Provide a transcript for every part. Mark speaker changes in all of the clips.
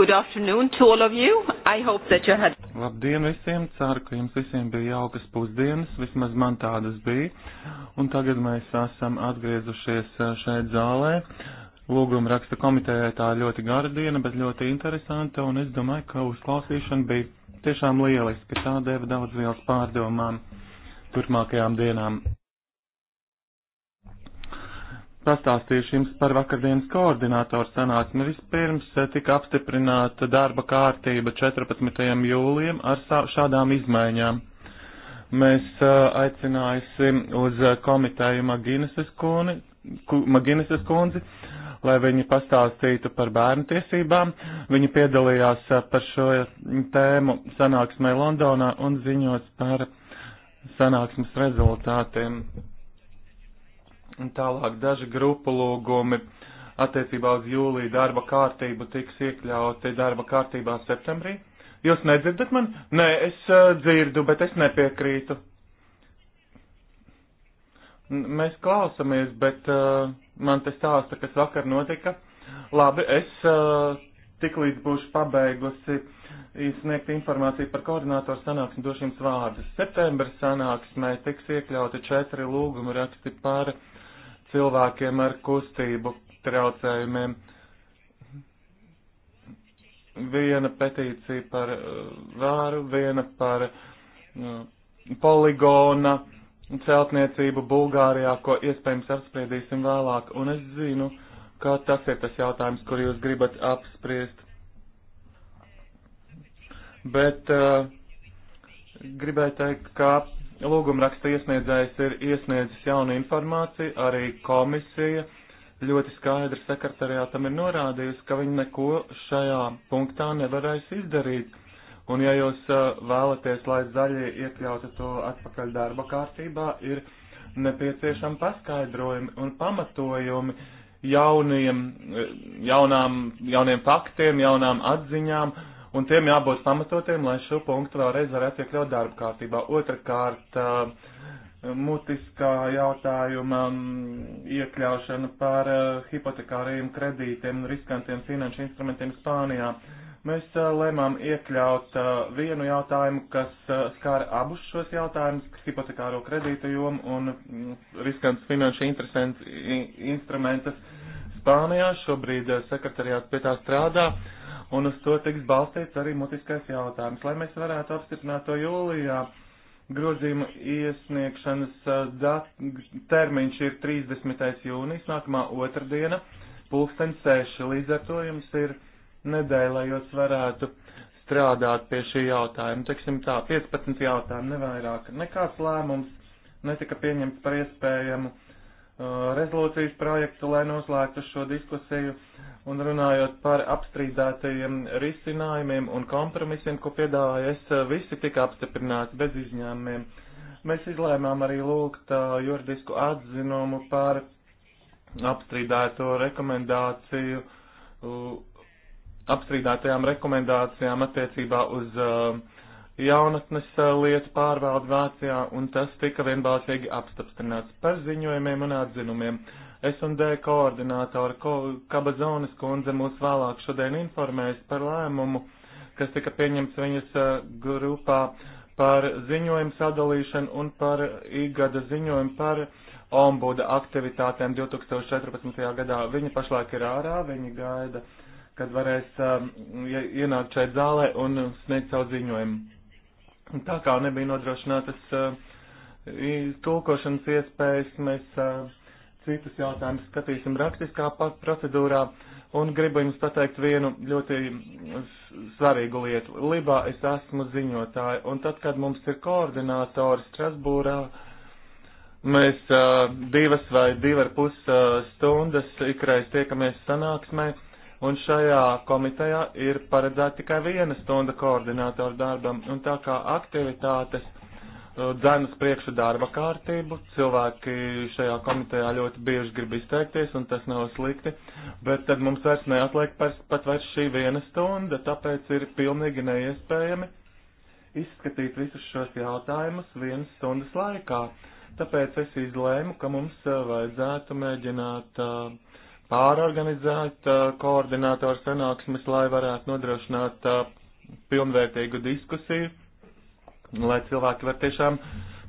Speaker 1: Good afternoon to all of you. I hope that you had. Labdien
Speaker 2: visiem! Ceru, ka jums visiem bija jaukas pusdienas, vismaz man tādas bija. Un tagad mēs esam atgriezušies eh, šeit zālē. Lūguma raksta komitejai tā ļoti gara diena, bet ļoti interesanta, un es domāju, ka uzklausīšana bija tiešām lieliska. Tā deva daudz vielas pārdomām turpmākajām dienām pastāstīšu jums par vakardienas koordinātoru sanāksmi. Vispirms eh, tika apstiprināta darba kārtība 14. jūlijam ar šādām izmaiņām. Mēs eh, aicināsim uz eh, komiteju Magineses kuni, Magineses kundzi, lai viņi pastāstītu par bērnu tiesībām. Viņi piedalījās par šo tēmu sanāksmē Londonā un ziņos par sanāksmes rezultātiem. Un tālāk daži grupu lūgumi attiecībā uz jūliju darba kārtību tiks iekļauti darba kārtībā septembrī. Jūs nedzirdat mani? Nē, es uh, dzirdu, bet es nepiekrītu. N mēs klausamies, bet uh, man te stāsta, kas vakar notika. Labi, es uh, tiklīdz būšu pabeigusi sniegt informāciju par koordinātoru sanāksmi, došu jums vārdus. Septembra sanāksmē tiks iekļauti četri lūguma raksti par uh, cilvēkiem ar kustību traucējumiem. Viena petīcija par eh, vāru, viena par eh, poligona celtniecību Bulgārijā, ko iespējams apspriedīsim vēlāk. Un es zinu, ka tas ir tas jautājums, kur jūs gribat apspriest. Bet uh, gribēju teikt, ka Lūgumraksta iesniedzējs ir iesniedzis jaunu informāciju, arī komisija ļoti skaidri sekretariātam ir norādījusi, ka viņi neko šajā punktā nevarēs izdarīt. Un ja jūs uh, vēlaties, lai zaļie iekļautu to atpakaļ darba kārtībā, ir nepieciešami paskaidrojumi un pamatojumi jauniem, uh, jaunām, jauniem faktiem, jaunām atziņām un tiem jābūt pamatotiem, lai šo punktu vēlreiz varētu iekļaut darba kārtībā. Otrakārt, mutiskā jautājuma iekļaušana par hipotekārajiem kredītiem un riskantiem finanšu instrumentiem Spānijā. Mēs lēmām iekļaut vienu jautājumu, kas skāra abus šos jautājumus - hipotekāro kredītu jomu un riskants finanšu instrumentus Spānijā. Šobrīd sekretariāts pie tā strādā. Uh, un uz to tiks balstīts arī mutiskais jautājums. Lai mēs varētu apstiprināt to jūlijā, grozījuma iesniegšanas dat, termiņš ir 30. jūnijas, nākamā otrdiena, pulksten 6. Līdz ar to jums ir nedēļa, lai jūs varētu strādāt pie šī jautājuma. Teiksim tā, 15 jautājumu nevairāk. Nekāds lēmums netika pieņemts par iespējamu Uh, rezolūcijas projektu, lai noslēgtu šo diskusiju un runājot par apstrīdētajiem risinājumiem un kompromisiem, ko piedāvāja es, uh, visi tika apstiprināti bez izņēmumiem. Mēs izlēmām arī lūgt uh, juridisku atzinumu par apstrīdēto rekomendāciju, apstrīdētajām rekomendācijām attiecībā uz uh, jaunatnes eh, lietu pārvaldu Vācijā, un tas tika vienbalsīgi apstiprināts par ziņojumiem un atzinumiem. S&D koordinātora ko Kabazonas kundze mūs vēlāk šodien informēs par lēmumu, kas tika pieņemts viņas eh, grupā par ziņojumu sadalīšanu un par īgada ziņojumu par ombuda aktivitātēm 2014. gadā. Viņa pašlaik ir ārā, viņa gaida, kad varēs um, ienākt šeit zālē un sniegt savu ziņojumu. Tā kā nebija nodrošinātas eh, tulkošanas iespējas, mēs eh, citus jautājumus skatīsim rakstiskā procedūrā. Un gribu jums pateikt vienu ļoti mm, svarīgu lietu. Libā es esmu ziņotāja, un tad, kad mums ir koordinātori Strasbūrā, mēs uh, divas vai divi ar pus uh, stundas ikreiz tiekamies sanāksmē. Uh, un šajā komitejā ir paredzēta tikai viena stunda koordinātoru darbam, un tā kā aktivitātes uh, dzenas priekšu darba kārtību, cilvēki šajā komitejā ļoti bieži grib izteikties, un tas nav slikti, bet tad mums vairs neatliek pat vairs šī viena stunda, tāpēc ir pilnīgi neiespējami izskatīt visus šos jautājumus vienas stundas laikā. Tāpēc es izlēmu, ka mums uh, vajadzētu mēģināt uh, pārorganizēt koordinātoru sanāksmes, lai varētu nodrošināt pilnvērtīgu diskusiju, lai cilvēki var tiešām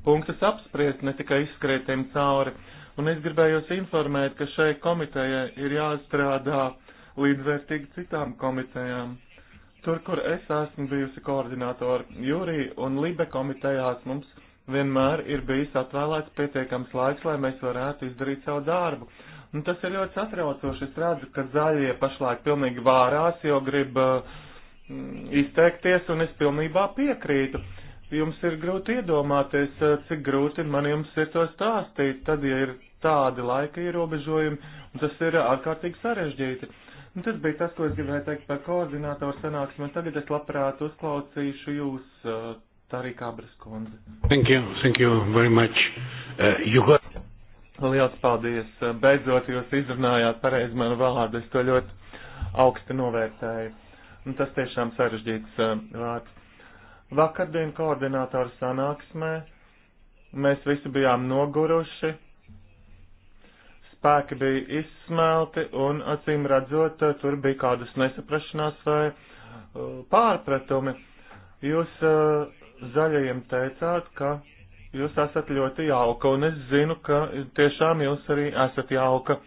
Speaker 2: punktus apspriest, ne tikai izskrietiem cauri. Un es gribēju jūs informēt, ka šai komitejai ir jāstrādā līdzvērtīgi citām komitejām. Tur, kur es esmu bijusi koordinātori, jūrī un libe komitejās mums vienmēr ir bijis atvēlēts pietiekams laiks, lai mēs varētu izdarīt savu darbu. Nu, tas ir ļoti satraucoši. Es redzu, ka zaļie pašlaik pilnīgi vārās, jo grib uh, izteikties, un es pilnībā piekrītu. Jums ir grūti iedomāties, eh, cik grūti man jums ir to stāstīt, tad, ja ir tādi laika ierobežojumi, un tas ir ārkārtīgi sarežģīti. Un nu, tas bija tas, ko es gribēju teikt par koordinātoru sanāksmi, un tagad es labprāt uzklausīšu jūs, uh, Tarī Kabras kundze. Thank you, thank you very much. Uh, you got... Liels paldies! Beidzot, jūs izrunājāt pareizi manu vārdu. Es to ļoti augstu novērtēju. Un tas tiešām sarežģīts eh, vārds. Vakardien koordinātoru sanāksmē mēs visi bijām noguruši, spēki bija izsmelti un acīm redzot, tur bija kādas nesaprašanās vai eh, pārpratumi. Jūs eh, zaļajiem teicāt, ka Jūs esat ļoti jauka, un es zinu, ka tiešām jūs arī esat jauka.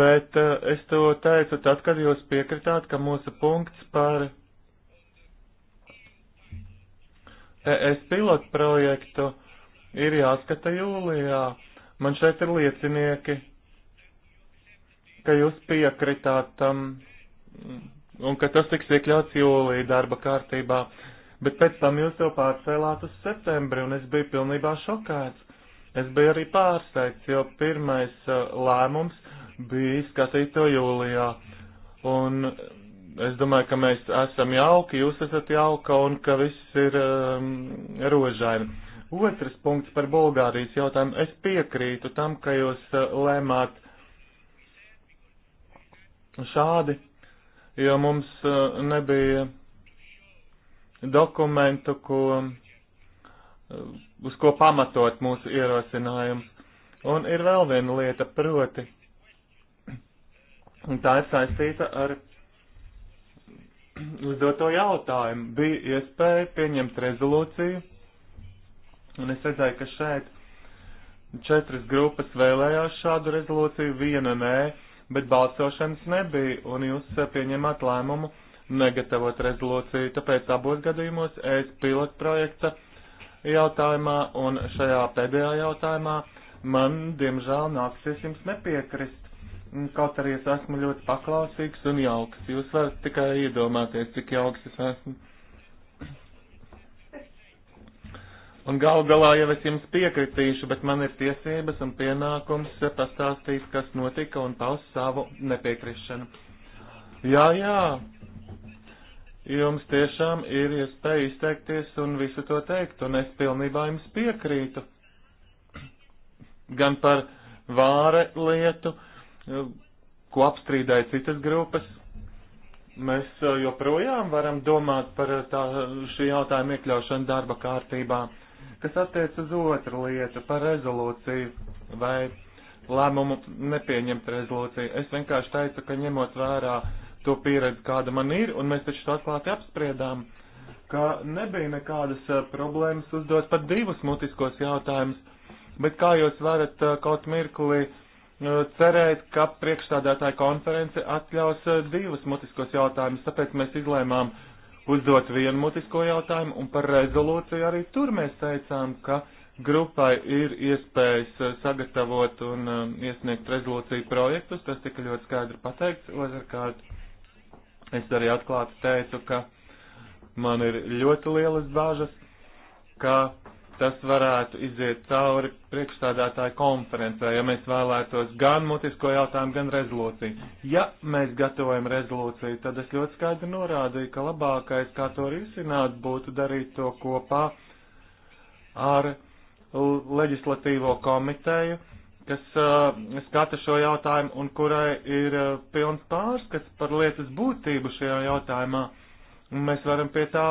Speaker 2: Bet eh, es to teicu tad, kad jūs piekritāt, ka mūsu punkts par ES pilotu projektu ir jāskata jūlijā. Man šeit ir liecinieki, ka jūs piekritāt tam, un ka tas tiks iekļauts jūlijā darba kārtībā. Uh, bet pēc tam jūs jau pārcēlāt uz septembri, un es biju pilnībā šokēts. Es biju arī pārsteigts, jo pirmais uh, lēmums bija izskatīt to jūlijā. Un es domāju, ka mēs esam jauki, jūs esat jauka un ka viss ir um, rožaini. Otrs punkts par Bulgārijas jautājumu. Es piekrītu tam, ka jūs uh, lēmāt šādi, jo mums uh, nebija dokumentu, ko, eh, uz ko pamatot mūsu ierosinājumu. Un ir vēl viena lieta, proti, tā ir saistīta ar uzdoto jautājumu. Bija iespēja pieņemt rezolūciju, un es redzēju, ka šeit četras grupas vēlējās šādu rezolūciju, viena nē, bet balsošanas nebija, un jūs pieņemat lēmumu negatavot rezolūciju, tāpēc abos gadījumos es pilotprojekta jautājumā un šajā pēdējā jautājumā man, diemžēl, nāksies jums nepiekrist. Kaut arī es esmu ļoti paklausīgs un jauks. Jūs varat tikai iedomāties, cik jauks es esmu. Un gal galā jau es jums piekritīšu, bet man ir tiesības un pienākums pastāstīt, kas notika un paust savu nepiekrišanu. Jā, jā, jums tiešām ir iespēja izteikties un visu to teikt, un es pilnībā jums piekrītu. Gan par vāre lietu, ko apstrīdēja citas grupas, mēs uh, joprojām varam domāt par uh, tā, šī jautājuma iekļaušanu darba kārtībā, kas attiec uz otru lietu, par rezolūciju vai lēmumu nepieņemt rezolūciju. Es vienkārši teicu, ka ņemot vērā uh, to pieredzi, kāda man ir, un mēs taču to atklāti apspriedām, ka nebija nekādas eh, problēmas uzdot pat divus mutiskos jautājumus, bet kā jūs varat eh, kaut mirkli eh, cerēt, ka priekšstādātāja konference atļaus divus mutiskos jautājumus, tāpēc mēs izlēmām uzdot vienu mutisko jautājumu, un par rezolūciju arī tur mēs teicām, ka grupai ir iespējas sagatavot un iesniegt rezolūciju projektus, tas tika ļoti skaidri pateikts, otrkārt Es arī atklāti teicu, ka man ir ļoti lielas bažas, ka tas varētu iziet cauri priekšstādātāju konferencē, ja mēs vēlētos gan mutisko jautājumu, gan rezolūciju. Ja mēs gatavojam rezolūciju, tad es ļoti skaidri norādīju, ka labākais, kā to risināt, būtu darīt to kopā ar leģislatīvo komiteju kas uh, skata šo jautājumu un kurai ir uh, pilns pārskats par lietas būtību šajā jautājumā. Un mēs varam pie tā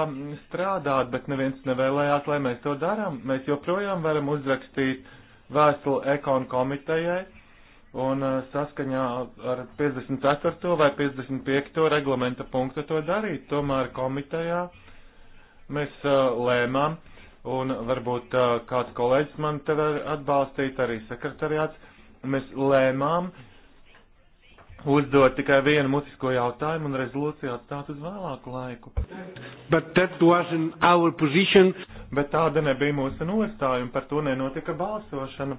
Speaker 2: strādāt, bet neviens nevēlējās, lai mēs to darām. Mēs joprojām varam uzrakstīt vēstuli ekonu komitejai un uh, saskaņā ar 54. vai 55. reglamenta punktu to darīt. Tomēr komitejā mēs uh, lēmām, uh, un varbūt kāds kolēģis man te var atbalstīt, arī sekretariāts. Mēs lēmām uzdot tikai vienu mutisko jautājumu un rezolūciju atstāt uz vēlāku laiku. Bet tāda nebija mūsu nostāja un par to nenotika balsošana.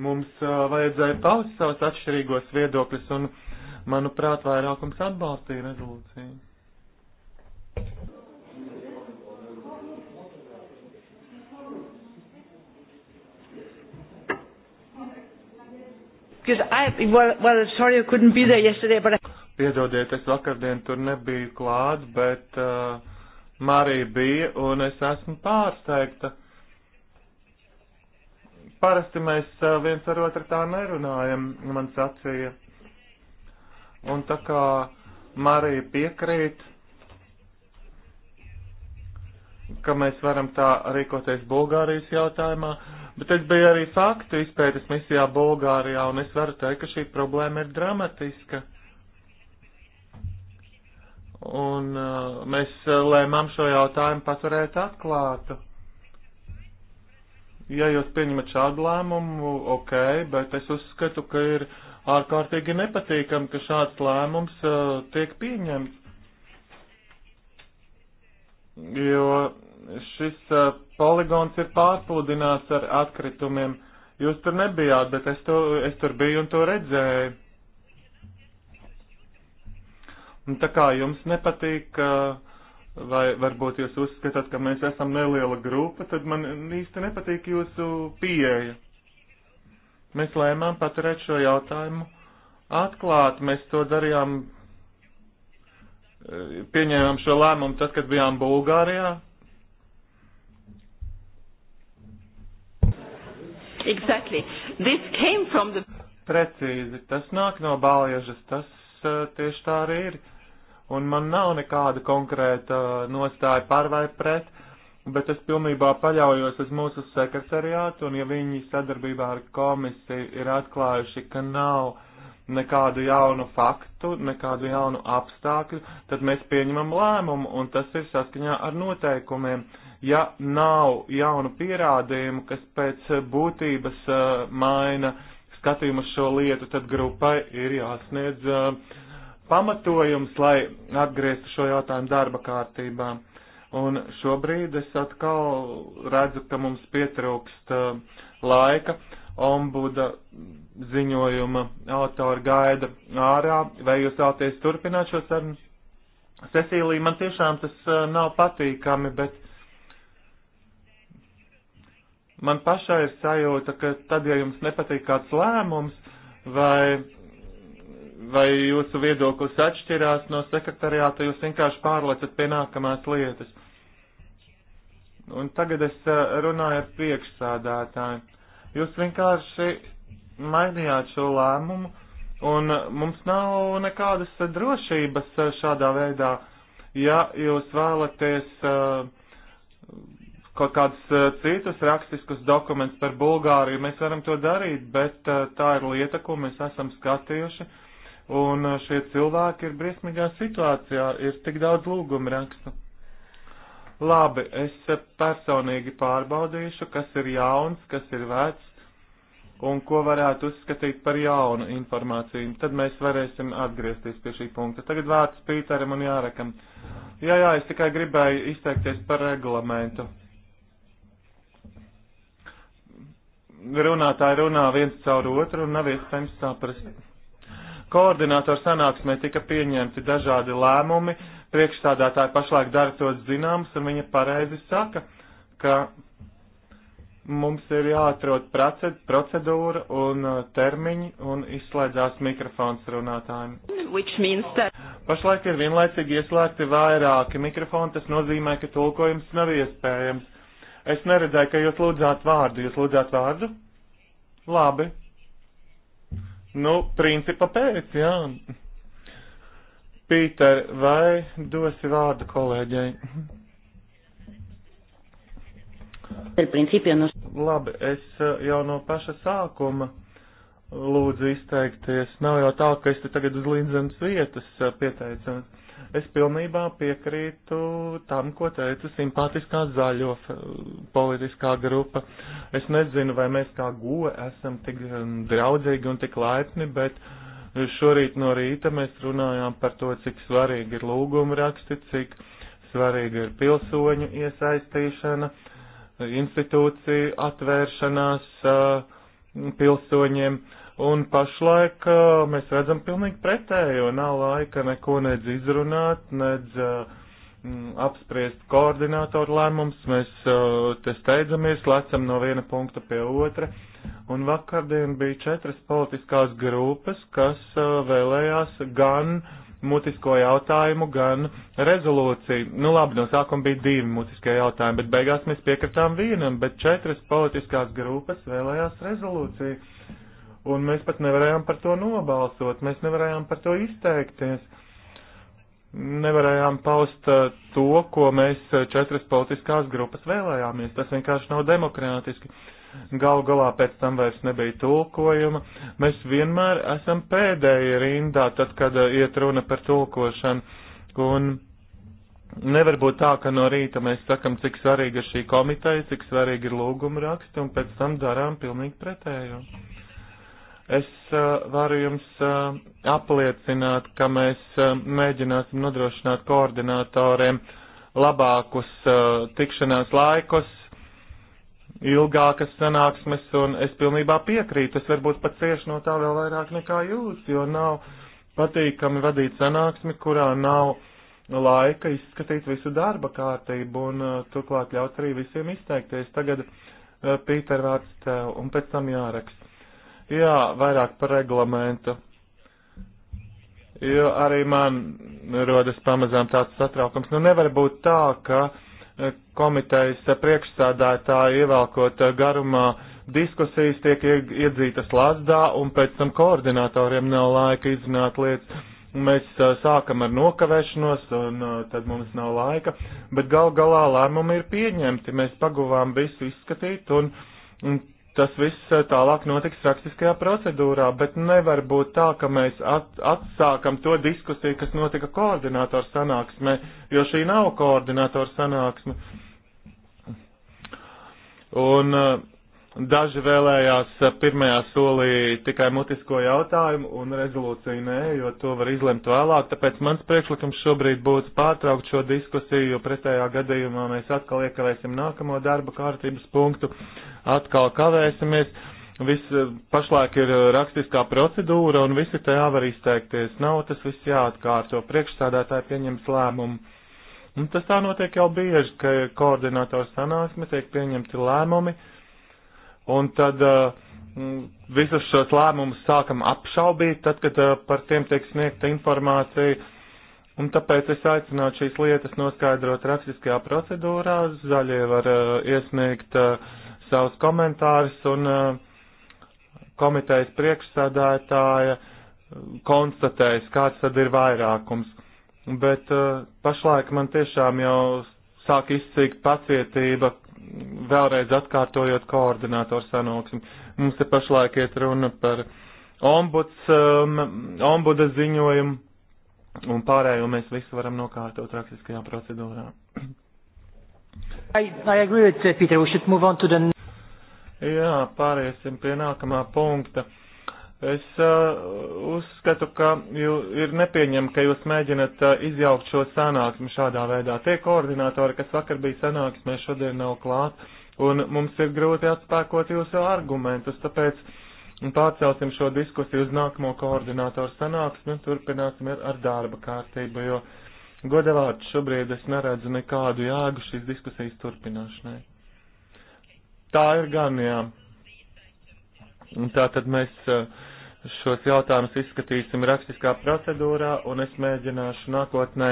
Speaker 2: Mums uh, vajadzēja paust savus atšķirīgos viedokļus un, manuprāt, vairākums atbalstīja rezolūciju.
Speaker 1: Because
Speaker 3: I, well, well, sorry I couldn't be there yesterday, but I...
Speaker 2: Piedodiet, es vakardien tur nebiju klāt, bet uh, Marija bija un es esmu pārsteigta. Parasti mēs uh, viens ar otru tā nerunājam, man sacīja. Un tā kā Marija piekrīt, ka mēs varam tā rīkoties Bulgārijas jautājumā, uh, Bet es biju arī faktu izpētes misijā Bulgārijā, un es varu teikt, ka šī problēma ir dramatiska. Un uh, mēs uh, lēmām šo jautājumu paturēt atklātu. Ja jūs pieņemat šādu lēmumu, ok, bet es uzskatu, ka ir ārkārtīgi nepatīkami, ka šāds lēmums uh, tiek pieņemts. Jo šis poligons ir pārpludināts ar atkritumiem. Jūs tur nebijāt, bet es, to, es tur biju un to redzēju. Un tā kā jums nepatīk, vai varbūt jūs uzskatāt, ka mēs esam neliela grupa, tad man īsti nepatīk jūsu pieeja. Mēs lēmām paturēt šo jautājumu atklāt. Mēs to darījām pieņēmām šo lēmumu tad, kad bijām Bulgārijā.
Speaker 3: Exactly. This came from the...
Speaker 2: Precīzi, tas nāk no baliežas, tas uh, tieši tā arī ir. Un man nav nekāda konkrēta uh, nostāja par vai pret, bet es pilnībā paļaujos uz mūsu sekretariātu, un ja viņi sadarbībā ar komisiju ir atklājuši, ka nav nekādu jaunu faktu, nekādu jaunu apstākļu, tad mēs pieņemam lēmumu, un tas ir saskaņā ar noteikumiem. Uh, ja nav jaunu pierādījumu, kas pēc būtības uh, maina skatījumu uz šo lietu, tad grupai ir jāsniedz uh, pamatojums, lai atgrieztu šo jautājumu darba kārtībā. Un šobrīd es atkal redzu, ka mums pietrūkst uh, laika. Ombuda ziņojuma autori gaida ārā. Vai jūs vēlaties turpināt šo sarunu? Cecīlija, man tiešām tas nav patīkami, bet Man pašai ir sajūta, ka tad, ja jums nepatīk kāds lēmums vai, vai jūsu viedoklis atšķirās no sekretariāta, jūs vienkārši pārlecat pie nākamās lietas. Un tagad es eh, runāju ar priekšsādātāju. Jūs vienkārši mainījāt šo lēmumu, un mums nav nekādas drošības eh, šādā veidā. Ja jūs vēlaties uh, kaut kādus uh, citus rakstiskus dokumentus par Bulgāriju. Mēs varam to darīt, bet uh, tā ir lieta, ko mēs esam skatījuši. Un uh, šie cilvēki ir briesmīgā situācijā, ir tik daudz lūgumu rakstu. Labi, es personīgi pārbaudīšu, kas ir jauns, kas ir vecs un ko varētu uzskatīt par jaunu informāciju. Tad mēs varēsim atgriezties pie šī punkta. Tagad vārds Pīteram un Jārekam. Jā, jā, es tikai gribēju izteikties par reglamentu. runātāji runā viens caur otru un nav iespējams saprast. Koordinātoru sanāksmē tika pieņemti dažādi lēmumi, priekšstādātāji pašlaik dara tos zināms, un viņa pareizi saka, ka mums ir jāatrod procedūra un uh, termiņi un izslēdzās mikrofons runātājiem.
Speaker 1: That...
Speaker 2: Pašlaik ir vienlaicīgi ieslēgti vairāki mikrofoni, tas nozīmē, ka tulkojums nav iespējams. Es neredzēju, ka jūs lūdzāt vārdu. Jūs lūdzāt vārdu? Labi. Nu, principa pēc, jā. Pīter, vai dosi vārdu kolēģei? Labi, es eh, jau no paša sākuma lūdzu izteikties. Nav jau tā, ka es te tagad uz līdzenas vietas eh, pieteicos. Es pilnībā piekrītu tam, ko teica simpātiskā zaļo politiskā grupa. Es nezinu, vai mēs kā goe esam tik um, draudzīgi un tik laipni, bet šorīt no rīta mēs runājām par to, cik svarīgi ir lūguma raksti, cik svarīga ir pilsoņu iesaistīšana, institūciju atvēršanās uh, pilsoņiem. Uh, Un pašlaik uh, mēs redzam pilnīgi pretējo, nav laika neko nedz izrunāt, nedz uh, apspriest koordinātoru lēmums, mēs uh, te steidzamies, lecam no viena punkta pie otra. Un vakardien bija četras politiskās grupas, kas uh, vēlējās gan mutisko jautājumu, gan rezolūciju. Nu labi, no sākuma bija divi mutiskie jautājumi, bet beigās mēs piekritām vienam, bet četras politiskās grupas vēlējās rezolūciju un mēs pat nevarējām par to nobalsot, mēs nevarējām par to izteikties. Nevarējām paust uh, to, ko mēs uh, četras politiskās grupas vēlējāmies. Tas vienkārši nav demokrātiski. Gal galā pēc tam vairs nebija tulkojuma. Mēs vienmēr esam pēdējie rindā, tad, kad uh, iet runa par tulkošanu. Un nevar būt tā, ka no rīta mēs sakam, cik svarīga ir šī komiteja, cik svarīga ir lūguma raksta, un pēc tam darām pilnīgi pretējo. Es uh, varu jums uh, apliecināt, ka mēs uh, mēģināsim nodrošināt koordinatoriem labākus uh, tikšanās laikus, ilgākas sanāksmes, un es pilnībā piekrītu. Es varbūt pat cieši no tā vēl vairāk nekā jūs, jo nav patīkami vadīt sanāksmi, kurā nav laika izskatīt visu darba kārtību, un uh, turklāt ļaut arī visiem izteikties. Tagad uh, Pīter vārds tev, un pēc tam jāraks. Jā, vairāk par reglamentu. Jo arī man rodas pamazām tāds satraukums. Nu nevar būt tā, ka e, komitejas priekšsādātāji ievēlkot e, garumā diskusijas tiek iedzītas lasdā un pēc tam koordinatoriem nav laika izrunāt lietas. Mēs e, sākam ar nokavēšanos un tad mums nav laika, bet gal galā lēmumi ir pieņemti. Mēs paguvām visu izskatīt un, un tas viss eh, tālāk notiks rakstiskajā procedūrā, bet nevar būt tā, ka mēs at, atsākam to diskusiju, kas notika koordinātoru sanāksmē, jo šī nav koordinātoru sanāksme. Un uh, Daži vēlējās eh, pirmajā solī tikai mutisko jautājumu un rezolūciju nē, jo to var izlemt vēlāk, tāpēc mans priekšlikums šobrīd būtu pārtraukt šo diskusiju, jo pretējā gadījumā mēs atkal iekavēsim nākamo darba kārtības punktu, atkal kavēsimies. Viss eh, pašlaik ir eh, rakstiskā procedūra un visi tajā var izteikties. Nav tas viss jāatkārto. Priekšstādātāji pieņems lēmumu. Un tas tā notiek jau bieži, ka koordinātors sanāksme tiek pieņemti lēmumi un tad uh, visus šos lēmumus sākam apšaubīt, tad, kad uh, par tiem tiek sniegta informācija. Un tāpēc es aicinātu šīs lietas noskaidrot rakstiskajā procedūrā. Zaļie var uh, iesniegt uh, savus komentārus un uh, komitejas priekšsādātāja uh, konstatēs, kāds tad ir vairākums. Bet uh, pašlaik man tiešām jau sāk izcīkt pacietība vēlreiz atkārtojot koordinātoru sanāksmi. Mums te pašlaik iet runa par ombuds, um, ombuda ziņojumu, un pārējo mēs visu varam nokārtot rakstiskajā procedūrā. I, I agree with Peter, we should move on to the... Jā, pāriesim pie nākamā punkta. Uh, Es uh, uzskatu, ka jū, ir nepieņem, ka jūs mēģinat uh, izjaukt šo sanāksmi šādā veidā. Tie koordinātori, kas vakar bija sanāksmē, šodien nav klāt, un mums ir grūti atspēkot jūsu argumentus, tāpēc pārcelsim šo diskusiju uz nākamo koordinātoru sanāksmi un turpināsim ar, ar darba kārtību, jo godavāt šobrīd es neredzu nekādu jēgu šīs diskusijas turpināšanai. Tā ir gan, jā. Un tā tad mēs. Uh, šos jautājumus izskatīsim rakstiskā procedūrā, un es mēģināšu nākotnē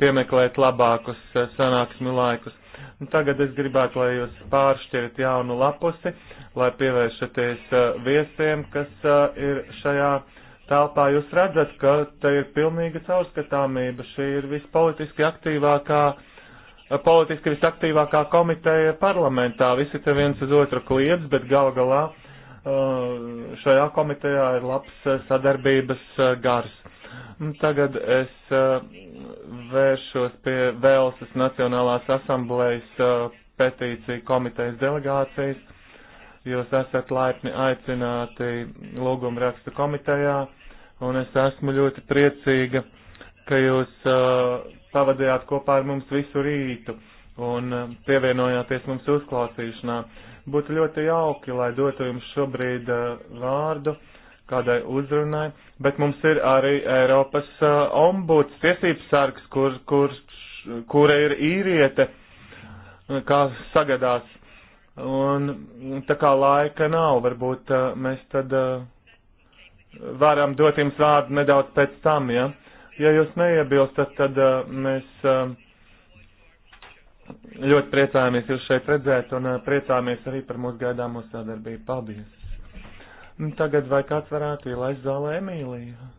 Speaker 2: piemeklēt labākus eh, sanāksmi laikus. Un tagad es gribētu, lai jūs pāršķirat jaunu lapusi, lai pievēršaties eh, viesiem, kas eh, ir šajā telpā. Jūs redzat, ka te ir pilnīga caurskatāmība. Šī ir vispolitiski aktīvākā politiski visaktīvākā komiteja parlamentā. Visi te viens uz otru kliedz, bet gal galā Eh, šajā komitejā ir labs eh, sadarbības eh, gars. Tagad es vēršos pie Velsas Nacionālās asamblējas petīciju komitejas delegācijas. Jūs esat laipni aicināti lūguma rakstu komitejā, un es esmu ļoti priecīga, ka jūs uh, pavadījāt kopā ar mums visu rītu un pievienojāties mums uzklausīšanā. Uh, Būtu ļoti jauki, lai dotu jums šobrīd eh, vārdu kādai uzrunai, bet mums ir arī Eiropas eh, ombuds tiesības sargs, kur, kur, kura ir īriete, eh, kā sagadās. Un tā kā laika nav, varbūt mēs tad varam dot jums vārdu nedaudz pēc tam, ja? Ja jūs neiebilstat, tad mēs ļoti priecājamies jūs šeit redzēt un priecājamies arī par mūsu gaidāmo sadarbību. Paldies! Tagad vai kāds varētu ielaist zālē Emīliju?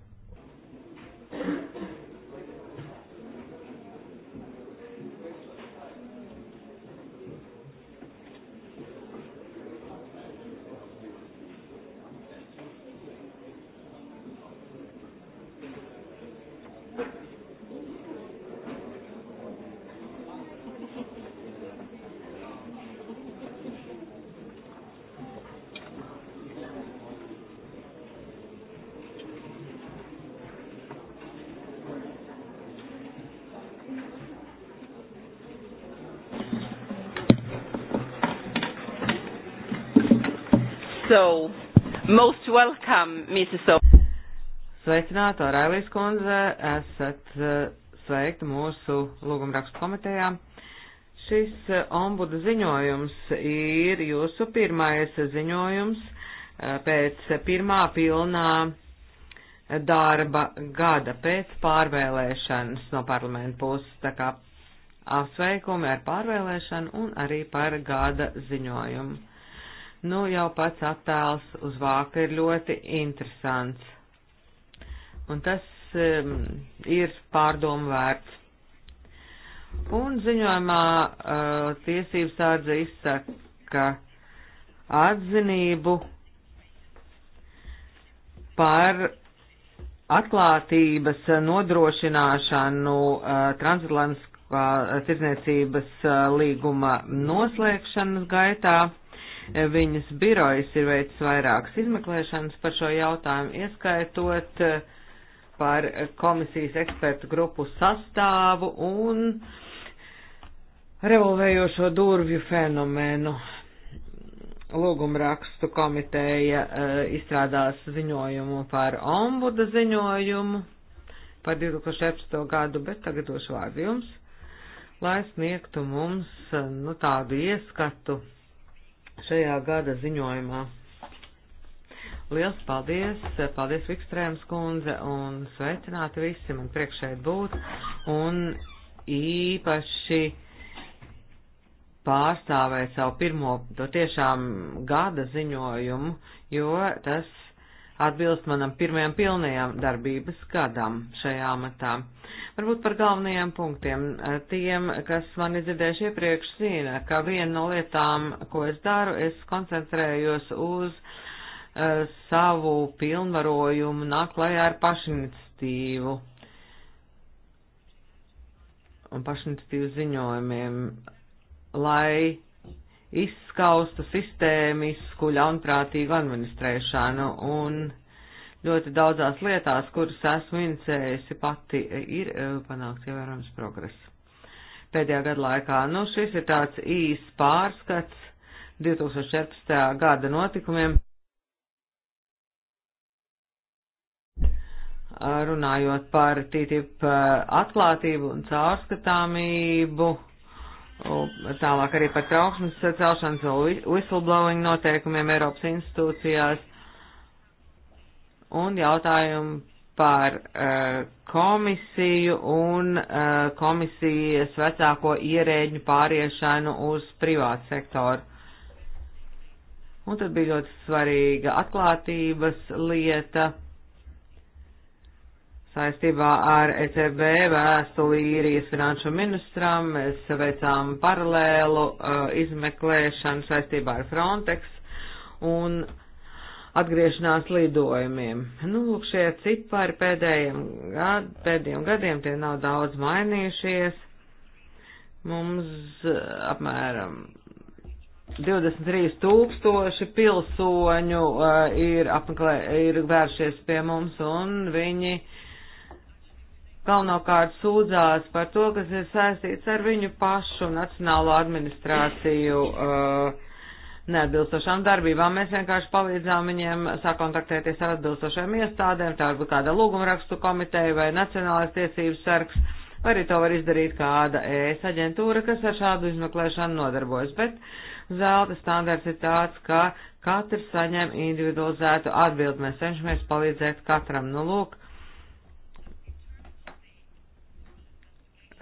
Speaker 4: So, most welcome, Mrs. O. Sveicināta, Railis kundze, esat eh, sveikti mūsu lūgumrakstu komitejā. Šis eh, ombuda ziņojums ir jūsu pirmais ziņojums eh, pēc pirmā pilnā darba gada pēc pārvēlēšanas no parlamenta puses, tā kā apsveikumi ar pārvēlēšanu un arī par gada ziņojumu. Nu, jau pats attēls uz vāka ir ļoti interesants. Un tas um, ir pārdomu vērts. Un ziņojumā uh, e, tiesības sārdze izsaka atzinību par atklātības nodrošināšanu uh, transatlantiskā e, tirdzniecības uh, līguma noslēgšanas gaitā. Viņas birojas ir veicis vairākas izmeklēšanas par šo jautājumu, ieskaitot eh, par komisijas ekspertu grupu sastāvu un revolvējošo durvju fenomenu. Lūgumrakstu komiteja eh, izstrādās ziņojumu par ombuda ziņojumu par 2017. gadu, bet tagad došu vārdu jums, lai sniegtu mums eh, nu, tādu ieskatu šajā gada ziņojumā. Liels paldies, paldies Vikstrēms kundze un sveicināti visi man priekš šeit būt un īpaši pārstāvēt savu pirmo, to tiešām gada ziņojumu, jo tas atbilst manam pirmajam pilnajam darbības gadam šajā amatā. Varbūt par galvenajiem punktiem. Eh, tiem, kas man izdzirdējuši iepriekš, zina, ka viena no lietām, ko es daru, es koncentrējos uz uh, savu pilnvarojumu, nāk klajā ar pašinicitīvu un pašinicitīvu ziņojumiem, lai izskaustu sistēmisku ļaunprātīgu administrēšanu un ļoti daudzās lietās, kuras esmu inicējusi pati, ir e, panākts ievērojams progress. Pēdējā gada laikā, nu, šis ir tāds īs pārskats 2014. gada notikumiem. Runājot par TTIP atklātību un caurskatāmību tālāk arī par trauksmes celšanas whistleblowing noteikumiem Eiropas institūcijās un jautājumu par uh, komisiju un uh, komisijas vecāko ierēģu pāriešanu uz privātu sektoru. Un tad bija ļoti svarīga atklātības lieta Saistībā ar ECB vēstuli īrijas finanšu ministram mēs veicām paralēlu uh, izmeklēšanu saistībā ar Frontex un atgriešanās lidojumiem. Nu, lūk, šie cipari pēdējiem, gad, pēdējiem gadiem tie nav daudz mainījušies. Mums uh, apmēram 23 tūkstoši pilsoņu uh, ir, apmeklē, ir vēršies pie mums un viņi galvenokārt sūdzās par to, kas ir saistīts ar viņu pašu nacionālo administrāciju uh, neatbilstošām darbībām. Mēs vienkārši palīdzām viņiem sakontaktēties ar atbilstošajām iestādēm, tā būtu kāda lūgumrakstu komiteja vai Nacionālais tiesības sargs, vai arī to var izdarīt kāda ES aģentūra, kas ar šādu izmeklēšanu nodarbojas. Bet zelta standarts ir tāds, ka katrs saņem individualizētu atbildi. Mēs cenšamies palīdzēt katram. Nu, lūk,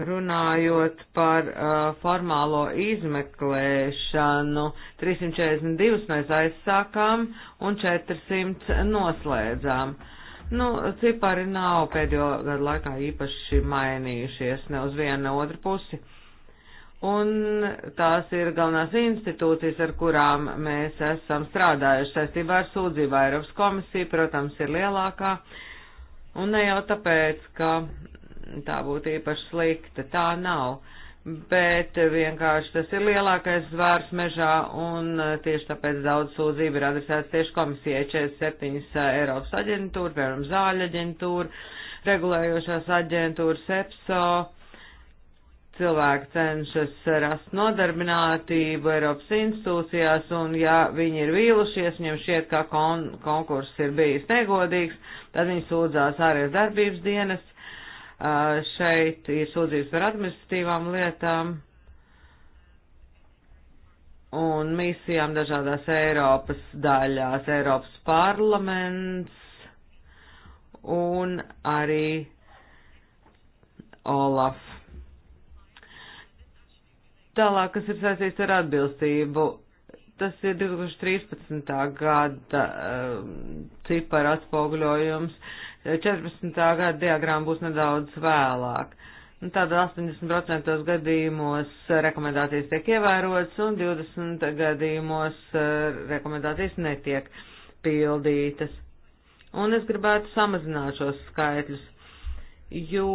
Speaker 4: Runājot par uh, formālo izmeklēšanu, 342 mēs aizsākām un 400 noslēdzām. Nu, cipari nav pēdējo gadu laikā īpaši mainījušies ne uz vienu, ne otru pusi. Un tās ir galvenās institūcijas, ar kurām mēs esam strādājuši saistībā ar sūdzību. Eiropas komisija, protams, ir lielākā. Un ne jau tāpēc, ka tā būtu īpaši slikta. Tā nav. Bet vienkārši tas ir lielākais zvārs mežā un eh, tieši tāpēc daudz sūdzību ir adresēts tieši komisijai 47 eh, Eiropas aģentūra, piemēram, zāļa aģentūra, regulējošās aģentūras EPSO. Cilvēki cenšas rast nodarbinātību Eiropas institūcijās un ja viņi ir vīlušies, viņiem šķiet, ka kon konkurss ir bijis negodīgs, tad viņi sūdzās ārējās darbības dienas Uh, šeit ir sūdzības par administratīvām lietām un misijām dažādās Eiropas daļās, Eiropas parlaments un arī Olaf. Tālāk, kas ir saistīts ar atbilstību, tas ir 2013. gada uh, um, cipara atspoguļojums. 14. gada diagrāma būs nedaudz vēlāk. Un tādā 80% gadījumos eh, rekomendācijas tiek ievērotas un 20 gadījumos eh, rekomendācijas netiek pildītas. Un es gribētu samazināt šos skaitļus, jo,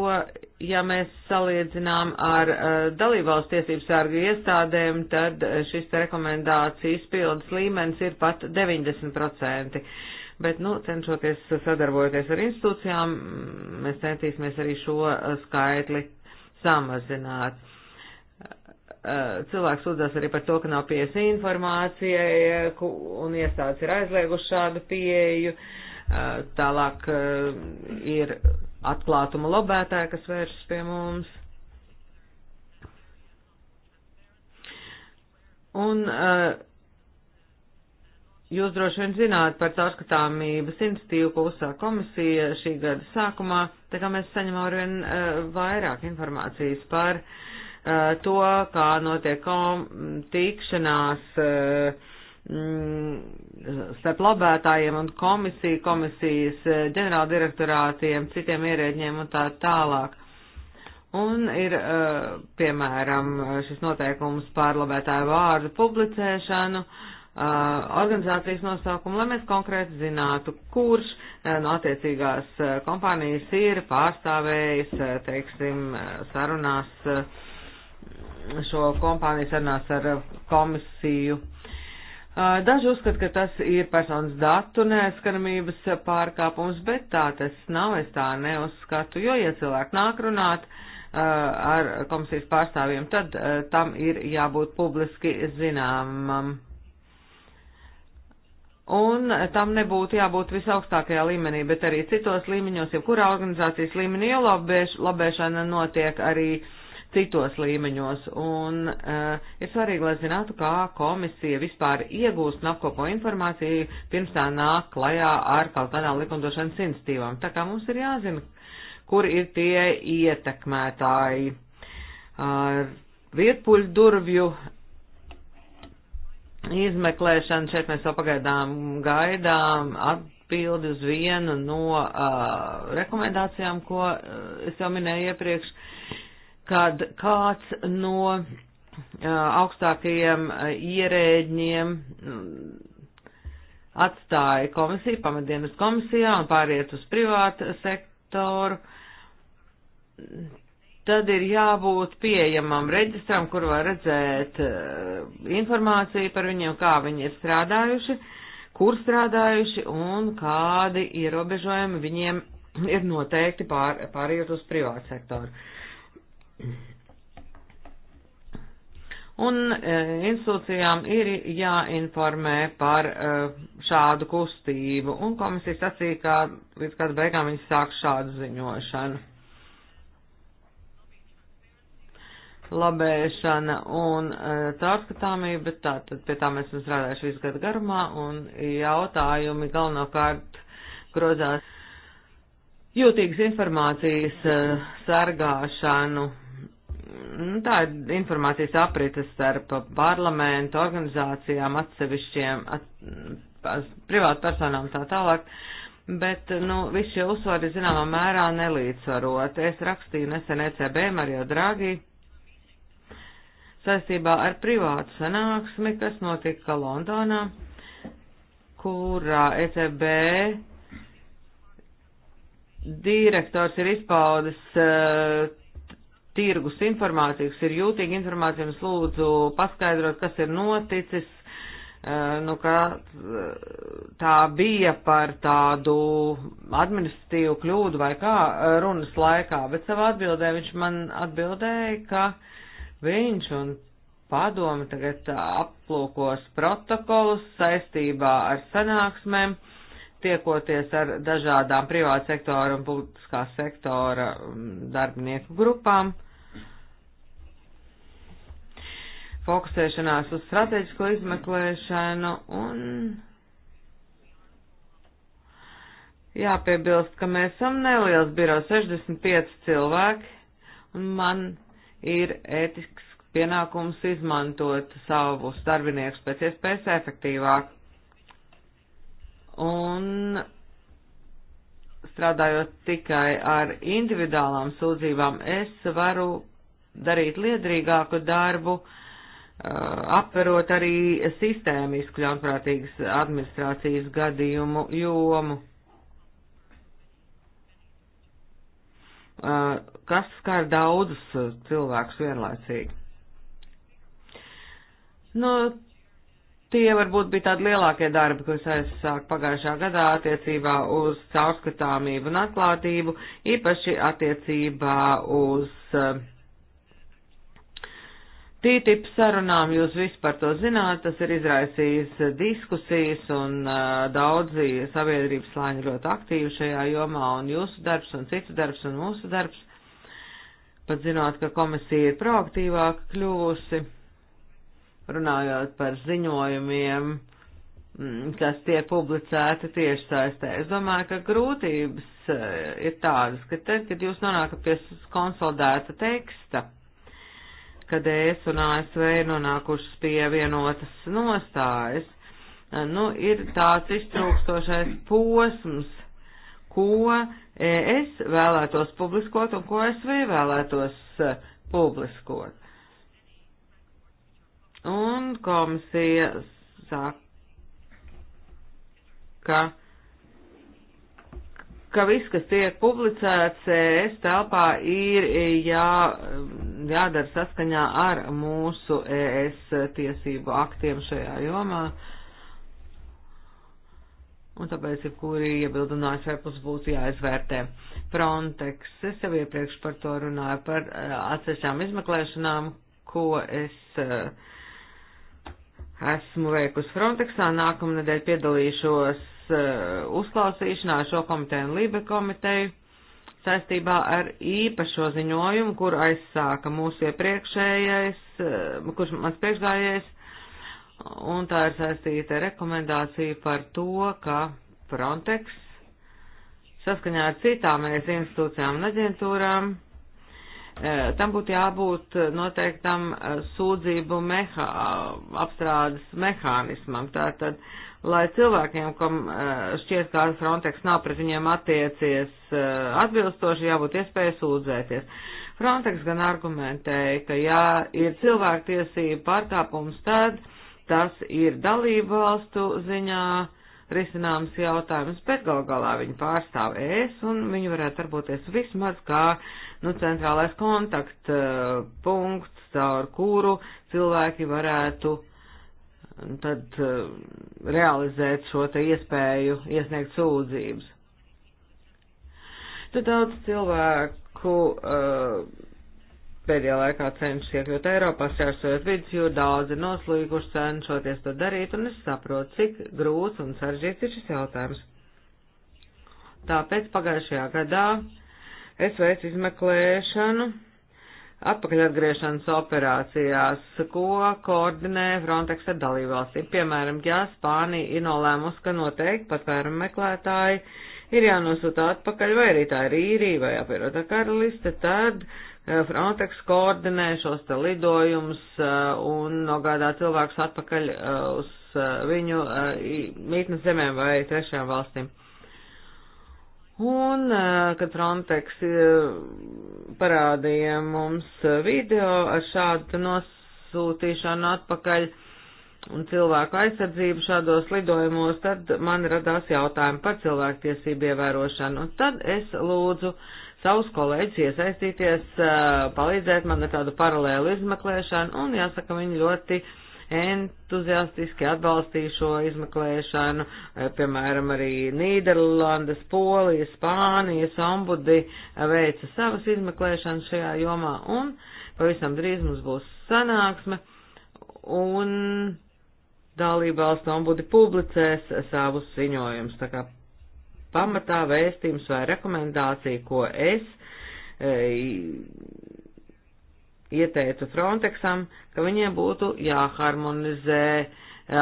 Speaker 4: ja mēs salīdzinām ar uh, eh, dalībvalsts tiesības sārgu iestādēm, tad šis rekomendācijas pildes līmenis ir pat 90% bet, nu, cenšoties sadarbojoties ar institūcijām, mēs centīsimies arī šo eh, skaitli samazināt. Eh, cilvēks sūdzas arī par to, ka nav pieejas informācijai eh, un iestādes ir aizlieguši šādu pieeju. Tālāk ir atklātuma lobētāji, kas vēršas pie mums. Un uh, Jūs droši vien zināt par caurskatāmības institīvu, ko uzsāk komisija šī gada sākumā, tā kā mēs saņemam arvien uh, vairāk informācijas par uh, to, kā notiek kom tikšanās uh, starp labētājiem un komisiju, komisijas ģenerāldirektorātiem, citiem ierēģiem un tā tālāk. Un ir, piemēram, šis noteikums pārlabētāju vārdu publicēšanu. Uh, organizācijas nosaukumu, lai mēs konkrēti zinātu, kurš no attiecīgās kompānijas ir pārstāvējis, teiksim, sarunās šo kompāniju sarunās ar komisiju. Daži uzskata, ka tas ir personas datu neaizskaramības pārkāpums, bet tā tas nav, es tā neuzskatu, jo, ja cilvēki nāk runāt, ar komisijas pārstāvjiem, tad tam ir jābūt publiski zināmam un tam nebūtu jābūt visaugstākajā līmenī, bet arī citos līmeņos, jo kurā organizācijas līmenī jau labēš, labēšana notiek arī citos līmeņos, un uh, ir svarīgi, lai zinātu, kā komisija vispār iegūst un apkopo informāciju, pirms tā nāk klajā ar kaut kādām likumdošanas institīvām. Tā kā mums ir jāzina, kur ir tie ietekmētāji. Uh, Vietpuļu durvju izmeklēšana. Šeit mēs vēl pagaidām gaidām atbildi uz vienu no uh, rekomendācijām, ko uh, es jau minēju iepriekš, kad kāds no uh, augstākajiem uh, ierēģiem atstāja komisiju, pamatdienas komisijā un pāriet uz privātu sektoru tad ir jābūt pieejamam reģistram, kur var redzēt uh, informāciju par viņiem, kā viņi ir strādājuši, kur strādājuši un kādi ierobežojumi viņiem ir noteikti pār, pārējot uz privātu sektoru. Un e, uh, institūcijām ir jāinformē par e, uh, šādu kustību, un komisija sacīja, ka līdz kāda beigām viņi sāk šādu ziņošanu. labēšana un uh, caurskatāmība, bet tā, tad pie tā mēs esam strādājuši visu gadu garumā, un jautājumi galvenokārt grozās jūtīgas informācijas uh, sargāšanu. Nu, tā ir informācijas aprites starp parlamentu, organizācijām, atsevišķiem, at, privātu personām tā tālāk, bet, nu, visi šie uzsvari zināmā mērā nelīdzvarot. Es rakstīju nesen ECB Mario Draghi saistībā ar privātu sanāksmi, kas notika Londonā, kurā ECB direktors ir izpaudis uh, tirgus informāciju, kas ir jūtīga informācija, un es lūdzu paskaidrot, kas ir noticis, uh, nu, ka eh, tā bija par tādu administratīvu kļūdu vai kā runas laikā, bet savā atbildē viņš man atbildēja, ka uh, Viņš un padomi tagad aplūkos protokolus saistībā ar sanāksmēm, tiekoties ar dažādām privāta sektora un publiskā sektora um, darbinieku grupām, fokusēšanās uz strateģisko izmeklēšanu un jāpiebilst, ka mēs esam neliels biroja 65 cilvēki un man ir ētisks pienākums izmantot savus darbiniekus pēc iespējas efektīvāk. Un strādājot tikai ar individuālām sūdzībām, es varu darīt liedrīgāku darbu, uh, apverot arī sistēmisku ļaunprātīgas administrācijas gadījumu jomu. Uh, kas skar daudzus eh, cilvēkus vienlaicīgi. Nu, tie varbūt bija tādi lielākie darbi, kas aizsāk pagājušā gadā attiecībā uz caurskatāmību un atklātību, īpaši attiecībā uz eh, TTIP sarunām, jūs visi par to zināt, tas ir izraisījis diskusijas un eh, daudzi sabiedrības slāņi ļoti aktīvi šajā jomā un jūsu darbs un citu darbs un mūsu darbs pat zinot, ka komisija ir proaktīvāka kļuvusi, runājot par ziņojumiem, mm, kas tiek publicēti tieši saistē. Es domāju, ka grūtības eh, ir tādas, ka tad, kad jūs nonākat pie konsolidēta teksta, kad es un ASV nonākušas pie vienotas nostājas, eh, nu, ir tāds iztrūkstošais posms, ko es vēlētos publiskot un ko es vēlētos eh, publiskot. Un komisija saka, ka viss, kas tiek publicēts ES telpā, ir eh, jā, jādara saskaņā ar mūsu ES tiesību aktiem šajā jomā. Uh, un tāpēc ir kuri iebildinājums ārpus būtu jāizvērtē. Frontex, es jau iepriekš par to runāju, par eh, atsevišķām izmeklēšanām, ko es eh, esmu veikusi Frontexā, nākamnedēļ piedalīšos eh, uzklausīšanā šo komiteju un Lībe komiteju saistībā ar īpašo ziņojumu, kur aizsāka mūsu iepriekšējais, kurš mans priekšgājējais un tā ir saistīta rekomendācija par to, ka Frontex saskaņā ar citām mēs institūcijām un aģentūrām e, tam būtu jābūt noteiktam e, sūdzību meha, apstrādes mehānismam. Tātad, lai cilvēkiem, kam e, šķiet, ka Frontex nav pret viņiem attiecies atbilstoši, jābūt iespēja sūdzēties. Frontex gan argumentēja, ka ja ir cilvēktiesība pārkāpums, tad tas ir dalību valstu ziņā risināms jautājums, bet gal galā viņi pārstāv ES un viņi varētu darboties vismaz kā nu, centrālais kontakt uh, eh, punkts, caur kuru cilvēki varētu nu, tad uh, realizēt šo te iespēju iesniegt sūdzības. Tad daudz cilvēku uh, pēdējā laikā cenšas iekļūt Eiropā, šķērsojot vidusjūru, daudzi noslīguši cenšoties to darīt, un es saprotu, cik grūts un saržģīts ir šis jautājums. Tāpēc pagājušajā gadā es veicu izmeklēšanu atpakaļatgriešanas operācijās, ko koordinē Frontex ar dalībvalstīm. Piemēram, ja Spānija ir nolēmusi, ka noteikti patvērumu meklētāji ir jānosūta atpakaļ, vai arī tā ir īrija vai apvienotā karaliste, tad uh, Frontex koordinē šos te lidojumus eh, un nogādā cilvēkus atpakaļ eh, uz eh, viņu mītnes zemēm vai trešajām valstīm. Un, kad Frontex parādīja mums video ar šādu nosūtīšanu atpakaļ, un cilvēku aizsardzību šādos lidojumos, tad man radās jautājumi par cilvēktiesību ievērošanu. Un tad es lūdzu savus kolēģus iesaistīties, eh, palīdzēt man ar tādu paralēlu izmeklēšanu, un jāsaka, viņi ļoti entuziastiski atbalstīja šo izmeklēšanu, eh, piemēram, arī Nīderlandes, Polijas, Spānijas, Ombudi eh, veica savas izmeklēšanas šajā jomā, un pavisam drīz mums būs sanāksme, un dalībvalstu ombudi publicēs savus ziņojumus, tā kā pamatā vēstījums vai rekomendācija, ko es e, ieteicu Frontexam, ka viņiem būtu jāharmonizē e,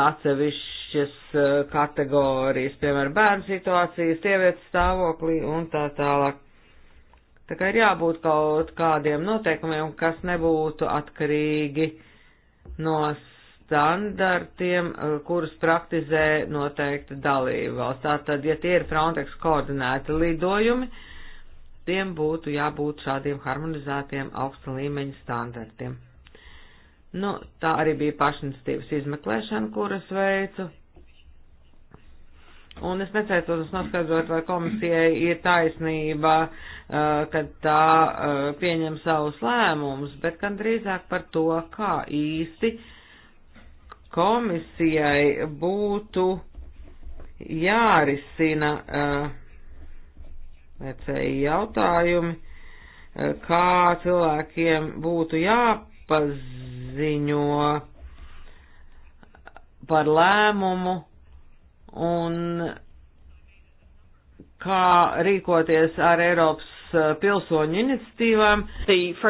Speaker 4: atsevišķas e, kategorijas, piemēram, bērnu situācijas, sievietes stāvoklī un tā tālāk. Tā kā ir jābūt kaut kādiem noteikumiem, kas nebūtu atkarīgi no standartiem, eh, kurus praktizē noteikti dalība valsts. Tātad, ja tie ir Frontex koordinēti lidojumi, tiem būtu jābūt šādiem harmonizētiem augsta līmeņa standartiem. Nu, tā arī bija pašinstīvas izmeklēšana, kuras veicu. Un es necētos noskaidrot, vai komisijai ir taisnība, eh, kad tā eh, pieņem savus lēmumus, bet gan drīzāk par to, kā īsti uh, komisijai būtu jārisina vecēji eh, jautājumi, eh, kā cilvēkiem būtu jāpaziņo par lēmumu un kā rīkoties ar Eiropas Uh, pilsoņu iniciatīvām. Is,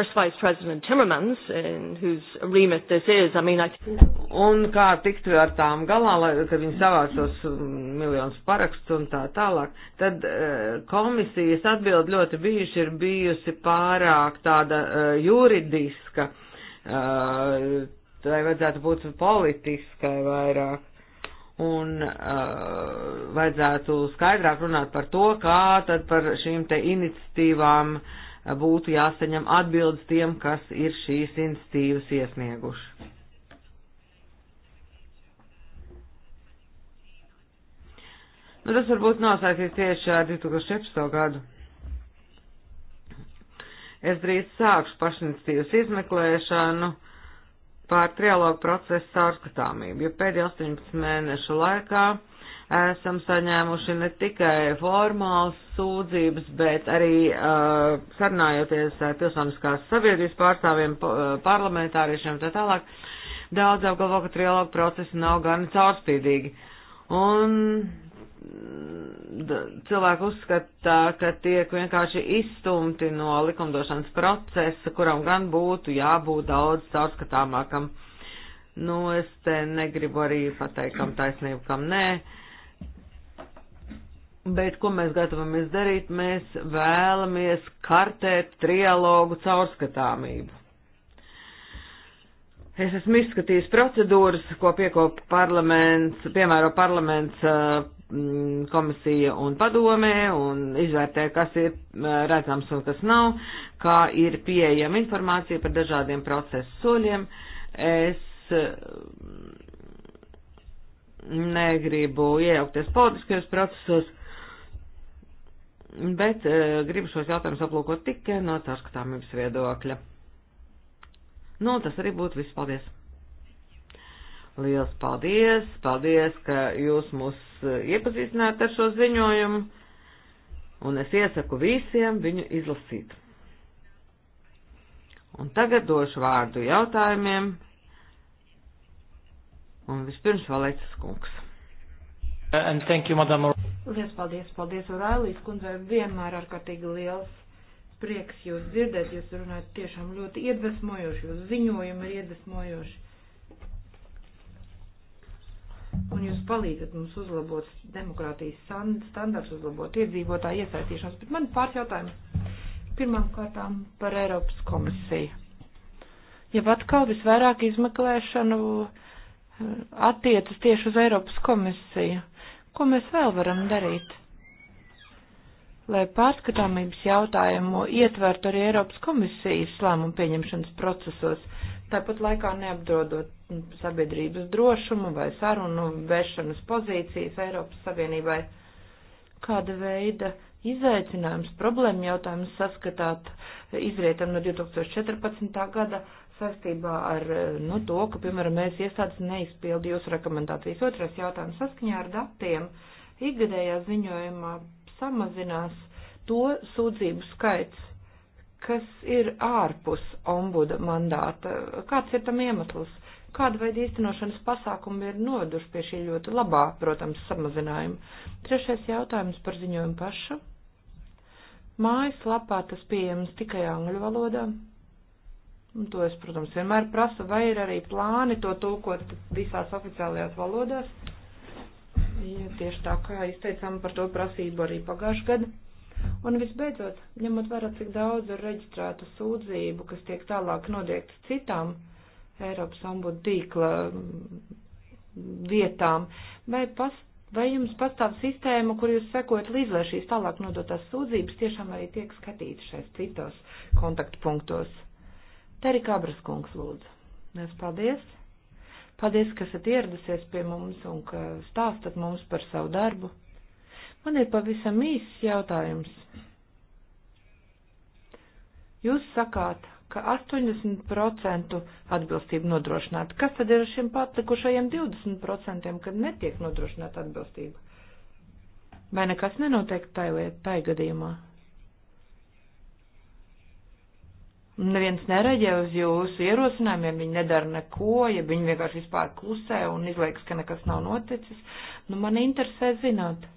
Speaker 4: I mean, I... Un kā tikt ar tām galā, lai, kad viņi savāc tos um, miljonus parakstu un tā tālāk, tad uh, komisijas atbild ļoti bijuši ir bijusi pārāk tāda uh, juridiska, tai vajadzētu būt politiskai vairāk un uh, vajadzētu skaidrāk runāt par to, kā tad par šīm te iniciatīvām eh, būtu jāsaņem atbildes tiem, kas ir šīs iniciatīvas iesnieguši. Nu, tas varbūt nosaistīts tieši ar 2017. gadu. Es drīz sākšu pašinstīvas izmeklēšanu pār trialogu procesu caurskatāmību, jo pēdējo 18 mēnešu laikā esam saņēmuši ne tikai formāls sūdzības, bet arī uh, sarunājoties ar pilsoniskās sabiedrības pārstāvjiem, uh, parlamentāriešiem un tā tālāk, daudz apgalvo, ka trialogu procesi nav gan caurspīdīgi. Un cilvēki uzskata, ka tiek vienkārši izstumti no likumdošanas procesa, kuram gan būtu jābūt daudz caurskatāmākam. Nu, es te negribu arī pateikt, kam taisnību, kam nē. Bet ko mēs gatavamies darīt? Mēs vēlamies kartēt trialogu caurskatāmību. Es esmu izskatījis procedūras, ko piekopa parlaments, piemēro parlaments eh, Mm, komisija un padomē un izvērtē, kas ir mm, redzams un kas nav, kā ir pieejama informācija par dažādiem procesu soļiem. Es mm, negribu iejaukties politiskajos procesos, bet uh, gribu šos jautājumus aplūkot tikai no caurskatāmības viedokļa. Nu, tas arī būtu viss. Paldies! Liels paldies! Paldies, ka jūs mūs e, iepazīstināt ar šo ziņojumu, un es iesaku visiem viņu izlasīt. Un tagad došu vārdu jautājumiem, un vispirms Valēcis kungs. And thank you, madam.
Speaker 3: Liels paldies, paldies, Orēlijas kundzei, vienmēr ārkārtīgi liels prieks jūs dzirdēt, jūs runājat tiešām ļoti iedvesmojoši, jūs ziņojumi ir iedvesmojoši un jūs palīdzat mums uzlabot demokrātijas standarts, uzlabot iedzīvotāju iesaistīšanos. Bet man pāris jautājumi. Pirmām kārtām par Eiropas komisiju. Ja atkal visvairāk izmeklēšanu eh, attiecas tieši uz Eiropas komisiju, ko mēs vēl varam darīt? Lai pārskatāmības jautājumu ietvertu arī Eiropas komisijas lēmumu pieņemšanas procesos, tāpat laikā neapdraudot sabiedrības drošumu vai sarunu vešanas pozīcijas Eiropas Savienībai. Kāda veida izaicinājums, problēma jautājums saskatāt izrietam no 2014. gada saistībā ar nu, to, ka, piemēram, mēs iestādes neizpildi jūsu rekomendācijas. Otrais jautājums saskaņā ar datiem ikgadējā ziņojumā samazinās to sūdzību skaits, kas ir ārpus ombuda mandāta. Kāds ir tam iemesls? Kāda veida īstenošanas pasākumi ir noduši pie šī ļoti labā, protams, samazinājuma? Trešais jautājums par ziņojumu pašu. Mājas lapā tas pieejams tikai angļu valodā. Un to es, protams, vienmēr prasu, vai ir arī plāni to tulkot visās oficiālajās valodās. Ja, tieši tā kā izteicām par to prasību arī pagājušajā gadā Un visbeidzot, ņemot vērā, cik daudz ir reģistrētu sūdzību, kas tiek tālāk nodiegtas citām Eiropas ombudu tīkla mm, vietām, vai, pas, vai jums pastāv sistēma, kur jūs sekojat līdz, lai šīs tālāk nodotās sūdzības tiešām arī tiek skatītas šais citos kontaktpunktos? Teri Kabras kungs lūdzu. Mēs paldies. Paldies, ka esat ieradusies pie mums un ka stāstat mums par savu darbu. Man ir pavisam īsts jautājums. Jūs sakāt, ka 80% atbilstību nodrošināta. Kas tad ir ar šiem patlikušajiem 20%, kad netiek nodrošināta atbilstība? Vai nekas nenotiek tai, tai gadījumā? Neviens nereģē uz jūsu ierosinājumiem, viņi nedara neko, ja viņi vienkārši vispār klusē un izliekas, ka nekas nav noticis. Nu, man interesē zināt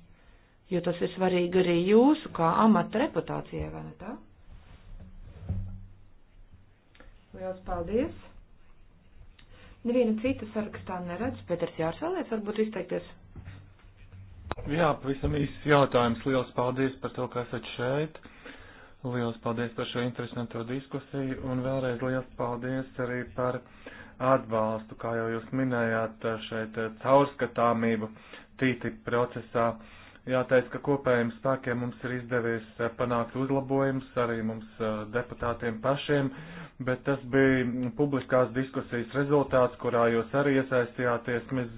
Speaker 3: jo tas ir svarīgi arī jūsu kā amata reputācijai, vai ne tā? Liels paldies! Neviena cita sarakstā neredz. Pēters Jārs vēlēs varbūt izteikties.
Speaker 2: Jā, pavisam īsts jautājums. Liels paldies par to, ka esat šeit. Liels paldies par šo interesanto diskusiju un vēlreiz liels paldies arī par atbalstu, kā jau jūs minējāt, šeit eh, caurskatāmību tīti procesā. Jāteic, ka kopējiem spēkiem mums ir izdevies eh, panākt uzlabojumus arī mums eh, deputātiem pašiem, bet tas bija publiskās diskusijas rezultāts, kurā jūs arī iesaistījāties. Mēs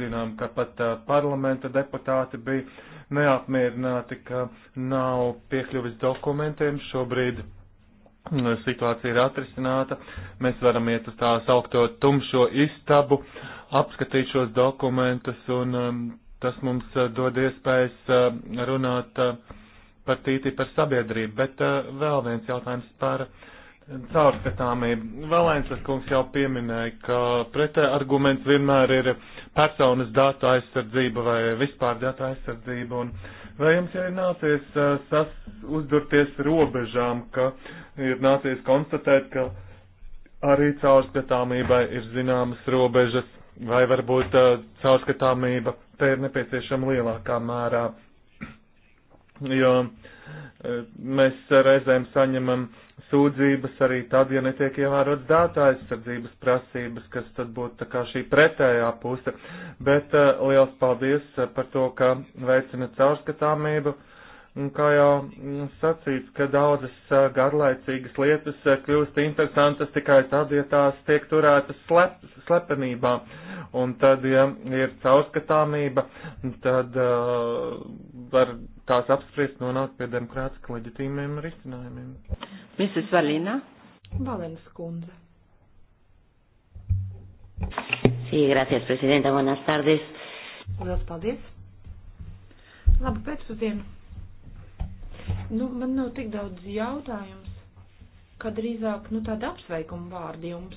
Speaker 2: zinām, ka pat eh, parlamenta deputāti bija neapmierināti, ka nav piekļuvis dokumentiem. Šobrīd mm, situācija ir atrisināta. Mēs varam iet uz tā saukto tumšo istabu, apskatīt šos dokumentus un mm, Tas mums eh, dod iespējas eh, runāt eh, par tīti par sabiedrību, bet vēl viens jautājums par caurskatāmību. Valēnsas kungs jau pieminēja, ka pretē arguments vienmēr ir personas datu aizsardzība vai vispār datu aizsardzība. Un vai jums ir nācies sas, uzdurties robežām, ka ir nācies konstatēt, ka arī caurskatāmībai ir zināmas robežas vai varbūt caurskatāmība te ir nepieciešama lielākā mērā, jo e, mēs reizēm saņemam sūdzības arī tad, ja netiek ievērots datu aizsardzības prasības, kas tad būtu tā kā šī pretējā puse. Bet e, liels paldies par to, ka veicina caurskatāmību kā jau sacīts, ka daudzas garlaicīgas lietas kļūst interesantas tikai tad, ja tās tiek turētas slep, slepenībā. Un tad, ja ir caurskatāmība, tad uh, var tās apspriest nonākt pie demokrātiski leģitīmiem risinājumiem. Mrs. Valina.
Speaker 3: Valens kundze.
Speaker 4: Sí, gracias, presidenta. Buenas tardes.
Speaker 3: Lielas paldies. Labu pēcpusdienu. Nu, man nav tik daudz jautājums, kā drīzāk, nu, tāda apsveikuma vārdi jums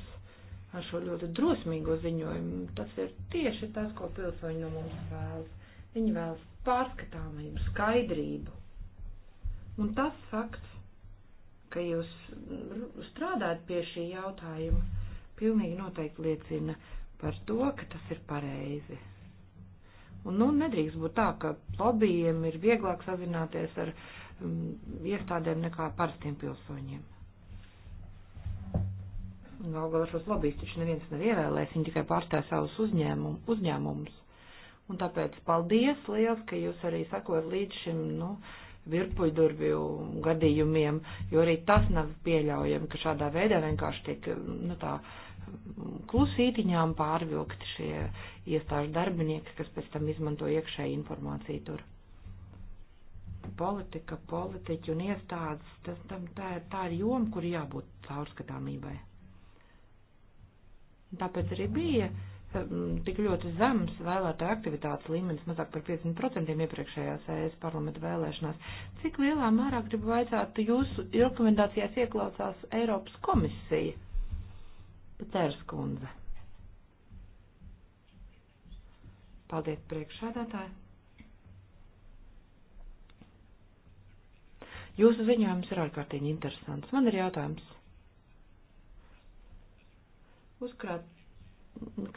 Speaker 3: ar šo ļoti drosmīgo ziņojumu. Tas ir tieši tas, ko pilsoņi no mums vēlas. Viņi vēlas pārskatāmību, skaidrību. Un tas fakts, ka jūs strādājat pie šī jautājuma, pilnīgi noteikti liecina par to, ka tas ir pareizi. Un, nu, nedrīkst būt tā, ka lobbyiem ir vieglāk sazināties ar uh, Mm, iestādēm nekā parastiem pilsoņiem. Galu galā šos lobbyus taču neviens nav ievēlējis, viņi tikai pārstāv savus uzņēmumu, uzņēmumus. Un tāpēc paldies liels, ka jūs arī sakot līdz šim, nu, virpuļdurvju gadījumiem, jo arī tas nav pieļaujami, ka šādā veidā vienkārši tiek, nu tā, klusītiņām pārvilkti šie iestāžu darbinieki, kas pēc tam izmanto iekšēju informāciju tur politika, politiķi un iestādes, tas, tam, tā, tā ir joma, kur jābūt caurskatāmībai. Tāpēc arī bija um, tik ļoti zems vēlētāju aktivitātes līmenis, mazāk par 50% iepriekšējās ES parlamenta vēlēšanās. Cik lielā mērā gribu vaicāt jūsu rekomendācijās ieklausās Eiropas komisija? Patērs kundze. Paldies priekšsādātāji. Jūsu ziņojums ir ārkārtīgi interesants. Man ir jautājums. Uzkrāt,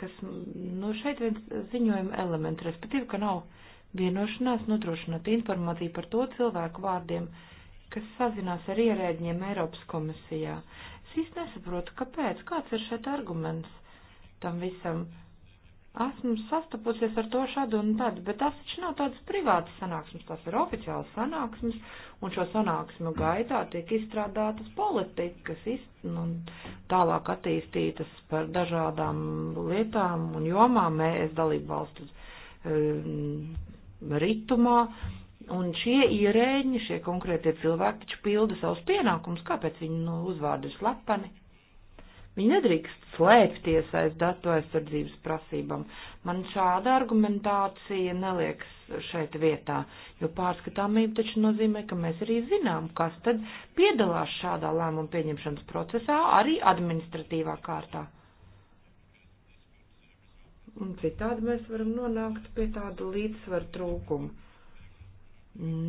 Speaker 3: kas, nu, šeit viens ziņojuma elements, respektīvi, ka nav vienošanās nodrošināt informāciju par to cilvēku vārdiem, kas sazinās ar ierēģiem Eiropas komisijā. Es īsti nesaprotu, kāpēc, kāds ir šeit arguments tam visam. Uh, esmu sastapusies ar to šādu un tādu, bet tas taču nav tādas privātas sanāksmes, tas ir oficiāls sanāksmes, un šo sanāksmu gaitā tiek izstrādātas politikas, iz, nu, tālāk attīstītas par dažādām lietām un jomām mēs dalību valstu um, ritumā, un šie ierēģi, šie konkrētie cilvēki taču pilda savus pienākumus, kāpēc viņi nu, uzvārdi ir slepeni? Viņi nedrīkst slēpties aiz datu aizsardzības prasībām. Man šāda argumentācija neliekas šeit vietā, jo pārskatāmība taču nozīmē, ka mēs arī zinām, kas tad piedalās šādā lēmuma pieņemšanas procesā, arī administratīvā kārtā. Un citādi mēs varam nonākt pie tāda līdzsvaru trūkuma.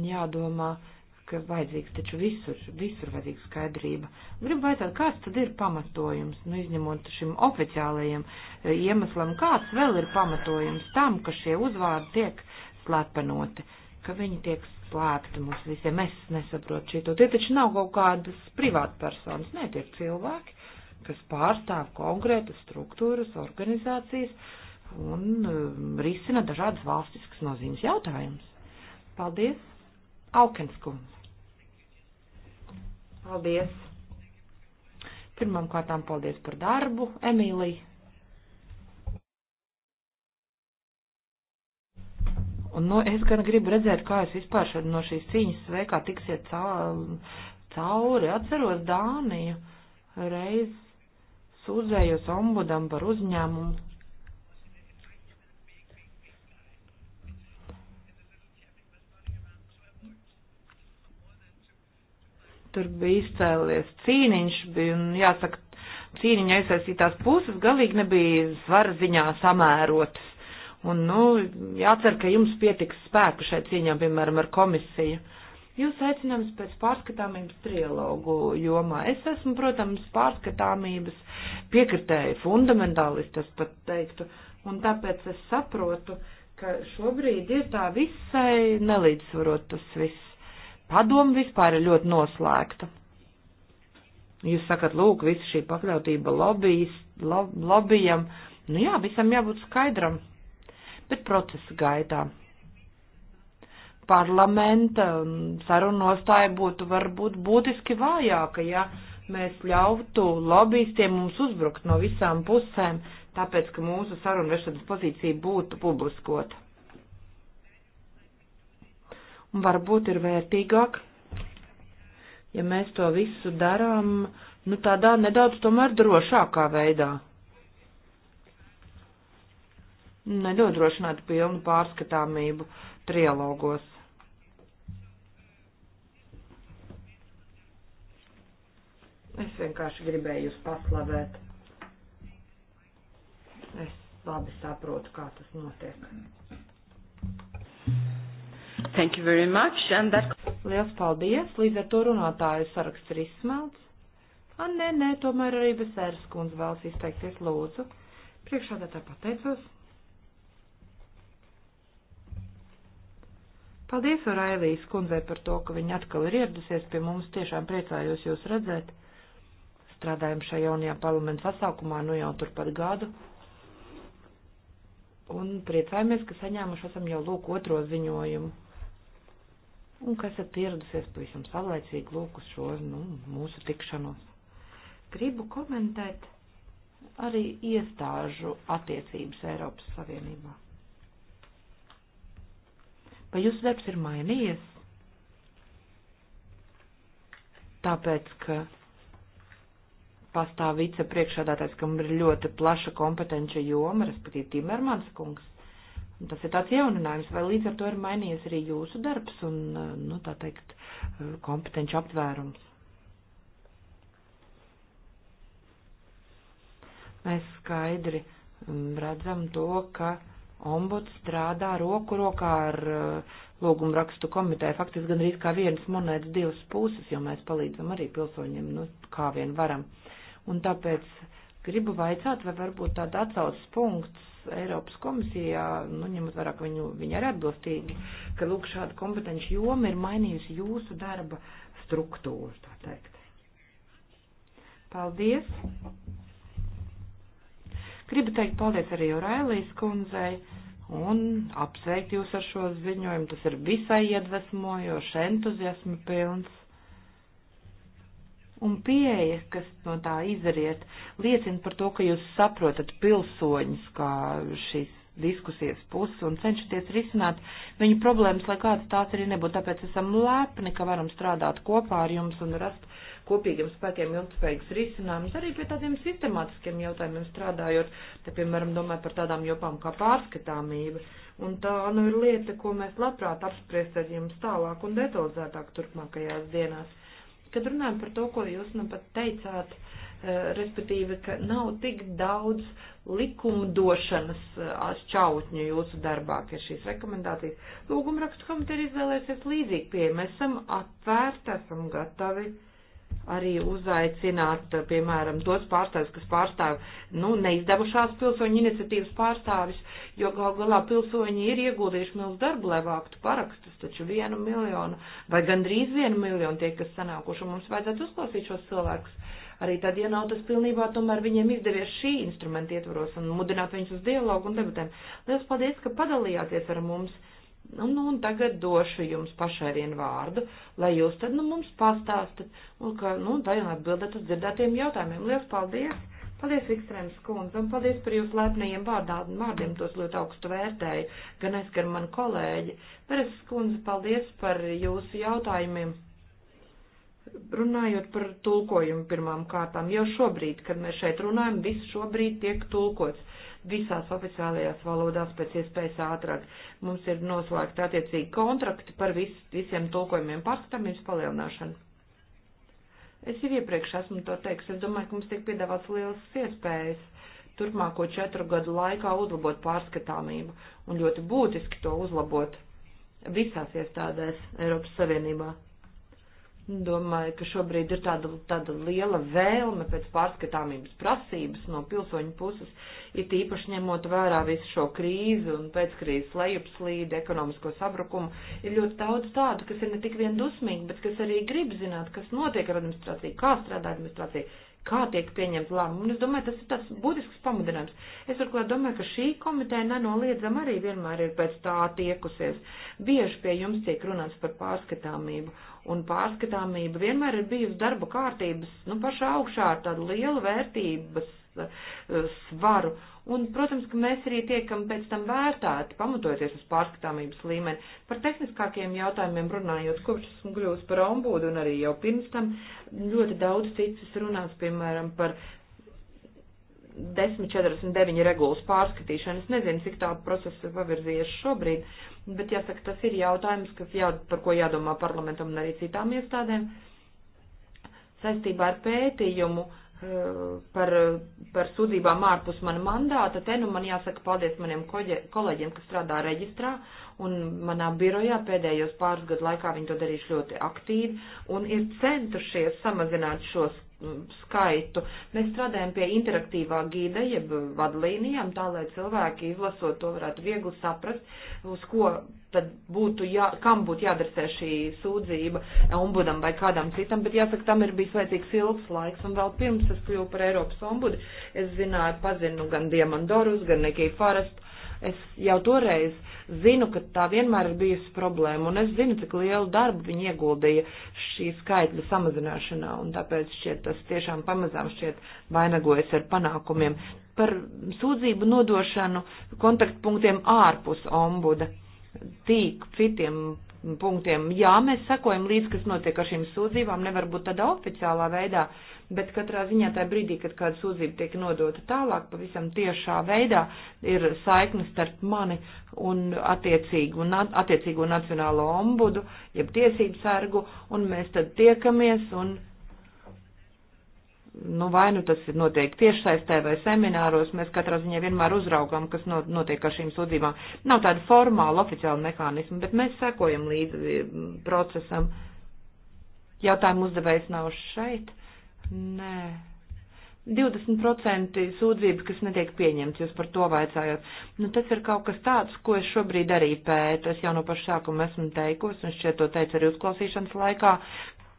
Speaker 3: Jādomā, ka vajadzīgs taču visur, visur vajadzīga skaidrība. Gribu vaicāt, kāds tad ir pamatojums, nu, izņemot šim oficiālajiem eh, iemeslam, kāds vēl ir pamatojums tam, ka šie uzvārdi tiek slepenoti, ka viņi tiek slēpti mums visiem. Es nesaprotu šito. Tie taču nav kaut kādas privātpersonas, ne, tie ir cilvēki, kas pārstāv konkrētas struktūras, organizācijas un eh, risina dažādas valstiskas nozīmes jautājumus. Paldies! Aukenskundze. Paldies! Pirmām kārtām paldies par darbu, Emīlija. Un no, nu, es gan gribu redzēt, kā es vispār šad, no šīs cīņas sveikā tiksiet cauri. Atceros Dāniju reiz sūdzējos ombudam par uzņēmumu Tur bija izcēlies cīniņš, bija, un jāsaka, cīniņa aizsaistītās puses galīgi nebija svara ziņā samērotas. Un, nu, jācer, ka jums pietiks spēku šai cīņā, piemēram, ar komisiju. Jūs aicinājums pēc pārskatāmības trialogu jomā. Es esmu, protams, pārskatāmības piekritēji fundamentālisti, es pat teiktu, un tāpēc es saprotu, ka šobrīd ir tā visai nelīdzsvarot tas viss padoma vispār ir ļoti noslēgta. Jūs sakat, lūk, visa šī pakļautība lobbyis, lob, lobbyjam, nu jā, visam jābūt skaidram, bet procesa gaitā. Parlamenta um, sarunu nostāja būtu varbūt būtiski vājāka, ja mēs ļautu lobbyistiem mums uzbrukt no visām pusēm, tāpēc, ka mūsu sarunu vešanas pozīcija būtu publiskota. Un varbūt ir vērtīgāk, ja mēs to visu darām, nu tādā nedaudz tomēr drošākā veidā. Nedodrošināt pilnu pārskatāmību trialogos. Es vienkārši gribēju jūs paslavēt. Es labi saprotu, kā tas notiek. Thank you very much. And that... Liels paldies. Līdz ar to runātāju saraksts ir izsmelts. A, nē, nē, tomēr arī Besēras kundze vēlas izteikties lūdzu. Priekšādā tā pateicos. Paldies Orailijas kundzei par to, ka viņa atkal ir ieradusies pie mums. Tiešām priecājos jūs redzēt. Strādājam šajā jaunajā parlamenta sasaukumā nu jau turpat gadu un priecājamies, ka saņēmuši esam jau lūk otro ziņojumu un kas ir ieradusies pavisam savlaicīgi lūkus šo nu, mūsu tikšanos. Gribu komentēt arī iestāžu attiecības Eiropas Savienībā. Vai jūsu darbs ir mainījies? Tāpēc, ka pastāv vicepriekšādātais, kam ir ļoti plaša kompetenča joma, respektīvi Timermans kungs Tas ir tāds jauninājums, vai līdz ar to ir mainījies arī jūsu darbs un, eh, nu, tā teikt, eh, kompetenci aptvērums. Mēs skaidri mm, redzam to, ka ombuds strādā roku rokā ar eh, lūgumu rakstu komiteju, faktiski gandrīz kā vienas monētas divas puses, jo mēs palīdzam arī pilsoņiem, nu, kā vien varam. Un tāpēc gribu vaicāt, vai varbūt tāda atsaucas punkts Eiropas komisijā, nu, ņemot vērā, ka viņu, viņi ir atbilstīgi, ka lūk šāda kompetenci joma ir mainījusi jūsu darba struktūru, tā teikt. Paldies! Gribu teikt paldies arī Orailijas kundzei un apsveikt jūs ar šo ziņojumu. Tas ir visai iedvesmojoši, entuziasmi pilns un pieeja, kas no tā izriet, liecina par to, ka jūs saprotat pilsoņus kā šīs diskusijas pusi un cenšaties risināt viņu problēmas, lai kādas tās arī nebūtu. Tāpēc esam lepni, ka varam strādāt kopā ar jums un rast kopīgiem spēkiem ilgspējīgs risinājums arī pie tādiem sistemātiskiem jautājumiem strādājot, te, piemēram, domāju par tādām jopām kā pārskatāmība. Un tā nu ir lieta, ko mēs labprāt apspriest ar jums tālāk un detalizētāk turpmākajās dienās Kad runājam par to, ko jūs nu pat teicāt, eh, respektīvi, ka nav tik daudz likumdošanas šķautņu eh, jūsu darbā, ka šīs rekomendācijas lūgumrakstu komiteja izvēlēsies līdzīgi pieeja. Mēs esam atvērti, esam gatavi uh, arī uzaicināt, piemēram, tos pārstāvis, kas pārstāv, nu, neizdevušās pilsoņu iniciatīvas pārstāvis, jo gal galā pilsoņi ir ieguldījuši milz darbu, lai vāktu parakstus, taču vienu miljonu vai gandrīz vienu miljonu tie, kas sanākuši, mums vajadzētu uzklausīt šos cilvēkus. Arī tad, ja nav tas pilnībā, tomēr viņiem izdevies šī instrumenta ietvaros un mudināt viņus uz dialogu un debatēm. Lielas paldies, ka padalījāties ar mums! Nu, nu, un tagad došu jums pašai vienu vārdu, lai jūs tad, nu, mums pastāstat, un nu, ka, nu, tā jau atbildat uz dzirdētiem jautājumiem. Lielas paldies! Paldies, Vikstrēms kundze, un paldies par jūsu laipnajiem vārdām, vārdiem, tos ļoti augstu vērtēju, gan es, gan man kolēģi. Peres kundze, paldies par jūsu jautājumiem. Runājot par tulkojumu pirmām kārtām, jau šobrīd, kad mēs šeit runājam, viss šobrīd tiek tulkots visās oficiālajās valodās pēc iespējas ātrāk. Mums ir noslēgta attiecīgi kontrakti par vis, visiem tulkojumiem pārskatāmības palielināšanu. Es jau iepriekš esmu to teiks, es domāju, ka mums tiek piedāvāts liels iespējas turpmāko četru gadu laikā uzlabot pārskatāmību un ļoti būtiski to uzlabot visās iestādēs Eiropas Savienībā. Domāju, ka šobrīd ir tāda, tāda liela vēlme pēc pārskatāmības prasības no pilsoņu puses, it īpaši ņemot vērā visu šo krīzi un pēckrīzes lejupslīdi, ekonomisko sabrukumu. Ir ļoti daudz tādu, kas ir ne tik vien dusmīgi, bet kas arī grib zināt, kas notiek ar administrāciju, kā strādā administrācija, kā tiek pieņemta lēmuma. Un es domāju, tas ir tas būtisks pamudinājums. Es turklāt domāju, ka šī komiteja nenoliedzam arī vienmēr ir pēc tā tiekusies. Bieži pie jums tiek runāts par pārskatāmību un pārskatāmība vienmēr ir bijusi darba kārtības, nu, pašā augšā ar tādu lielu vērtības eh, svaru. Un, protams, ka mēs arī tiekam pēc tam vērtēti, pamatojoties uz pārskatāmības līmeni. Par tehniskākiem jautājumiem runājot, kopš esmu kļūst par ombudu un arī jau pirms tam ļoti daudz citas runās, piemēram, par 10.49 regulas pārskatīšanu. Es nezinu, cik tālu procesu ir pavirzījies šobrīd, bet jāsaka, tas ir jautājums, kas jā, par ko jādomā parlamentam un arī citām iestādēm saistībā ar pētījumu eh, par, par sūdzībām ārpus mana mandāta. Te nu man jāsaka paldies maniem kolēģiem, kas strādā reģistrā, un manā birojā pēdējos pāris gadu laikā viņi to darījuši ļoti aktīvi un ir centušies samazināt šos skaitu. Mēs strādājam pie interaktīvā gīda, jeb vadlīnijām, tā lai cilvēki izlasot to varētu viegli saprast, uz ko tad būtu, jā, kam būtu jādarsē šī sūdzība ombudam vai kādam citam, bet jāsaka, tam ir bijis vajadzīgs ilgs laiks, un vēl pirms es kļuvu par Eiropas ombudu, es zināju, pazinu gan Diemandorus, gan Nikī Farest, Es jau toreiz zinu, ka tā vienmēr ir bijusi problēma, un es zinu, cik lielu darbu viņi ieguldīja šī skaitļa samazināšanā, un tāpēc šķiet tas tiešām pamazām šķiet vainagojas ar panākumiem par sūdzību nodošanu kontaktpunktiem ārpus ombuda tīk citiem punktiem. Jā, mēs sekojam līdz, kas notiek ar šīm sūdzībām, nevar būt tādā oficiālā veidā, bet katrā ziņā tajā brīdī, kad kāda sūdzība tiek nodota tālāk, pavisam tiešā veidā ir saikne starp mani un attiecīgu, un attiecīgo nacionālo ombudu, jeb tiesību sargu, un mēs tad tiekamies un. Nu, vai nu tas ir notiek tiešsaistē vai semināros, mēs katrā ziņā vienmēr uzraugam, kas notiek ar šīm sūdzībām. Nav tāda formāla, oficiāla mehānisma, bet mēs sekojam līdzi procesam. Jautājumu uzdevējs nav šeit Nē. 20% sūdzības, kas netiek pieņemts, jūs par to vaicājot. Nu, tas ir kaut kas tāds, ko es šobrīd arī pētu. Es jau no paša sākuma esmu teikusi, un šķiet to teicu arī uzklausīšanas laikā,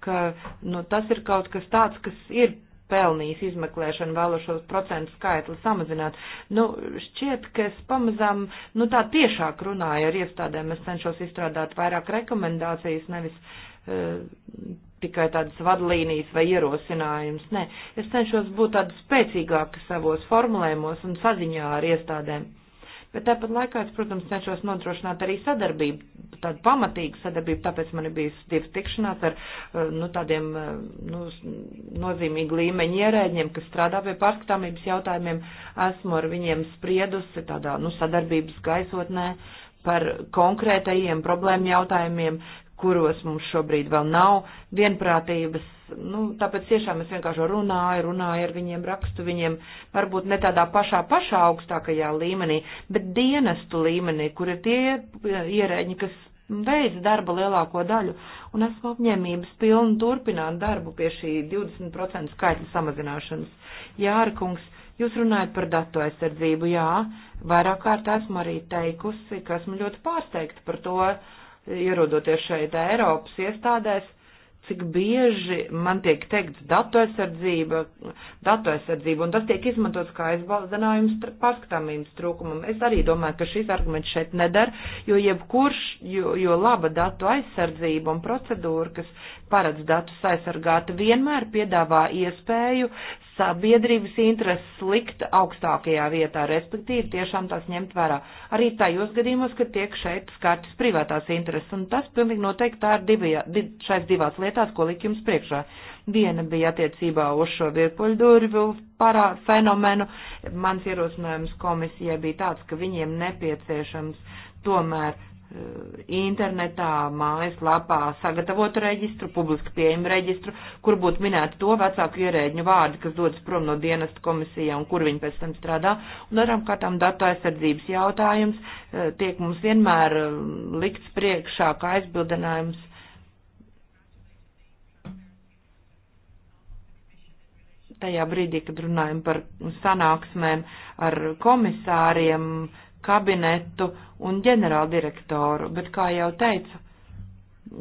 Speaker 3: ka nu, tas ir kaut kas tāds, kas ir pelnījis izmeklēšanu, vēlošos procentu skaitli samazināt. Nu, šķiet, ka es pamazām, nu tā tiešāk runāju ar iestādēm, es cenšos izstrādāt vairāk rekomendācijas, nevis uh, tikai tādas vadlīnijas vai ierosinājums. Nē, es cenšos būt tāda spēcīgāka savos formulējumos un saziņā ar iestādēm. Bet tāpat laikā es, protams, cenšos nodrošināt arī sadarbību, tādu pamatīgu sadarbību, tāpēc man ir bijis divas tikšanās ar, eh, nu, tādiem, eh, nu, nozīmīgi līmeņi ierēģiem, kas strādā pie pārskatāmības jautājumiem. Esmu ar viņiem spriedusi tādā, nu, sadarbības gaisotnē, par konkrētajiem problēmu jautājumiem, kuros mums šobrīd vēl nav vienprātības. Nu, tāpēc tiešām es vienkārši runāju, runāju ar viņiem, rakstu viņiem, varbūt ne tādā pašā, pašā augstākajā līmenī, bet dienestu līmenī, kur ir tie ierēģi, kas veids darba lielāko daļu, un esmu apņēmības pilni turpināt darbu pie šī 20% skaitļa samazināšanas. Jārkungs, jūs runājat par datu aizsardzību, jā, vairāk kārt esmu arī teikusi, ka esmu ļoti pārsteigta par to, uh, ierodoties šeit Eiropas iestādēs, cik bieži man tiek teikts datu aizsardzība, datu aizsardzība, un tas tiek izmantots kā aizbalzinājums pārskatāmības trūkumam. Es arī domāju, ka šis arguments šeit nedar, jo jebkurš, jo, jo laba datu aizsardzība un procedūra, kas paredz datus aizsargāt, vienmēr piedāvā iespēju sabiedrības intereses likt augstākajā vietā, respektīvi tiešām tās ņemt vērā. Arī tajos gadījumos, kad tiek šeit skārtas privātās intereses, un tas pilnīgi noteikti tā ir divajā, div, šais divās lietās, ko liku jums priekšā. Viena bija attiecībā uz šo virpuļdurvju parā fenomenu. Mans ierosinājums komisijai bija tāds, ka viņiem nepieciešams tomēr internetā, mājaslapā sagatavotu reģistru, publiski pieejamu reģistru, kur būtu minēti to vecāku ierēģņu vārdi, kas dodas prom no dienesta komisijā un kur viņi pēc tam strādā. Un varam kādām datu aizsardzības jautājums eh, tiek mums vienmēr eh, likts priekšā kā aizbildinājums. Tajā brīdī, kad runājam par sanāksmēm ar komisāriem, uh, kabinetu un ģenerāldirektoru, bet, kā jau teicu,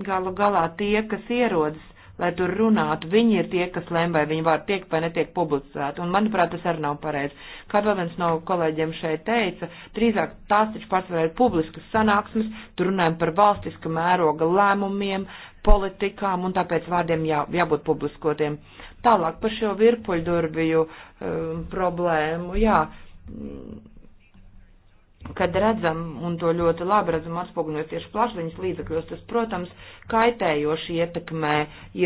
Speaker 3: galu galā tie, kas ierodas, lai tur runātu, viņi ir tie, kas lem, vai viņi var tiek vai netiek publicēti, un, manuprāt, tas arī nav pareizi. Kā vēl viens no kolēģiem šeit teica, drīzāk tās taču pārsvarā ir publiskas sanāksmes, tur runājam par valstiska mēroga lēmumiem, politikām, un tāpēc vārdiem jā, jābūt publiskotiem. Tālāk par šo virpuļdurbju um, problēmu, jā. Mm, kad redzam, un to ļoti labi redzam atspoguļos tieši plašsaziņas līdzakļos, tas, protams, kaitējoši ietekmē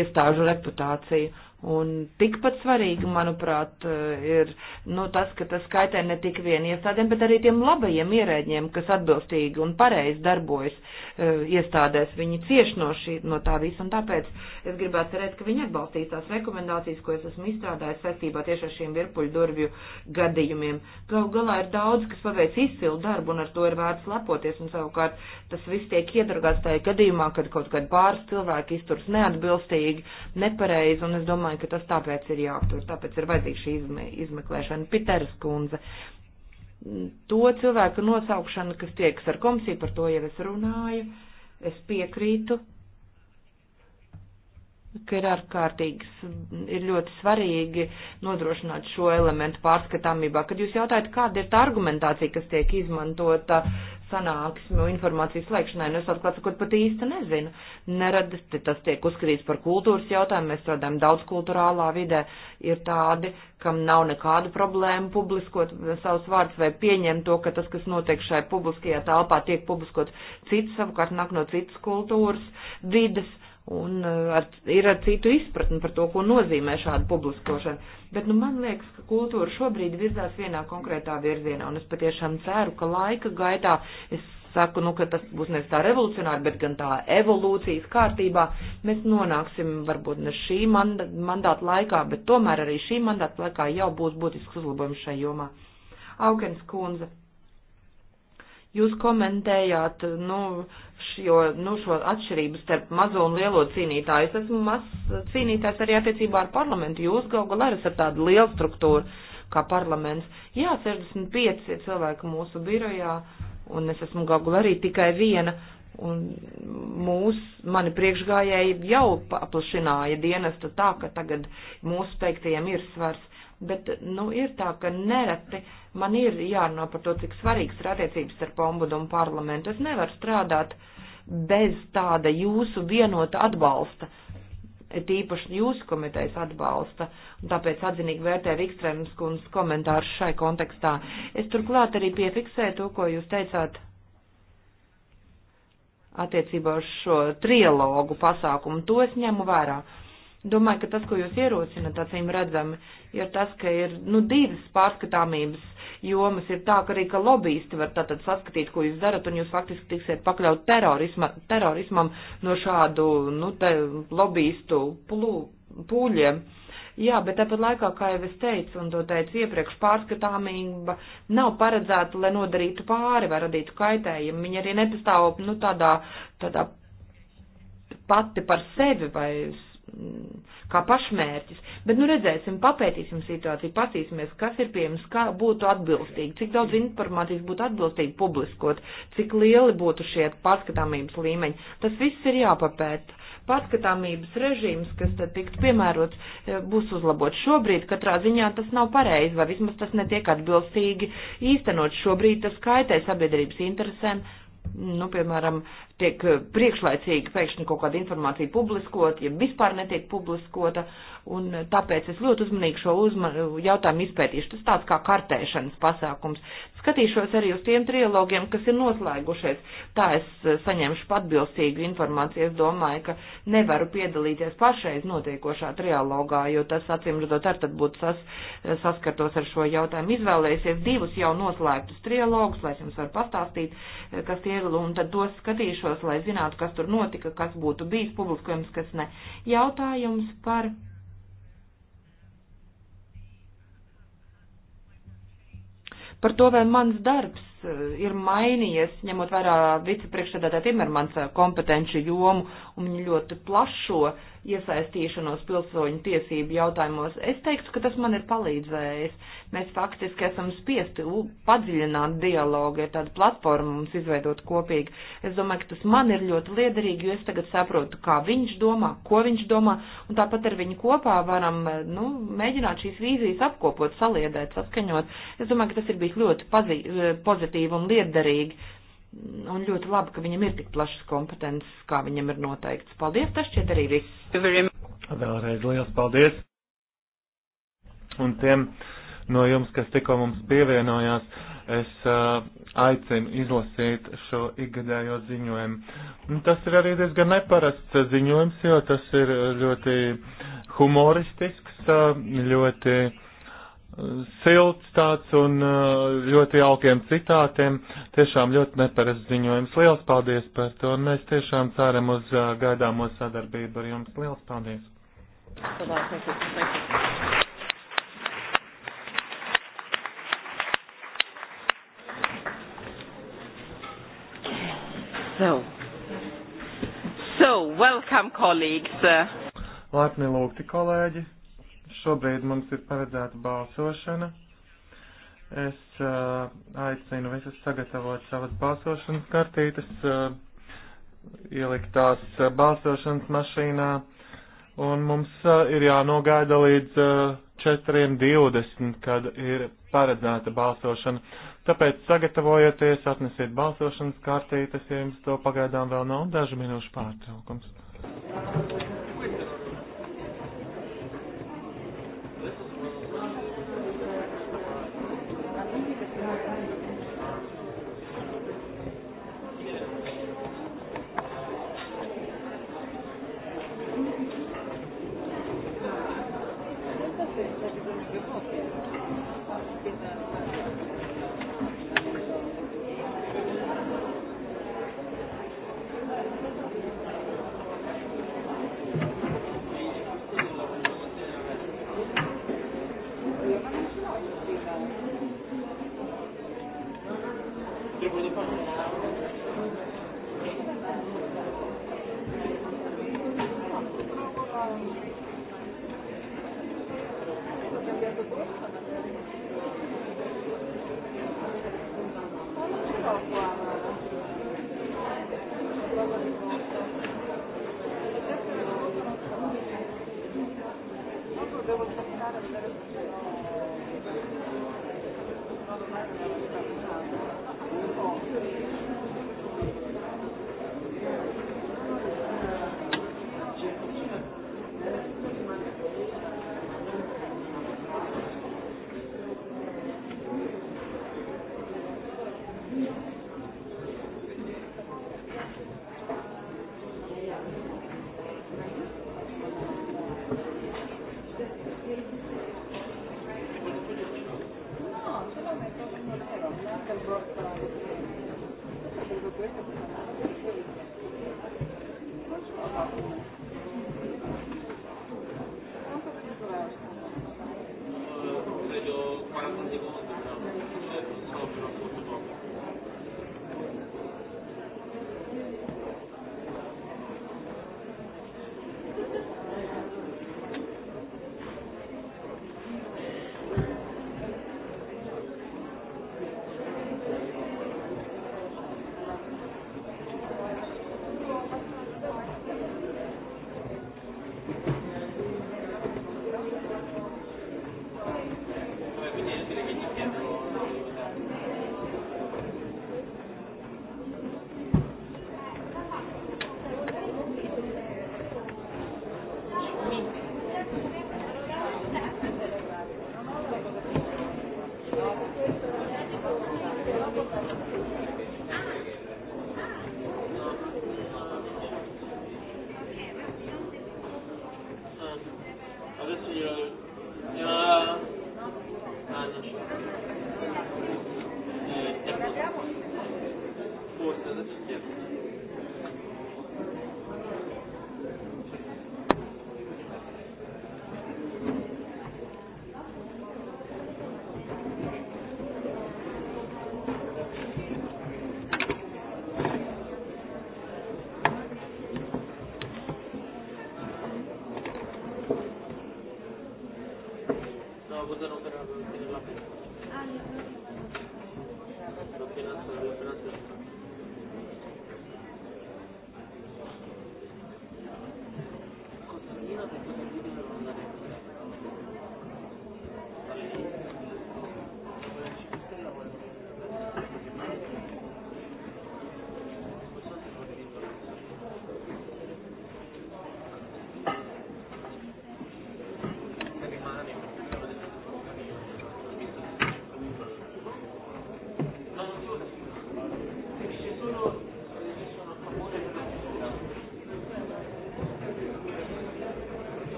Speaker 3: iestāžu reputāciju. Un tikpat svarīgi, manuprāt, eh, ir nu, tas, ka tas kaitē ne tik vien iestādēm, bet arī tiem labajiem ierēģiem, kas atbilstīgi un pareizi darbojas uh, iestādēs. Viņi cieš no, šī, no tā visa, un tāpēc es gribētu cerēt, ka viņi atbalstīs tās rekomendācijas, ko es esmu izstrādājis saistībā tieši ar šiem virpuļu durvju gadījumiem. Galu galā ir daudz, kas paveic izcilu darbu, un ar to ir vērts lepoties, un savukārt tas viss tiek iedragāts tajā gadījumā, kad kaut kādi pāris cilvēki izturs neatbilstīgi, nepareizi, un es domāju, domāju, ka tas tāpēc ir jāaptur, tāpēc ir vajadzīga šī izme, izmeklēšana. Piteras kundze, to cilvēku nosaukšana, kas tieks ar komisiju, par to jau es runāju, es piekrītu ka ir ārkārtīgs, ir ļoti svarīgi nodrošināt šo elementu pārskatāmībā. Kad jūs jautājat, kāda ir tā argumentācija, kas tiek izmantota sanāksmu informācijas slēgšanai, nu es atklāt sakot pat īsti nezinu. Nerad, tas tiek uzskatīts par kultūras jautājumu, mēs strādājam daudz kulturālā vidē, ir tādi, kam nav nekādu problēmu publiskot savus vārdus vai pieņemt to, ka tas, kas notiek šai publiskajā telpā, tiek publiskot cits, savukārt nāk no citas kultūras vidas un eh, ar, ir ar citu izpratni par to, ko nozīmē šāda publiskošana. Bet nu, man liekas, ka kultūra šobrīd virzās vienā konkrētā virzienā, un es patiešām ceru, ka laika gaitā es saku, nu, ka tas būs nevis tā revolucionāri, bet gan tā evolūcijas kārtībā. Mēs nonāksim varbūt ne šī mandāta laikā, bet tomēr arī šī mandāta laikā jau būs būtisks uzlabojums šai jomā. Augens kundze. Jūs komentējāt, nu, šo, nu, šo atšķirību starp mazo un lielo cīnītāju. Es esmu mazs cīnītājs arī attiecībā ar parlamentu. Jūs gal galā esat tāda liela struktūra kā parlaments. Jā, 65 ir cilvēki mūsu birojā, un es esmu gal galā arī tikai viena. Un mūs, mani priekšgājēji jau paplašināja dienestu tā, ka tagad mūsu teiktajiem ir svars bet, nu, ir tā, ka nereti man ir jārunā par to, cik svarīgs ir attiecības ar ombudu un parlamentu. Es nevaru strādāt bez tāda jūsu vienota atbalsta, tīpaši jūsu komitejas atbalsta, un tāpēc atzinīgi vērtē Vikstrēmas kundas komentārus šai kontekstā. Es turklāt arī piefiksēju to, ko jūs teicāt attiecībā uz šo trilogu pasākumu. To es ņemu vērā. Domāju, ka tas, ko jūs ierosināt, acīm redzami, ir tas, ka ir, nu, divas pārskatāmības jomas. Ir tā, ka arī, ka lobbyisti var tātad saskatīt, ko jūs darat, un jūs faktiski tiksiet pakļaut terorisma, terorismam no šādu, nu, te, lobbyistu plū, pūļiem. Jā, bet tāpat laikā, kā jau es teicu, un to teicu iepriekš, pārskatāmība nav paredzēta, lai nodarītu pāri vai radītu kaitējumu. Viņa arī nepastāv, nu, tādā, tādā pati par sevi vai Mm, kā pašmērķis. Bet, nu, redzēsim, papētīsim situāciju, pasīsimies, kas ir pieejams, kā būtu atbilstīgi, cik daudz informācijas būtu atbilstīgi publiskot, cik lieli būtu šie pārskatāmības līmeņi. Tas viss ir jāpapēta. Pārskatāmības režīms, kas tad tiktu piemērots, eh, būs uzlabots šobrīd. Katrā ziņā tas nav pareizi, vai vismaz tas netiek atbilstīgi īstenot. Šobrīd tas kaitē sabiedrības interesēm nu, piemēram, tiek eh, priekšlaicīgi pēkšņi kaut kāda informācija publiskot, ja vispār netiek publiskota, Un tāpēc es ļoti uzmanīgi šo uzma jautājumu izpētīšu. Tas tāds kā kartēšanas pasākums. Skatīšos arī uz tiem trilogiem, kas ir noslēgušies. Tā es eh, saņemšu atbilstīgu informāciju. Es domāju, ka nevaru piedalīties pašreiz notiekošā trilogā, jo tas acīmredzot ar tad būtu sas, saskartos ar šo jautājumu. Izvēlēsies divus jau noslēgtus trilogus, lai es jums varu pastāstīt, eh, kas tie ir, un tad tos skatīšos, lai zinātu, kas tur notika, kas būtu bijis publiskojums, kas ne. Jautājums par. par to, vai mans darbs eh, ir mainījies, ņemot vērā vicepriekšsēdētāja Timermans eh, kompetenci jomu un viņu ļoti plašo iesaistīšanos pilsoņu tiesību jautājumos. Es teiktu, ka tas man ir palīdzējis. Mēs faktiski esam spiesti padziļināt dialogu, ir tāda platforma mums izveidot kopīgi. Es domāju, ka tas man ir ļoti liederīgi, jo es tagad saprotu, kā viņš domā, ko viņš domā, un tāpat ar viņu kopā varam, nu, mēģināt šīs vīzijas apkopot, saliedēt, saskaņot. Es domāju, ka tas ir bijis ļoti eh, pozitīvi un liederīgi un ļoti labi, ka viņam ir tik plašas kompetences, kā viņam ir noteikts. Paldies, tas šķiet arī
Speaker 1: viss. Vēlreiz liels
Speaker 2: paldies. Un tiem no jums, kas tikko mums pievienojās, es uh, aicinu izlasīt šo ikgadējo ziņojumu. Un tas ir arī diezgan neparasts ziņojums, jo tas ir ļoti humoristisks, uh, ļoti silts tāds un uh, ļoti jaukiem citātiem. Tiešām ļoti neparasts ziņojums. Liels paldies par to, un mēs tiešām ceram uz uh, gaidāmo sadarbību ar jums. Liels paldies!
Speaker 1: Thank you. Thank you. So, so welcome, colleagues.
Speaker 2: Laipni lūgti, kolēģi. Šobrīd mums ir paredzēta balsošana. Es uh, aicinu visus sagatavot savas balsošanas kartītes, uh, ielikt tās uh, balsošanas mašīnā, un mums uh, ir jānogaida līdz uh, 4.20, kad ir paredzēta balsošana. Tāpēc sagatavojieties, atnesiet balsošanas kartītes, ja jums to pagaidām vēl nav dažu minūšu pārtraukums.
Speaker 1: Thank you.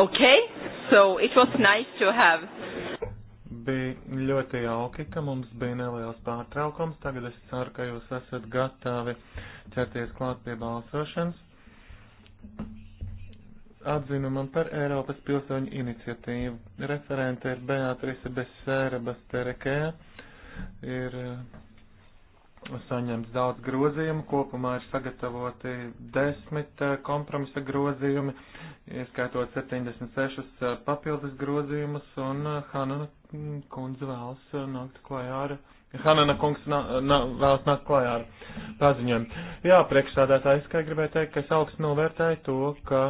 Speaker 1: Okay, so it was nice to have.
Speaker 2: Bija ļoti jauki, ka mums bija neliels pārtraukums. Tagad es ceru, ka jūs esat gatavi ķerties klāt pie balsošanas. Atzinumam par Eiropas pilsoņu iniciatīvu. Referente ir Beatrice Besēra Basterekē. Ir eh, saņemts daudz grozījumu, kopumā ir sagatavoti desmit eh, kompromisa grozījumi ieskaitot 76 eh, papildus grozījumus, un eh, Hanana kundze vēlas eh, nākt klājā ar. Hanana kungs nā, nā, vēlas nākt klājā ar paziņojumu. Jā, priekšsādātājs, kā gribēju teikt, ka es augstu novērtēju to, ka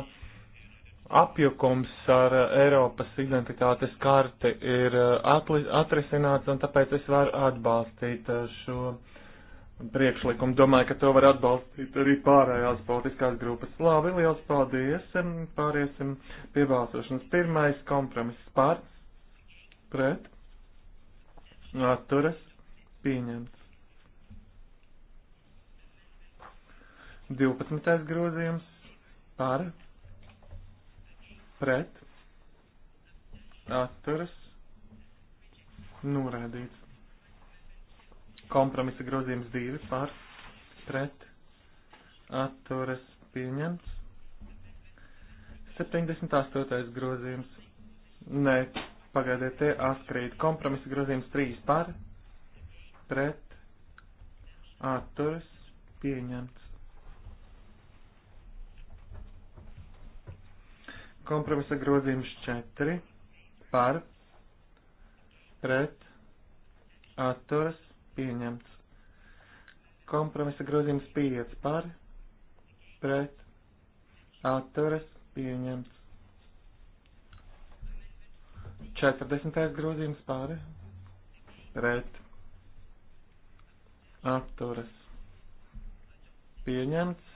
Speaker 2: apjukums ar Eiropas identitātes karti ir atrisināts, un tāpēc es varu atbalstīt šo. Uh, priekšlikumu. Domāju, ka to var atbalstīt arī pārējās politiskās grupas. Labi, liels paldies. Pāriesim pie balsošanas. Pirmais kompromiss par, pret, atturas, pieņemts. 12. grozījums par, pret, atturas, norādīts. Kompromisa grozījums 2 par pret atturas pieņemts. 78. grozījums. Nē, pagaidiet, te atkrīt. Kompromisa grozījums 3 par pret atturas pieņemts. Kompromisa grozījums 4 par pret atturas pieņemts. Kompromisa grozījums 5 par, pret, atturas, pieņemts. 40. grozījums par, pret, atturas, pieņemts.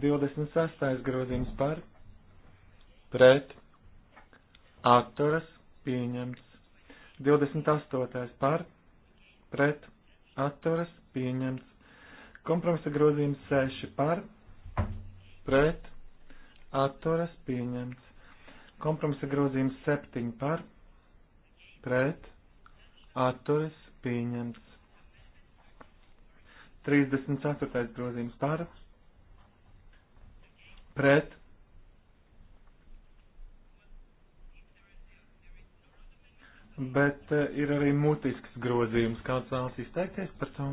Speaker 2: 26. grozījums par, pret, atturas, pieņemts. 28. par, pret pret atturas pieņemts. Kompromisa grozījums 6 par pret atturas pieņemts. Kompromisa grozījums 7 par pret atturas pieņemts. 34. grozījums par pret bet eh, ir arī mutisks grozījums. Kāds vēlas izteikties par to?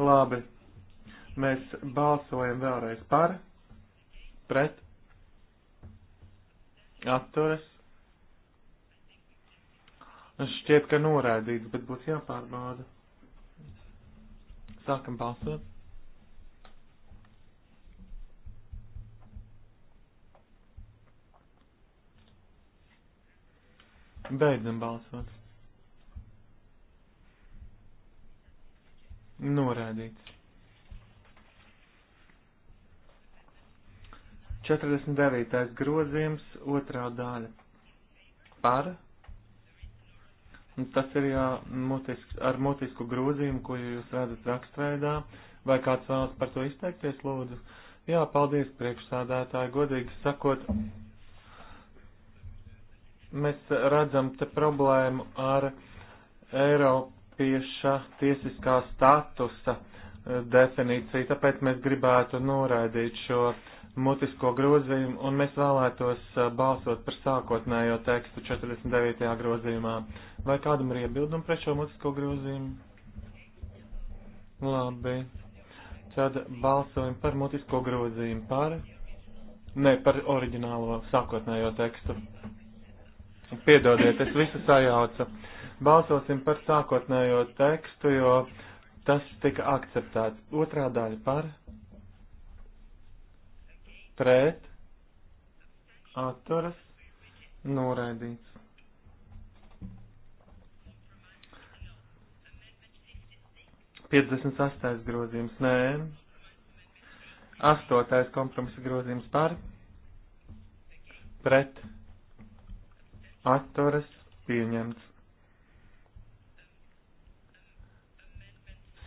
Speaker 2: Labi. Mēs balsojam vēlreiz par, pret, atturas. Šķiet, ka noraidīts, bet būs jāpārbauda. Sākam balsot. Beidzam balsot. Norādīts. 49. grozījums, otrā daļa. Par. Un tas ir jā, mutisks, ar mutisku grozījumu, ko jūs redzat rakstveidā. Vai kāds vēlas par to izteikties, lūdzu? Jā, paldies priekšsādātāji, godīgi sakot, Mēs redzam te problēmu ar Eiropieša tiesiskā statusa eh, definīciju, tāpēc mēs gribētu noraidīt šo mutisko grozījumu un mēs vēlētos eh, balsot par sākotnējo tekstu 49. grozījumā. Vai kādam ir iebildumi pret šo mutisko grozījumu? Labi. Tad balsojam par mutisko grozījumu par, ne par oriģinālo sākotnējo tekstu. Piedodiet, es visu sajaucu. Balsosim par sākotnējo tekstu, jo tas tika akceptēts. Otrā daļa par, pret, atturas, noraidīts. Piecdesmit sastais grozījums, nē. Astotais kompromisa grozījums par, pret, atturas pieņemts.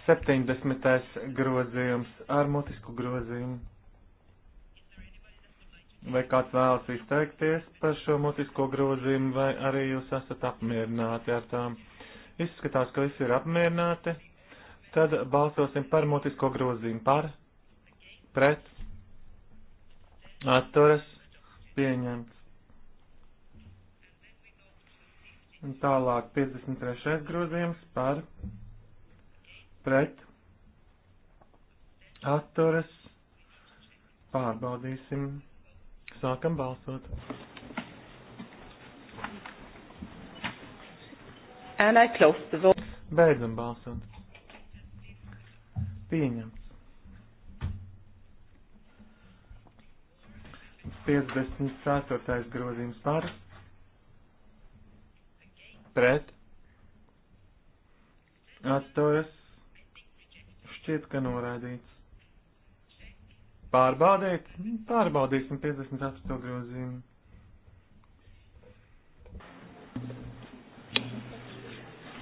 Speaker 2: 70. grozījums ar mutisku grozījumu. Vai kāds vēlas izteikties par šo mutisko grozījumu, vai arī jūs esat apmierināti ar tām? Izskatās, ka visi ir apmierināti. Tad balsosim par mutisko grozījumu par, pret, atturas, pieņemts. Un tālāk 53. grozījums par pret atturas pārbaudīsim. Sākam balsot. And I close the vote. Beidzam balsot. Pieņemts. 54. grozījums par pret pret atturas šķiet, ka norādīts. Pārbaudīt, pārbaudīsim 58 grozījumu.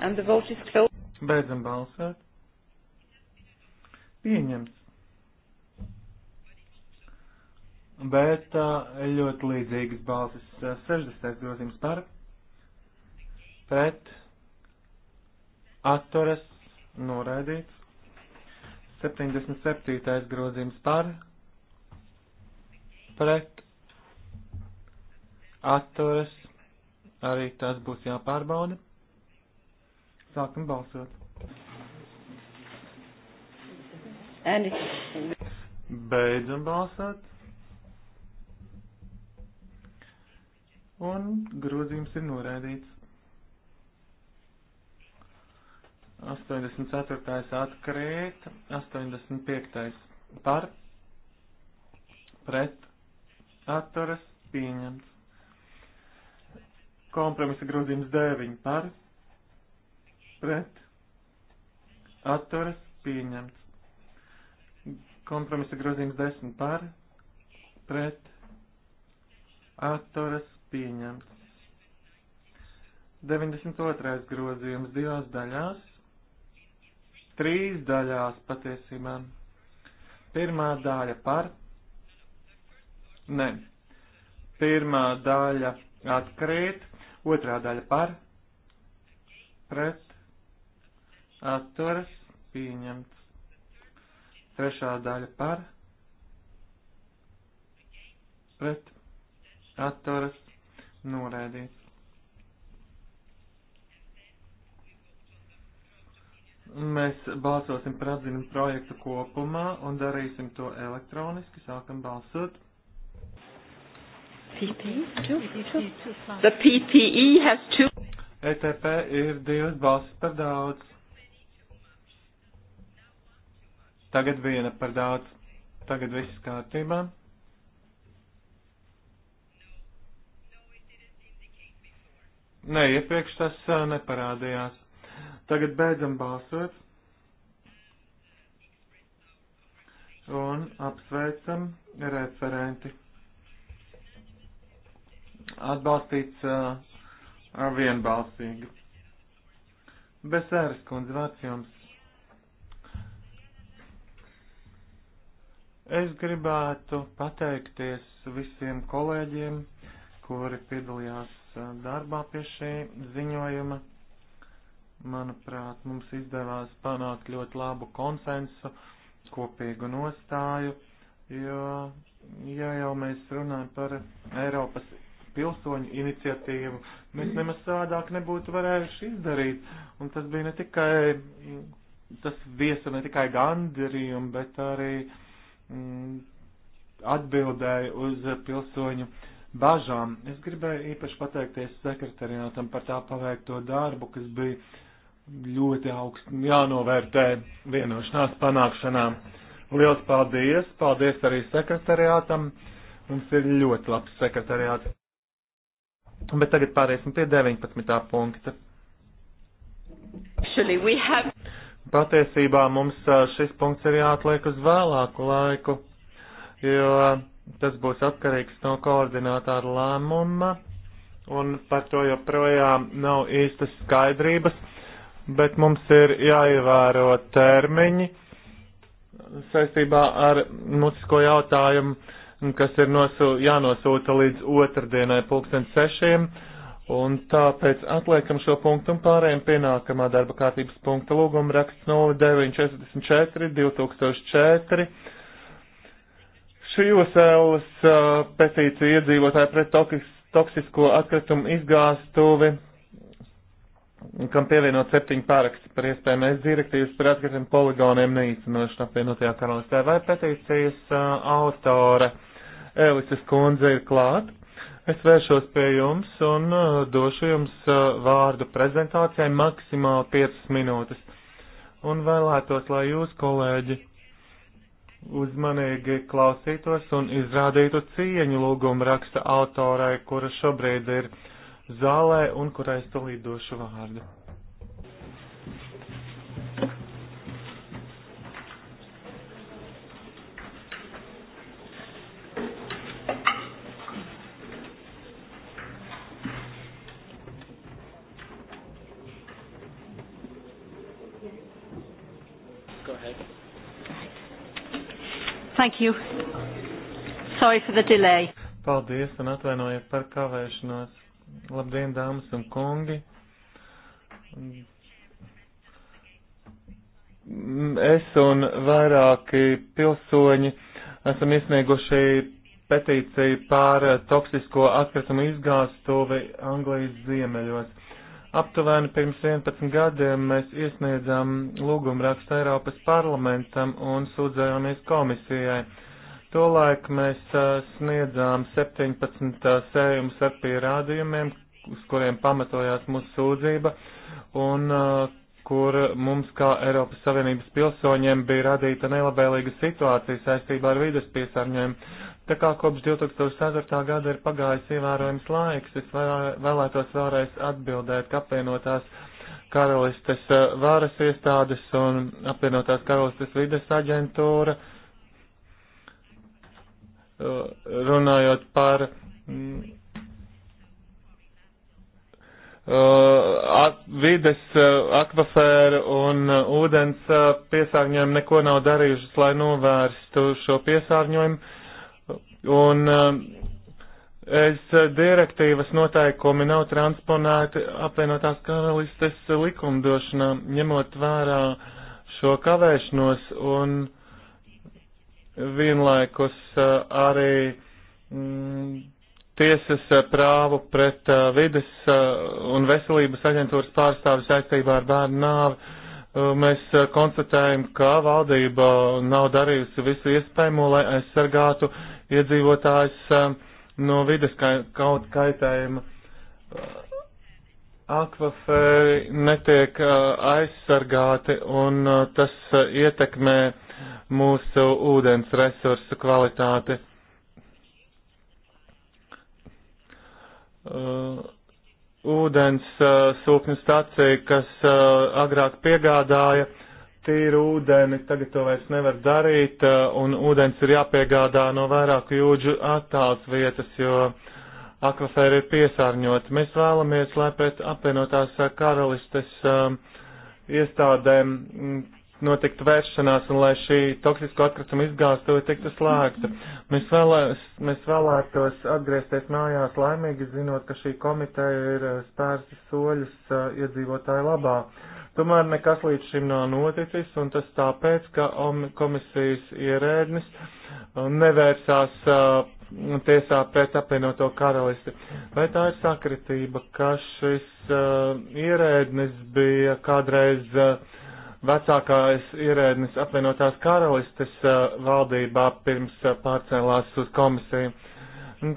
Speaker 2: And the vote is closed. Beidzam balsot. Pieņemts. Bet uh, ļoti līdzīgas balsis 60 uh, grozījums par pret atturas noraidīts. 77. grozījums par pret atturas arī tas būs jāpārbauda. Sākam balsot. Beidzam balsot. Un grozījums ir noraidīts. 84. atkrīt, 85. par, pret, atturas, pieņemts. Kompromisa grozījums 9 par, pret, atturas, pieņemts. Kompromisa grozījums 10 par, pret, atturas, pieņemts. 92. grozījums divās daļās trīs daļās patiesībā. Pirmā daļa par. Nē. Pirmā daļa atkrīt, otrā daļa par. Pret. Atturas. Pieņemts. Trešā daļa par. Pret. Atturas. Norēdīts. Mēs balsosim par atzinumu projektu kopumā un darīsim to elektroniski. Sākam balsot.
Speaker 1: The PPE has two.
Speaker 2: ETP ir divas balsis par daudz. Tagad viena par daudz. Tagad viss kārtībā. Nē, iepriekš tas uh, neparādījās. Tagad beidzam balsot un apsveicam referenti. Atbalstīts uh, vienbalsīgi. Besēras kundze, vārds jums. Es gribētu pateikties visiem kolēģiem, kuri piedalījās uh, darbā pie šī ziņojuma. Manuprāt, mums izdevās panākt ļoti labu konsensu, kopīgu nostāju, jo, ja jau mēs runājam par Eiropas pilsoņu iniciatīvu, mēs nemaz sādāk nebūtu varējuši izdarīt. Un tas bija ne tikai, tas viesa ne tikai gandarījumu, bet arī mm, atbildēja uz pilsoņu bažām. Es gribēju īpaši pateikties sekretariātam par tā paveikto darbu, kas bija ļoti augstu jānovērtē vienošanās panākšanā. Liels paldies! Paldies arī sekretariātam! Mums ir ļoti labs sekretariāts. Bet tagad pāriesim pie 19. punkta. Patiesībā mums šis punkts ir jāatliek uz vēlāku laiku, jo tas būs atkarīgs no koordinātāra lēmuma, un par to joprojām nav īstas skaidrības bet mums ir jāievēro termiņi saistībā ar mutisko jautājumu, kas ir nosū, jānosūta līdz otrdienai pulksten sešiem, un tāpēc atliekam šo punktu un pārējiem pie nākamā darba kārtības punkta lūguma raksts 0944 2004. Šī USLS uh, petīcija iedzīvotāji pret toksisko atkritumu izgāstuvi kam pievienot septiņu pārakstu par iespējamais direktīvas par atkritiem poligoniem neīstenošanu apvienotajā karalistē. Vai petīcijas uh, autore Elises kundze ir klāt? Es vēršos pie jums un uh, došu jums uh, vārdu prezentācijai maksimāli 5 minūtes. Un vēlētos, lai jūs, kolēģi, uzmanīgi klausītos un izrādītu cieņu lūgumu raksta autorai, kura šobrīd ir uh, zālē un kurai es tolīt došu vārdu.
Speaker 1: Thank you. Sorry for the delay.
Speaker 2: Paldies un atvainojiet par kavēšanos. Labdien, dāmas un kungi! Es un vairāki pilsoņi esam iesnieguši petīciju pār toksisko atkritumu izgāstuvi Anglijas ziemeļos. Aptuveni pirms 11 gadiem mēs iesniedzām lūgumu rakstu Eiropas parlamentam un sūdzējāmies komisijai Tolaik mēs sniedzām 17 sējumus ar pierādījumiem, uz kuriem pamatojās mūsu sūdzība, un kur mums kā Eiropas Savienības pilsoņiem bija radīta nelabēlīga situācija saistībā ar vides piesārņojumu. Tā kā kopš 2004. gada ir pagājis ievērojams laiks, es vēlētos vēlreiz atbildēt, ka apvienotās karalistes varas iestādes un apvienotās karalistes vides aģentūra uh, Uh, runājot par mm, uh, at, vides uh, akvafēru un ūdens piesārņojumu neko nav darījušas, lai novērstu šo piesārņojumu. Un es direktīvas noteikumi nav transponēti apvienotās karalistes likumdošanā, ņemot vērā šo kavēšanos un uh, vienlaikus eh, arī mm, tiesas eh, prāvu pret eh, vides un veselības aģentūras pārstāvis saistībā ar bērnu nāvi. Mēs konstatējam, ka valdība nav darījusi visu iespējamo, lai aizsargātu iedzīvotājs no vides kaut kaitējuma. Akvaferi netiek aizsargāti un tas ietekmē mūsu ūdens resursu kvalitāti. Uh, ūdens uh, sūkņu stacija, kas uh, agrāk piegādāja tīru ūdeni, tagad to vairs nevar darīt, uh, un ūdens ir jāpiegādā no vairāku jūdžu attāls vietas, jo akvafēri ir piesārņoti. Mēs vēlamies, lai pēc apvienotās karalistes uh, iestādēm mm, notiktu vēršanās un lai šī toksisko atkritumu izgāstuve tiktu slēgta. Mēs, vēlēs, mēs vēlētos atgriezties mājās laimīgi, zinot, ka šī komiteja ir eh, spērsi soļus uh, iedzīvotāju labā. Tomēr nekas līdz šim nav noticis, un tas tāpēc, ka komisijas ierēdnis eh, nevērsās uh, tiesā pret apvienoto karalisti. Vai tā ir sakritība, ka šis uh, ierēdnis bija kādreiz uh, Vecākais ierēdnis apvienotās karalistes valdībā pirms pārcēlās uz komisiju.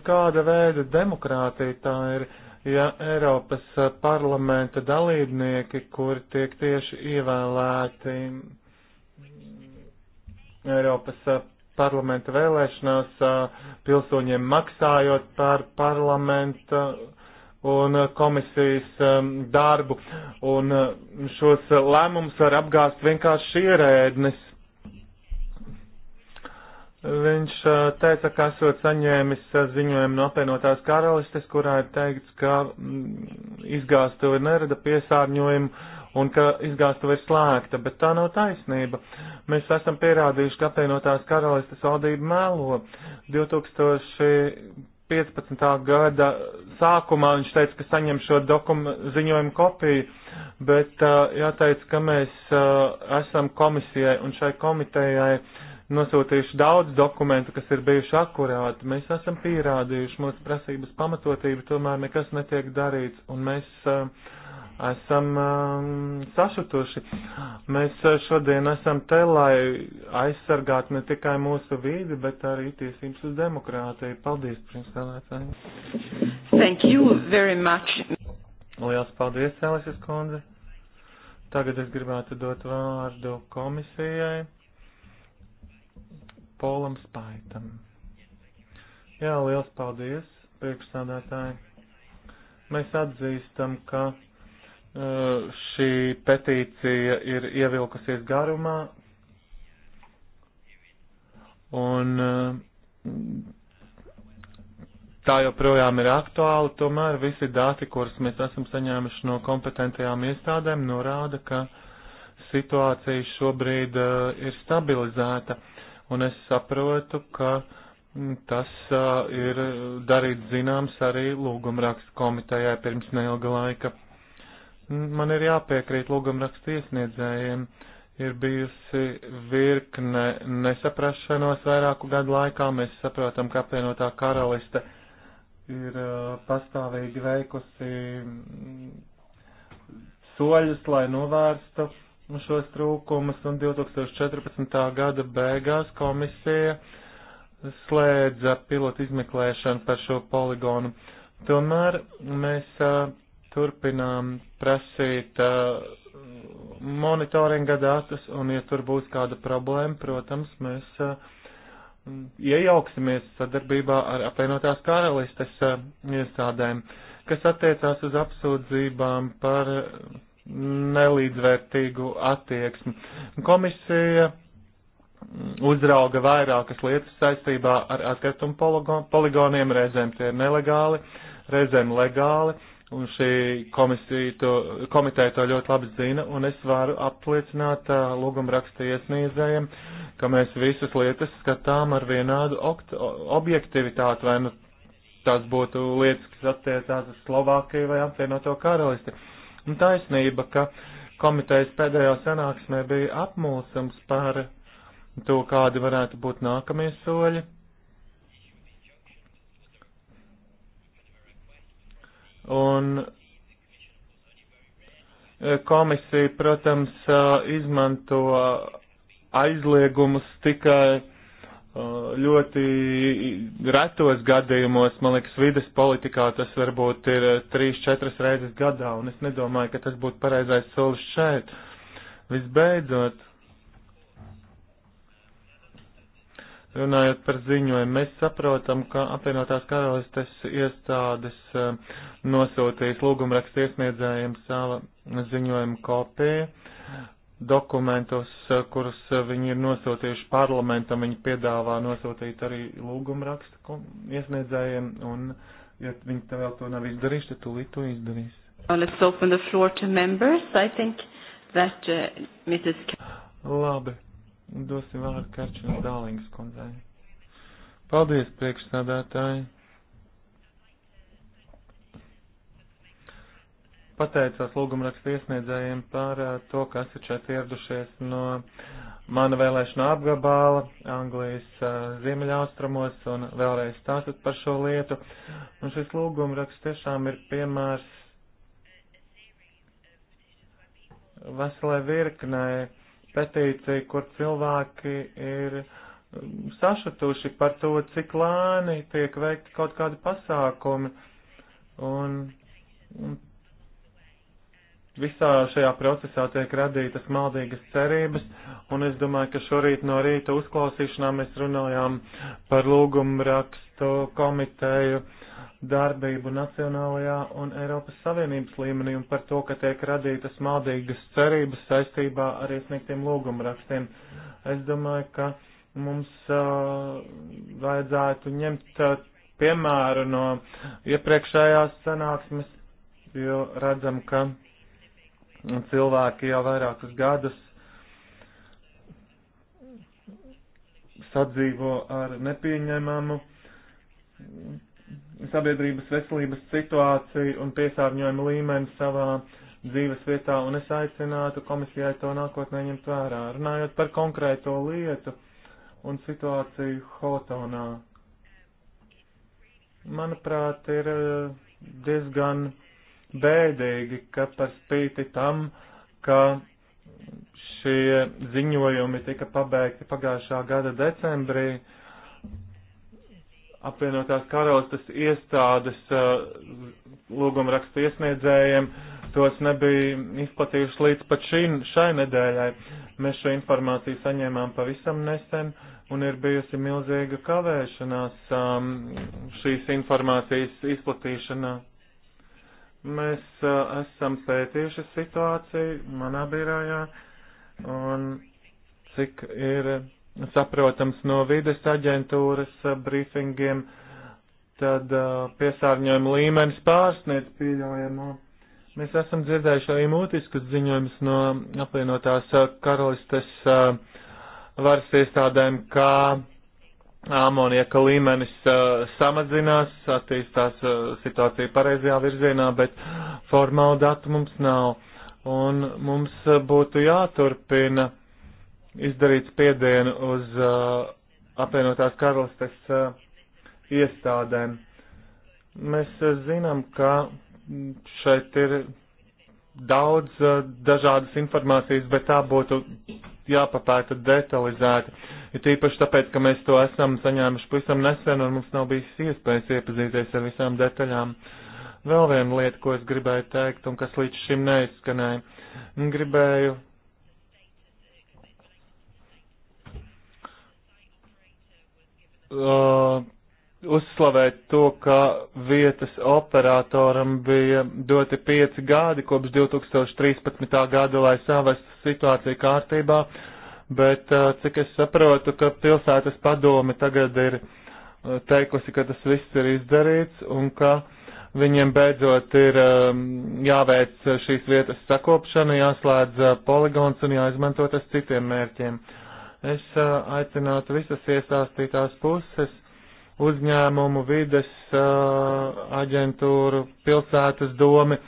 Speaker 2: Kāda veida demokrātija tā ir, ja Eiropas parlamenta dalībnieki, kuri tiek tieši ievēlēti Eiropas parlamenta vēlēšanās, pilsoņiem maksājot par parlamenta un uh, komisijas um, darbu, un uh, šos uh, lēmumus var apgāst vienkārši ierēdnis. Viņš teica, ka esot saņēmis ziņojumu no apvienotās karalistes, kurā ir teikts, ka mm, izgāstuve nerada piesārņojumu un ka izgāstuve ir slēgta, bet tā nav taisnība. Mēs esam pierādījuši, ka apvienotās karalistes valdība mēlo. 2000 15. gada sākumā viņš teica, ka saņem šo ziņojumu kopiju, bet uh, jāteic, ka mēs uh, esam komisijai un šai komitejai uh, nosūtījuši daudz dokumentu, kas ir bijuši akurāti. Mēs esam pierādījuši mūsu prasības pamatotību, tomēr nekas netiek darīts, un mēs uh, esam um, sašutuši. Mēs uh, šodien esam te, lai aizsargātu ne tikai mūsu vīdi, bet arī tiesības uz demokrātiju. Paldies, priekšstādātāji!
Speaker 1: Thank you very much! Lielas paldies,
Speaker 2: Elises kundze! Tagad es gribētu dot vārdu komisijai. Polam Spaitam. Jā, liels paldies, priekšsādātāji. Mēs atzīstam, ka uh, šī petīcija ir ievilkusies garumā, un uh, tā joprojām ir aktuāla, tomēr visi dati, kurus mēs esam saņēmuši no kompetentajām iestādēm, norāda, ka situācija šobrīd uh, ir stabilizēta. Uh, un es saprotu, ka mm, tas uh, ir darīts zināms arī lūgumrakstu komitejai pirms neilga laika. Mm, man ir jāpiekrīt lūgumrakstu iesniedzējiem, ir bijusi virkne nesaprašanos vairāku gadu laikā, mēs saprotam, ka apvienotā karaliste ir uh, pastāvīgi veikusi mm, soļus, lai novērstu Nu, šos trūkumus, un 2014. gada beigās komisija slēdza pilotu izmeklēšanu par šo poligonu. Tomēr mēs a, turpinām prasīt a, monitoringa datus, un ja tur būs kāda problēma, protams, mēs a, iejauksimies sadarbībā ar apvienotās karalistes iestādēm, kas attiecās uz apsūdzībām par nelīdzvērtīgu attieksmi. Komisija uzrauga vairākas lietas saistībā ar atkritumu poligoniem, reizēm tie ir nelegāli, reizēm legāli, un šī to, komiteja to ļoti labi zina, un es varu apliecināt lūgumraksta iesniedzējiem, ka mēs visas lietas skatām ar vienādu objektivitāti, vai nu tās būtu lietas, kas attiecās uz Slovākiju vai apvienoto karalisti. Uh, Un nu, taisnība, ka komitejas pēdējā sanāksmē bija apmulsums par to, kādi varētu būt nākamie soļi. Un e, komisija, protams, e, izmanto aizliegumus tikai ļoti retos gadījumos, man liekas, vides politikā tas varbūt ir 3-4 reizes gadā, un es nedomāju, ka tas būtu pareizais solis šeit. Visbeidzot, runājot par ziņojumu, mēs saprotam, ka apvienotās karalistes iestādes nosūtīs lūgumrakstu iesniedzējiem sava ziņojuma kopiju dokumentos, eh, kurus eh, viņi ir nosūtījuši parlamentam, viņi piedāvā nosūtīt arī lūgumu rakstu iesniedzējiem, un, ja viņi tev vēl to nav izdarījuši, tad tu līdz to izdarīs.
Speaker 1: Let's open the floor to members. I think that uh, Mrs. K Labi,
Speaker 2: dosim vārdu Kerčina Dālingas kundzei. Paldies, priekšsādātāji! pateicās lūgumrakstu iesniedzējiem par eh, to, ka esat šeit ieradušies no mana vēlēšana apgabala Anglijas eh, ziemeļaustrumos un vēlreiz stāstat par šo lietu. Un šis lūgumraksts tiešām ir piemērs veselai virknei petīciju, kur cilvēki ir mm, sašutuši par to, cik lēni tiek veikti kaut kādi pasākumi. Un, un Visā šajā procesā tiek radītas maldīgas cerības, un es domāju, ka šorīt no rīta uzklausīšanā mēs runājām par lūgumu rakstu komiteju darbību nacionālajā un Eiropas Savienības līmenī un par to, ka tiek radītas maldīgas cerības saistībā ar iesniegtiem lūgumrakstiem. Es domāju, ka mums uh, vajadzētu ņemt uh, piemēru no iepriekšējās sanāksmes, jo redzam, ka cilvēki jau vairākus gadus sadzīvo ar nepieņemamu sabiedrības veselības situāciju un piesārņojumu līmeni savā dzīves vietā, un es aicinātu komisijai to nākotnē ņemt vērā. Runājot par konkrēto lietu un situāciju Hotonā, manuprāt, ir eh, diezgan uh, bēdīgi, ka par spīti tam, ka šie ziņojumi tika pabeigti pagājušā gada decembrī. Apvienotās karalistas iestādes uh, lūgumrakstu iesniedzējiem tos nebija izplatījuši līdz pat šī, šai nedēļai. Mēs šo informāciju saņēmām pavisam nesen un ir bijusi milzīga kavēšanās um, šīs informācijas izplatīšanā. Mēs uh, esam pētījuši situāciju manā birojā un cik ir saprotams no vides aģentūras uh, brīfingiem, tad uh, piesārņojuma līmenis pārsniedz pieļaujamo. Mēs esam dzirdējuši arī mūtiskus ziņojumus no apvienotās karalistes varas iestādēm, kā amonieka līmenis uh, samazinās, attīstās uh, situācija pareizajā virzienā, bet formālu datu mums nav. Un mums būtu jāturpina izdarīt spiedienu uz uh, apvienotās karalistes uh, iestādēm. Mēs uh, zinām, ka šeit ir daudz uh, dažādas informācijas, bet tā būtu jāpapēta detalizēti. Ir tīpaši tāpēc, ka mēs to esam saņēmuši pavisam nesen un mums nav bijis iespējas iepazīties ar visām detaļām. Vēl viena lieta, ko es gribēju teikt un kas līdz šim neizskanēja. Gribēju uh, uzslavēt to, ka vietas operatoram bija doti pieci gadi kopš 2013. gada, lai savestu situāciju kārtībā, bet cik es saprotu, ka pilsētas padomi tagad ir teikusi, ka tas viss ir izdarīts un ka viņiem beidzot ir jāveic šīs vietas sakopšana, jāslēdz poligons un jāizmanto tas citiem mērķiem. Es aicinātu visas iesāstītās puses uzņēmumu, vides aģentūru, pilsētas domi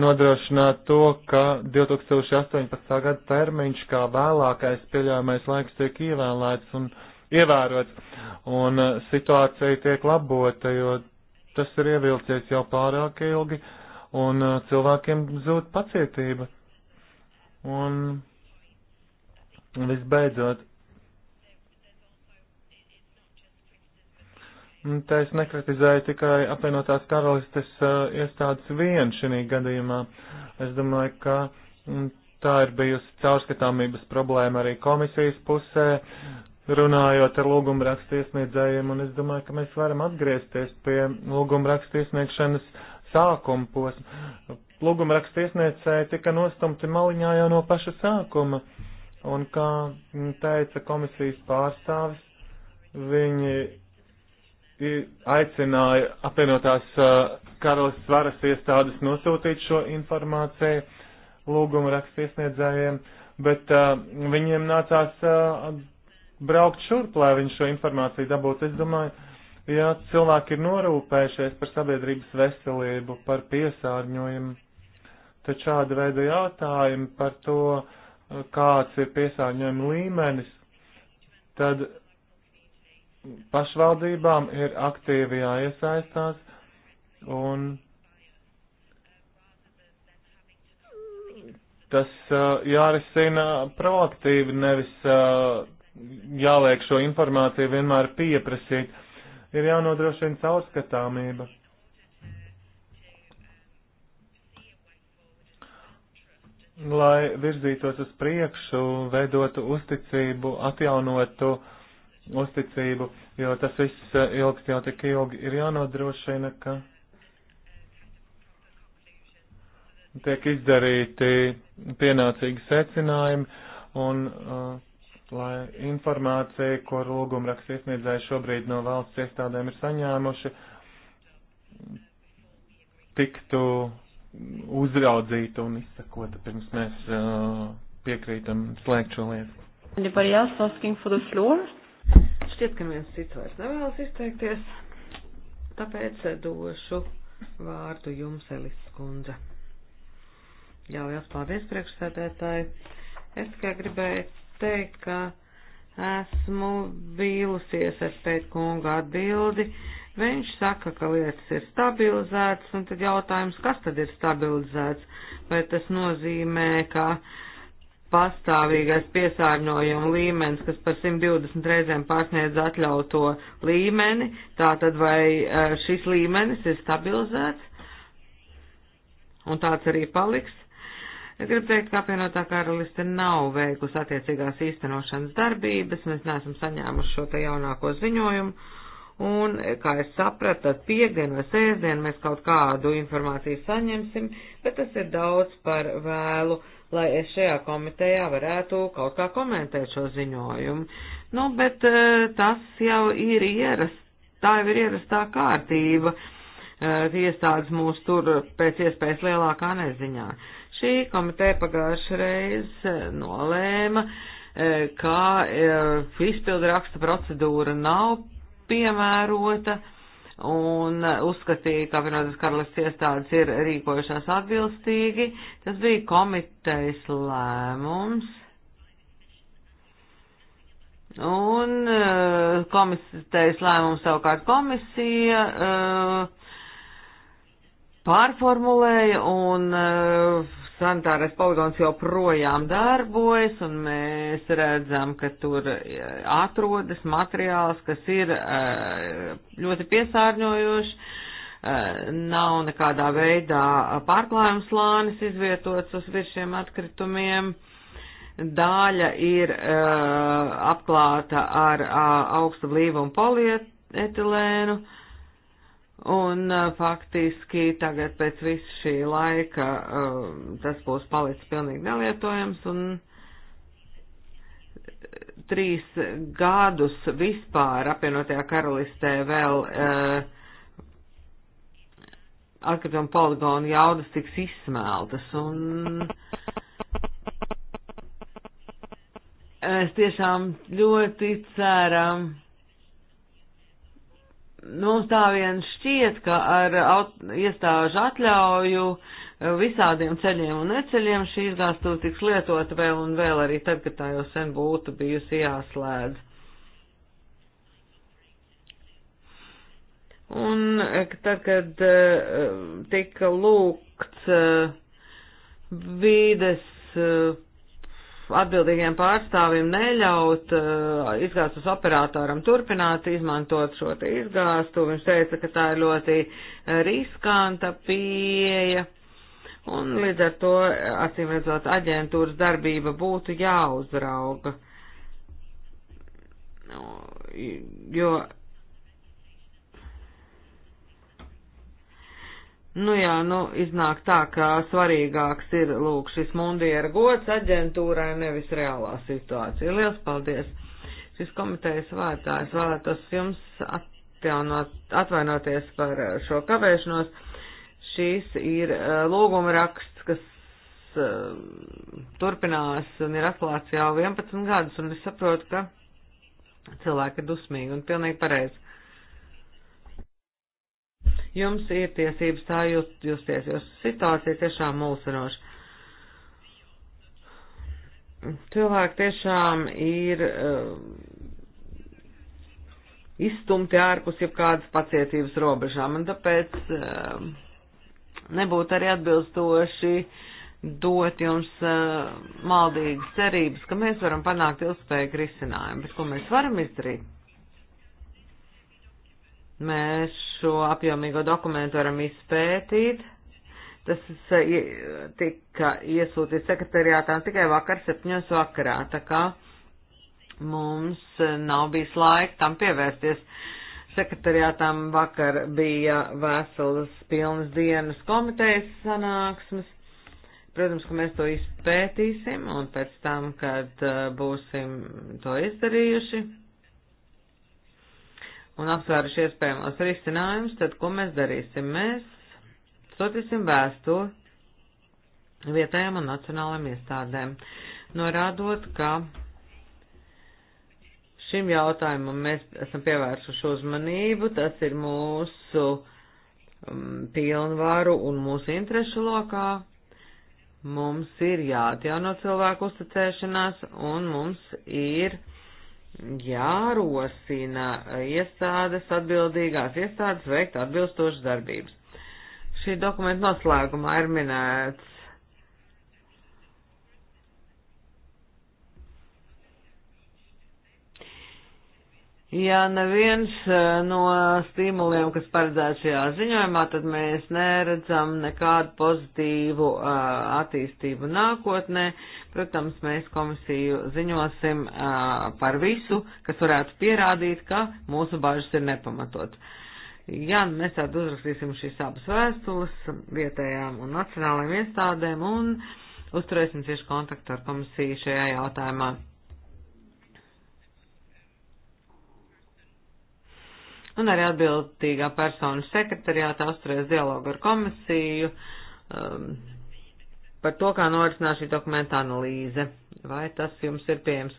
Speaker 2: nodrošināt to, ka 2018. gada termiņš kā vēlākais pieļaujamais laiks tiek ievēlēts un ievērots, un situācija tiek labota, jo tas ir ievilcies jau pārāk ilgi, un cilvēkiem zūd pacietība. Un visbeidzot, Tā es nekritizēju tikai apvienotās karalistes uh, iestādes vien šī gadījumā. Es domāju, ka um, tā ir bijusi caurskatāmības problēma arī komisijas pusē, runājot ar lūgumrakstu iesniedzējiem, un es domāju, ka mēs varam atgriezties pie lūgumrakstu iesniegšanas sākuma posma. Lūgumrakstu iesniedzēji tika nostumti maliņā jau no paša sākuma, un kā teica komisijas pārstāvis, viņi aicināja apvienotās uh, karalists varas iestādes nosūtīt šo informāciju lūgumu rakstiesniedzējiem, bet uh, viņiem nācās uh, braukt šurp, lai viņi šo informāciju dabūtu. Es domāju, ja cilvēki ir norūpējušies par sabiedrības veselību, par piesārņojumu, tad šāda veida jautājumi par to, kāds ir piesārņojuma līmenis, tad pašvaldībām ir aktīvi jāiesaistās un tas uh, jārisina proaktīvi, nevis uh, jāliek šo informāciju vienmēr pieprasīt. Ir jānodrošina caurskatāmība. Lai virzītos uz priekšu, veidotu uzticību, atjaunotu uh, uzticību, jo tas viss eh, ilgst jau tik ilgi ir jānodrošina, ka tiek izdarīti pienācīgi secinājumi un uh, lai informācija, ko lūgumraks iesniedzēji šobrīd no valsts iestādēm ir saņēmuši, tiktu uzraudzīta un izsakota pirms mēs uh, piekrītam slēgt šo lietu.
Speaker 4: Anybody else asking for the floor? Šķiet, ka viens cits vairs nevēlas izteikties, tāpēc došu vārdu jums, Elis Kundze. Jā, liels paldies priekšsēdētāji. Es kā gribēju teikt, ka esmu vīlusies ar pēc kunga atbildi. Viņš saka, ka lietas ir stabilizētas, un tad jautājums, kas tad ir stabilizēts? Vai tas nozīmē, ka pastāvīgais piesārņojuma līmenis, kas par 120 reizēm pārsniedz atļauto līmeni, tātad vai e, šis līmenis ir stabilizēts un tāds arī paliks. Es gribu teikt, ka apvienotā karaliste nav veikusi attiecīgās īstenošanas darbības, mēs neesam saņēmuši šo te jaunāko ziņojumu, un, kā es sapratu, tad piekdien vai sēsdien mēs kaut kādu informāciju saņemsim, bet tas ir daudz par vēlu. Uh, lai es šajā komitejā varētu kaut kā komentēt šo ziņojumu. Nu, bet eh, tas jau ir ierasts, tā jau ir ierastā kārtība. Eh, iestādes mūs tur pēc iespējas lielākā neziņā. Šī komiteja pagājušajā reizē eh, nolēma, ka izpildu raksta procedūra nav piemērota un uh, uzskatīja, ka apvienotās karalists iestādes ir rīkojušās atbilstīgi. Tas bija komitejas lēmums. Un uh, komitejas lēmums savukārt komisija uh, pārformulēja un uh, sanitārais poligons joprojām darbojas, un mēs redzam, ka tur e, atrodas materiāls, kas ir e, ļoti piesārņojošs, e, nav nekādā veidā pārklājums slānis izvietots uz virsiem atkritumiem. Dāļa ir apklāta ar augstu blīvumu polietilēnu. Un faktiski tagad pēc visu šī laika tas būs palicis pilnīgi nelietojams un trīs gadus vispār apvienotajā karalistē vēl atkrituma poligonu jaudas tiks izsmeltas un es tiešām ļoti ceram Mums tā vien šķiet, ka ar aut, iestāžu atļauju e, visādiem ceļiem un neceļiem šī izgāstuve tiks lietota vēl un vēl arī tad, kad tā jau sen būtu bijusi jāslēdz. Un e, tad, kad e, tika lūgts vīdes atbildīgiem pārstāvim neļaut uh, eh, izgāstus operatoram turpināt izmantot šo te izgāstu. Viņš teica, ka tā ir ļoti eh, riskanta pieeja. Un līdz ar to, acīm redzot, aģentūras darbība būtu jāuzrauga. Jo Nu jā, nu iznāk tā, ka svarīgāks ir, lūk, šis mundiera gods aģentūrai, nevis reālā situācija. Liels paldies! Šis komitejas vārtājs vēlētos jums atjaunot, atvainoties par eh, šo kavēšanos. Šīs ir uh, eh, lūguma raksts, kas uh, turpinās un ir atklāts jau 11 gadus, un es saprotu, ka cilvēki ir dusmīgi un pilnīgi pareizi jums ir tiesības tā jūt, justies, jo situācija tiešām mulsinoša. Cilvēki tiešām ir uh, izstumti ārpus jebkādas pacietības robežām, un tāpēc uh, nebūtu arī atbilstoši dot jums uh, maldīgas cerības, ka mēs varam panākt ilgspējīgu risinājumu, bet ko mēs varam izdarīt? Mēs šo apjomīgo dokumentu varam izpētīt. Tas eh, tika iesūtīts sekretariātā tikai vakar, septiņos vakarā, tā kā mums eh, nav bijis laika tam pievērsties. Sekretariātām vakar bija veselas pilnas dienas komitejas sanāksmes. Protams, ka mēs to izpētīsim un pēc tam, kad eh, būsim to izdarījuši, un apsvēruši iespējamos risinājumus, tad ko mēs darīsim? Mēs sūtīsim vēstuli vietējām un nacionālajām iestādēm, norādot, ka šim jautājumam mēs esam pievērsuši uzmanību, tas ir mūsu um, pilnvaru un mūsu interešu lokā. Mums ir jāatjauno cilvēku uzticēšanās un mums ir jārosina iestādes, atbildīgās iestādes veikt atbilstošas darbības. Šī dokumenta noslēgumā ir minēts Ja neviens e, no stimuliem, kas paredzēts šajā ziņojumā, tad mēs neredzam nekādu pozitīvu uh, attīstību nākotnē. Protams, mēs komisiju ziņosim uh, par visu, kas varētu pierādīt, ka mūsu bažas ir nepamatotas. Jā, mēs tad uzrakstīsim šīs abas vēstules vietējām un nacionālajām iestādēm un uzturēsim cieši kontaktu ar komisiju šajā jautājumā. un arī atbildīgā persona sekretariāta uzturēs dialogu ar komisiju um, par to, kā norisinās šī dokumenta analīze. Vai tas jums ir pieejams?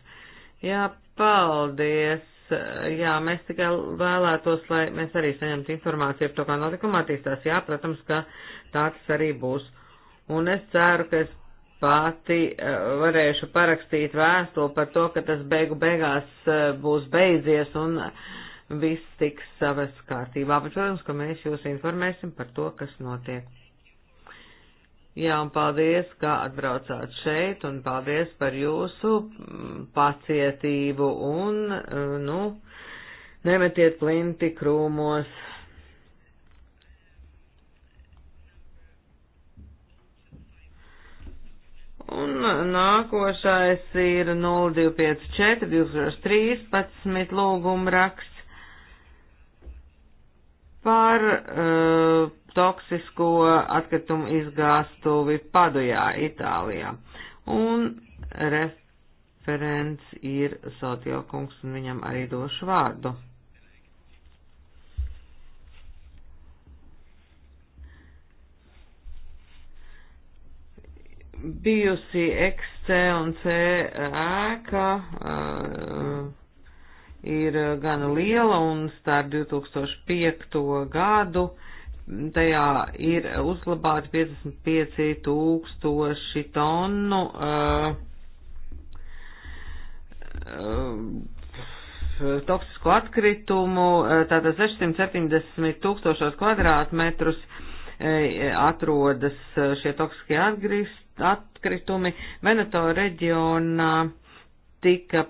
Speaker 4: Jā, paldies. Jā, mēs tikai vēlētos, lai mēs arī saņemtu informāciju par to, kā notikuma attīstās. Jā, protams, ka tāds arī būs. Un es ceru, ka es pati uh, varēšu parakstīt vēstuli par to, ka tas beigu beigās uh, būs beidzies un uh, viss tiks savas kārtībā, bet, protams, ka mēs jūs informēsim par to, kas notiek. Jā, un paldies, ka atbraucāt šeit, un paldies par jūsu mm, pacietību, un, eh, nu, nemetiet plinti krūmos. Un eh, nākošais ir 0254 2013 lūguma raksts par uh, toksisko atkritumu izgāstuvi Padujā, Itālijā. Un referents ir Sotjokungs, un viņam arī došu vārdu. Bijusi XC un C ēka. Uh, ir eh, gana liela un starp 2005. gadu tajā ir uzglabāti 55 tūkstoši tonu uh, eh, uh, eh, toksisku atkritumu, uh, tātad 670 tūkstošos kvadrātmetrus atrodas šie toksiskie atgrizt, atkritumi. Veneto reģionā tika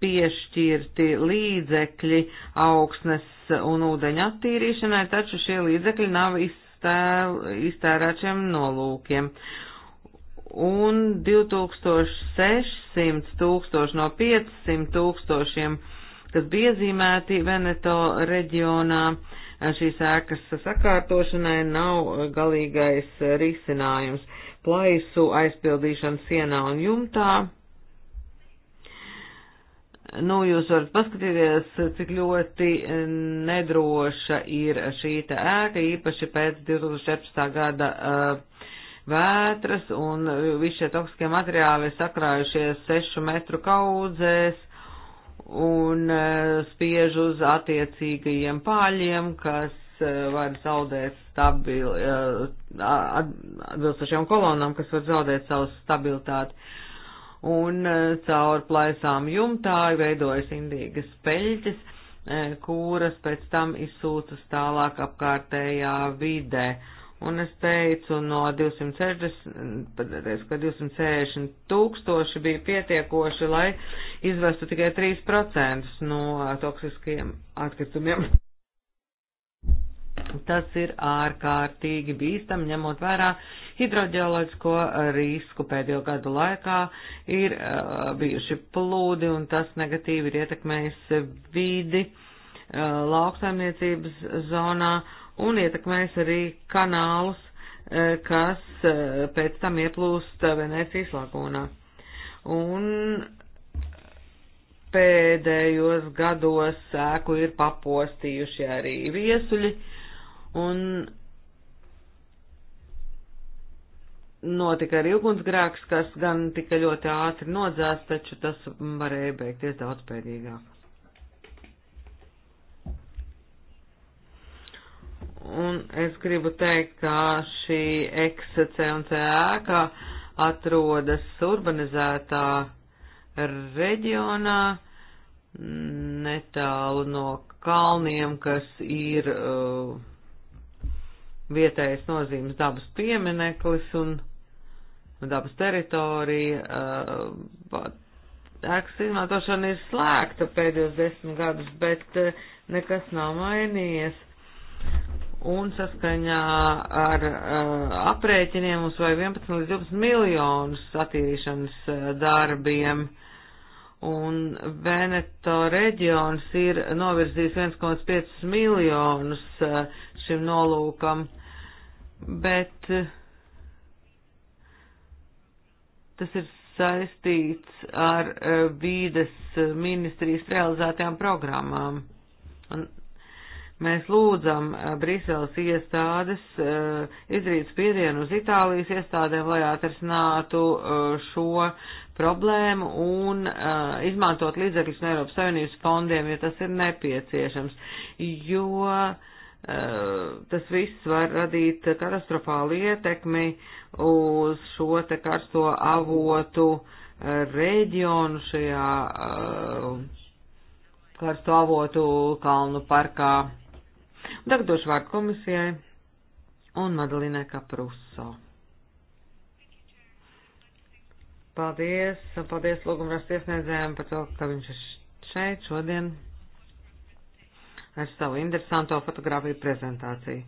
Speaker 4: piešķirti līdzekļi augsnes un ūdeņa attīrīšanai, taču šie līdzekļi nav iztērēti šiem nolūkiem. Un 2600 tūkstoši no 500 tūkstošiem, kas bija iezīmēti Veneto reģionā, šīs ēkas sakārtošanai nav galīgais risinājums. Plaisu aizpildīšana sienā un jumtā Nu, jūs varat paskatīties, cik ļoti nedroša ir šī te ēka, īpaši pēc 2014. gada uh, vētras, un visi šie toksiskie materiāli ir sakrājušies sešu metru kaudzēs un uh, spiež uz attiecīgajiem paļiem, kas uh, var zaudēt stabili, uh, atbilstošajām kolonām, kas var zaudēt savu stabilitāti. Uh, un eh, caur plaisām jumtā veidojas indīgas peļķes, eh, kuras pēc tam izsūcas tālāk apkārtējā vidē. Un es teicu, no 260, pateicu, ka 260 tūkstoši bija pietiekoši, lai izvestu tikai 3% no toksiskiem atkritumiem. Tas ir ārkārtīgi bīstam, ņemot vērā hidroģeoloģisko risku pēdējo gadu laikā ir uh, bijuši plūdi un tas negatīvi ir ietekmējis vidi uh, lauksaimniecības zonā un ietekmējis arī kanālus, uh, kas uh, pēc tam ieplūst Venecijas lagūnā. Un pēdējos gados sēku ir papostījuši arī viesuļi Un notika arī ugunsgrēks, kas gan tika ļoti ātri nodzēsts, taču tas varēja beigties daudz pēdīgāk. Un es gribu teikt, ka šī XC un C ēka atrodas urbanizētā reģionā netālu no kalniem, kas ir uh, vietējas nozīmes dabas piemineklis un dabas teritorija. Uh, ēkas izmantošana ir slēgta pēdējos desmit gadus, bet uh, nekas nav mainījies. Un saskaņā ar uh, aprēķiniem mums vajag 11 līdz 12 miljonus attīrīšanas uh, darbiem. Un Veneto reģions ir novirzījis 1,5 miljonus uh, šim nolūkam. Uh, bet eh, tas ir saistīts ar eh, vīdes eh, ministrijas realizētajām programmām. Un mēs lūdzam Briseles iestādes izrīt spiedienu uz Itālijas iestādēm, lai atrisinātu šo problēmu un izmantot līdzekļus no Eiropas Savienības fondiem, ja tas ir nepieciešams. Jo uh, Eh, tas viss var radīt katastrofālu ietekmi uz šo te karsto avotu eh, reģionu šajā eh, karsto avotu kalnu parkā. Tagad došu vārdu komisijai un Madalīnai Kapruso. Paldies, paldies lūgumrasties iesniedzējiem par to, ka viņš ir šeit šodien ar savu interesanto fotografiju prezentāciju.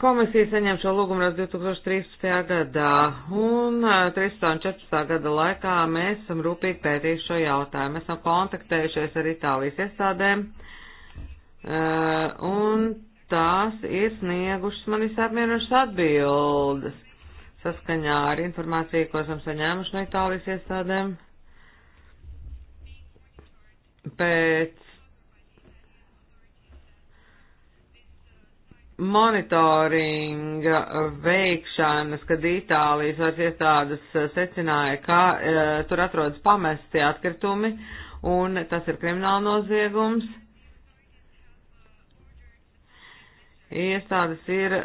Speaker 4: Komisija saņem šo lūgumu raz 2013. gadā, un 13. Eh, un 14. gada laikā mēs esam rūpīgi pētījuši šo jautājumu. Mēs esam kontaktējušies ar Itālijas iestādēm, eh, un tās ir sniegušas man visapmienušas atbildes saskaņā ar informāciju, ko esam saņēmuši no Itālijas iestādēm. Pēc monitoringa veikšanas, kad Itālijas varas iestādes secināja, ka e, tur atrodas pamesti atkritumi, un tas ir krimināla noziegums. Iestādes ir e,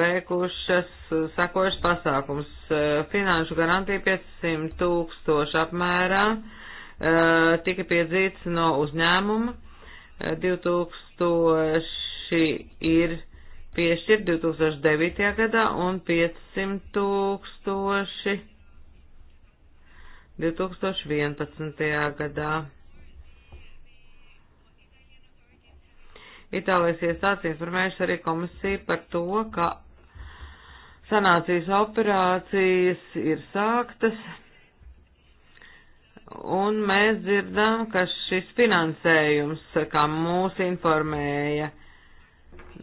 Speaker 4: veikušas sakojušas pasākums. E, finanšu garantija 500 tūkstoši apmērā e, tika piedzīts no uzņēmuma. E, 2000 tūkstoši ir piešķirt 2009. gadā un 500 tūkstoši 2011. gadā. Itālijas iestāsts informējuši arī komisiju par to, ka sanācijas operācijas ir sāktas, un mēs dzirdam, ka šis finansējums, kā mūs informēja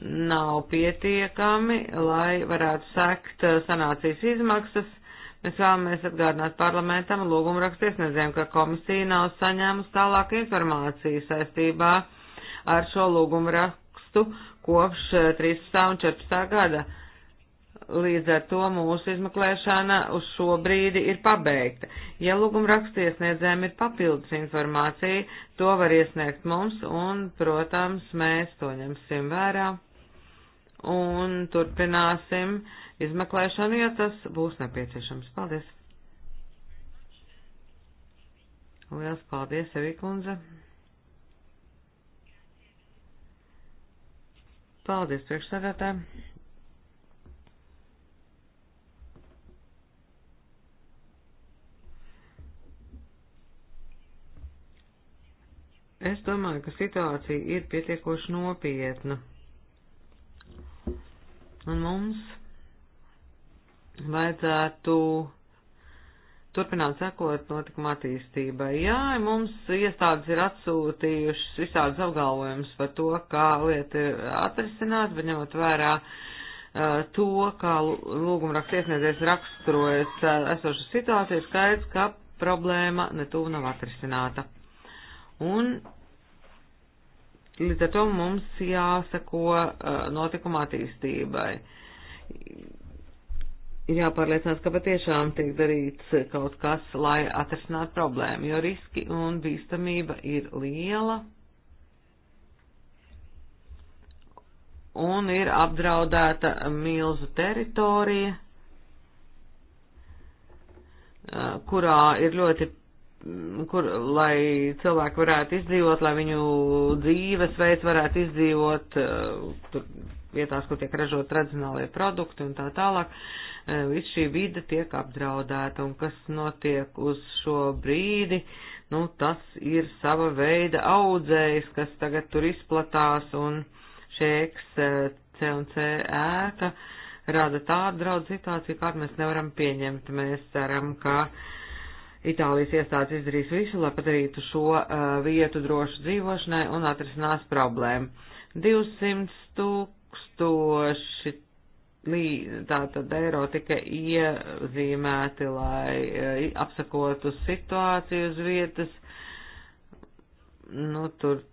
Speaker 4: nav pietiekami, lai varētu sekt eh, sanācijas izmaksas. Mēs vēlamies atgādināt parlamentam lūgumrakstu iesniedzējiem, ka komisija nav saņēmusi tālāk informāciju saistībā ar šo lūgumrakstu kopš 13. Eh, un 14. gada. Līdz ar to mūsu izmeklēšana uz šo brīdi ir pabeigta. Ja lūgumrakstu iesniedzējiem ir papildus informācija, to var iesniegt mums un, protams, mēs to ņemsim vērā un turpināsim izmeklēšanu, ja tas būs nepieciešams. Paldies! Liels paldies, Evī kundze! Paldies priekšsēdētājiem! Es domāju, ka situācija ir pietiekoši nopietna. Un mums vajadzētu turpināt sekot notikuma attīstībai. Jā, mums iestādes ir atsūtījušas visādas apgalvojumus par to, kā lieta ir atrisināt, bet ņemot vērā uh, to, kā lūguma raksts iesniedzējs raksturojas uh, eh, esošu situāciju, skaidrs, ka problēma netuvu nav atrisināta. Un Līdz ar to mums jāsako uh, notikuma attīstībai. Ir jāpārliecinās, ka patiešām tiek darīts kaut kas, lai atrisinātu problēmu, jo riski un bīstamība ir liela un ir apdraudēta milzu teritorija, uh, kurā ir ļoti kur, lai cilvēki varētu izdzīvot, lai viņu dzīvesveids varētu izdzīvot eh, tur, vietās, kur tiek ražot tradicionālie produkti un tā tālāk. Eh, viss šī vide tiek apdraudēta un kas notiek uz šo brīdi, nu tas ir sava veida audzējs, kas tagad tur izplatās un šie eh, XCC ēka rada tādu draudu situāciju, kādu mēs nevaram pieņemt. Mēs ceram, ka uh, Itālijas iestādes izdarīs visu, lai padarītu šo uh, vietu drošu dzīvošanai un atrisinās problēmu. 200 tūkstoši tātad eiro tika iezīmēti, lai uh, apsakotu situāciju uz vietas. Nu, tur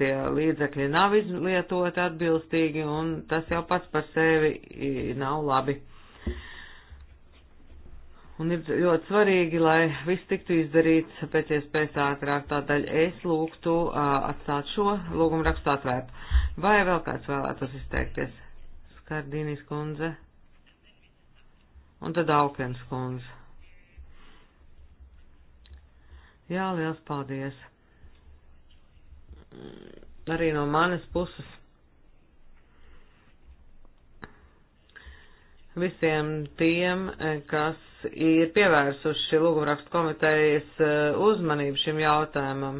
Speaker 4: tie līdzekļi nav izlietoti atbilstīgi, un tas jau pats par sevi nav labi. Un ir ļoti svarīgi, lai viss tiktu izdarīts pēc iespējas ātrāk. Tādēļ es lūgtu uh, atstāt šo lūgumu rakstu atvērtu. Vai vēl kāds vēlētos izteikties? Skardīnis kundze. Un tad Aukens kundze. Jā, liels paldies. Arī no manas puses. Visiem tiem, kas ir pievērsuši lūgumrakstu komitejas uh, uzmanību šim jautājumam.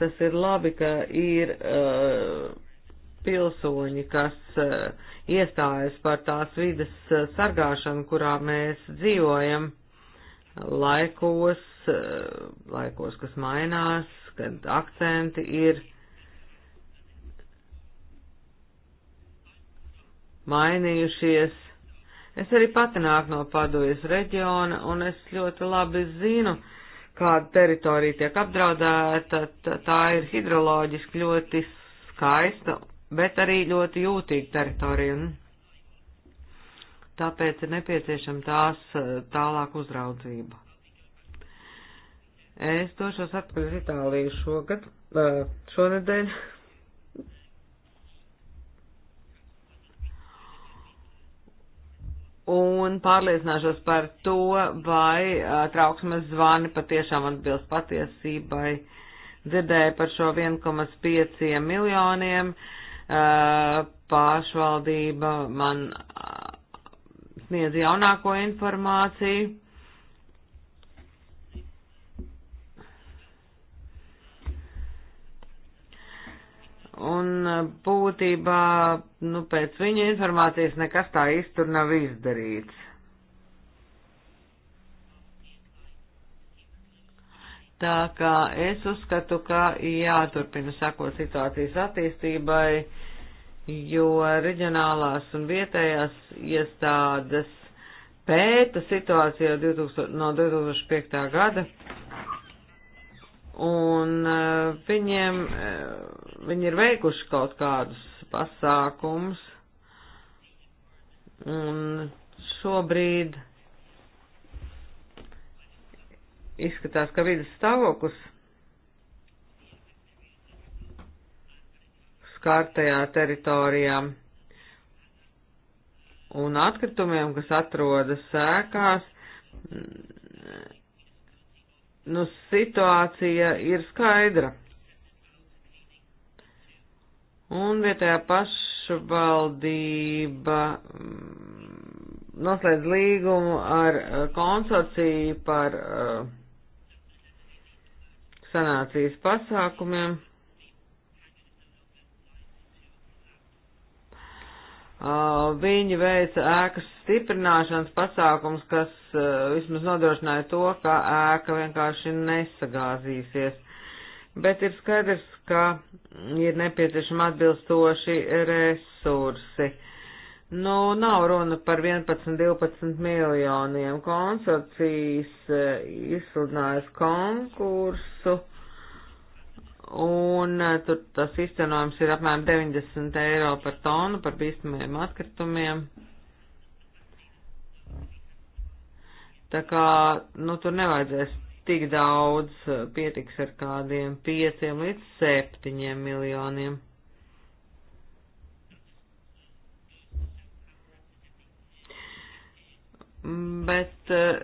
Speaker 4: Tas ir labi, ka ir uh, pilsoņi, kas uh, iestājas par tās vidas uh, sargāšanu, kurā mēs dzīvojam laikos, uh, laikos, kas mainās, kad akcenti ir mainījušies. Es arī pati nāku no Padojas reģiona, un es ļoti labi zinu, kāda teritorija tiek apdraudēta. Tā ir hidroloģiski ļoti skaista, bet arī ļoti jūtīga teritorija. Tāpēc ir nepieciešama tās tālāk uzraudzība. Es došos atpakaļ uz Itāliju šogad, šonedēļ un pārliecināšos par to, vai trauksmes zvani patiešām atbilst patiesībai. Dzirdēju par šo 1,5 miljoniem. Pašvaldība man sniedz jaunāko informāciju. Un eh, būtībā, nu, pēc viņa informācijas nekas tā īsti tur nav izdarīts. Tā kā es uzskatu, ka jāturpina sakot situācijas attīstībai, jo reģionālās un vietējās iestādes pēta situāciju 2000, no 2005. gada un eh, viņiem, eh, viņi ir veikuši kaut kādus pasākums, un šobrīd izskatās, ka vidas stāvoklis skārtajā teritorijā un atkritumiem, kas atrodas sēkās, nu, situācija ir skaidra. Un vietējā pašvaldība mm, noslēdz līgumu ar eh, konsorciju par eh, sanācijas pasākumiem. Eh, viņi veica ēkas stiprināšanas pasākums, kas uh, vismaz nodrošināja to, ka ēka vienkārši nesagāzīsies. Bet ir skaidrs, ka ir nepieciešama atbilstoši resursi. Nu, nav runa par 11-12 miljoniem. Konsorcijas uh, eh, izsludinājas konkursu, un uh, tur tas izcenojums ir apmēram 90 eiro par tonu par bīstamiem atkritumiem. Uh, Tā kā, nu, tur nevajadzēs tik daudz, eh, pietiks ar kādiem pieciem līdz septiņiem miljoniem. Bet eh,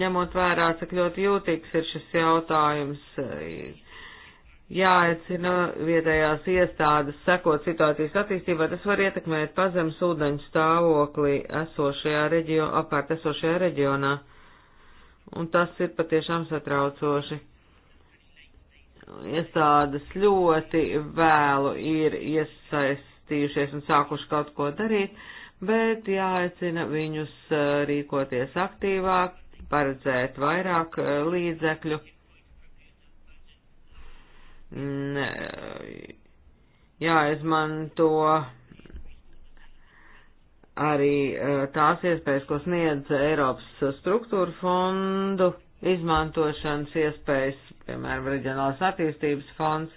Speaker 4: ņemot vērā, cik ļoti jūtīgs ir šis jautājums, eh, jāaicina vietējās iestādes sekot situācijas attīstībā, tas var ietekmēt pazemes ūdeņu stāvokli esošajā reģio, apkārt esošajā reģionā. Un tas ir patiešām satraucoši. Iestādes ļoti vēlu ir iesaistījušies un sākuši kaut ko darīt, bet jāaicina viņus eh, rīkoties aktīvāk, paredzēt vairāk eh, līdzekļu jāizmanto arī eh, tās iespējas, ko sniedz Eiropas struktūra fondu izmantošanas iespējas, piemēram, reģionālas attīstības fonds.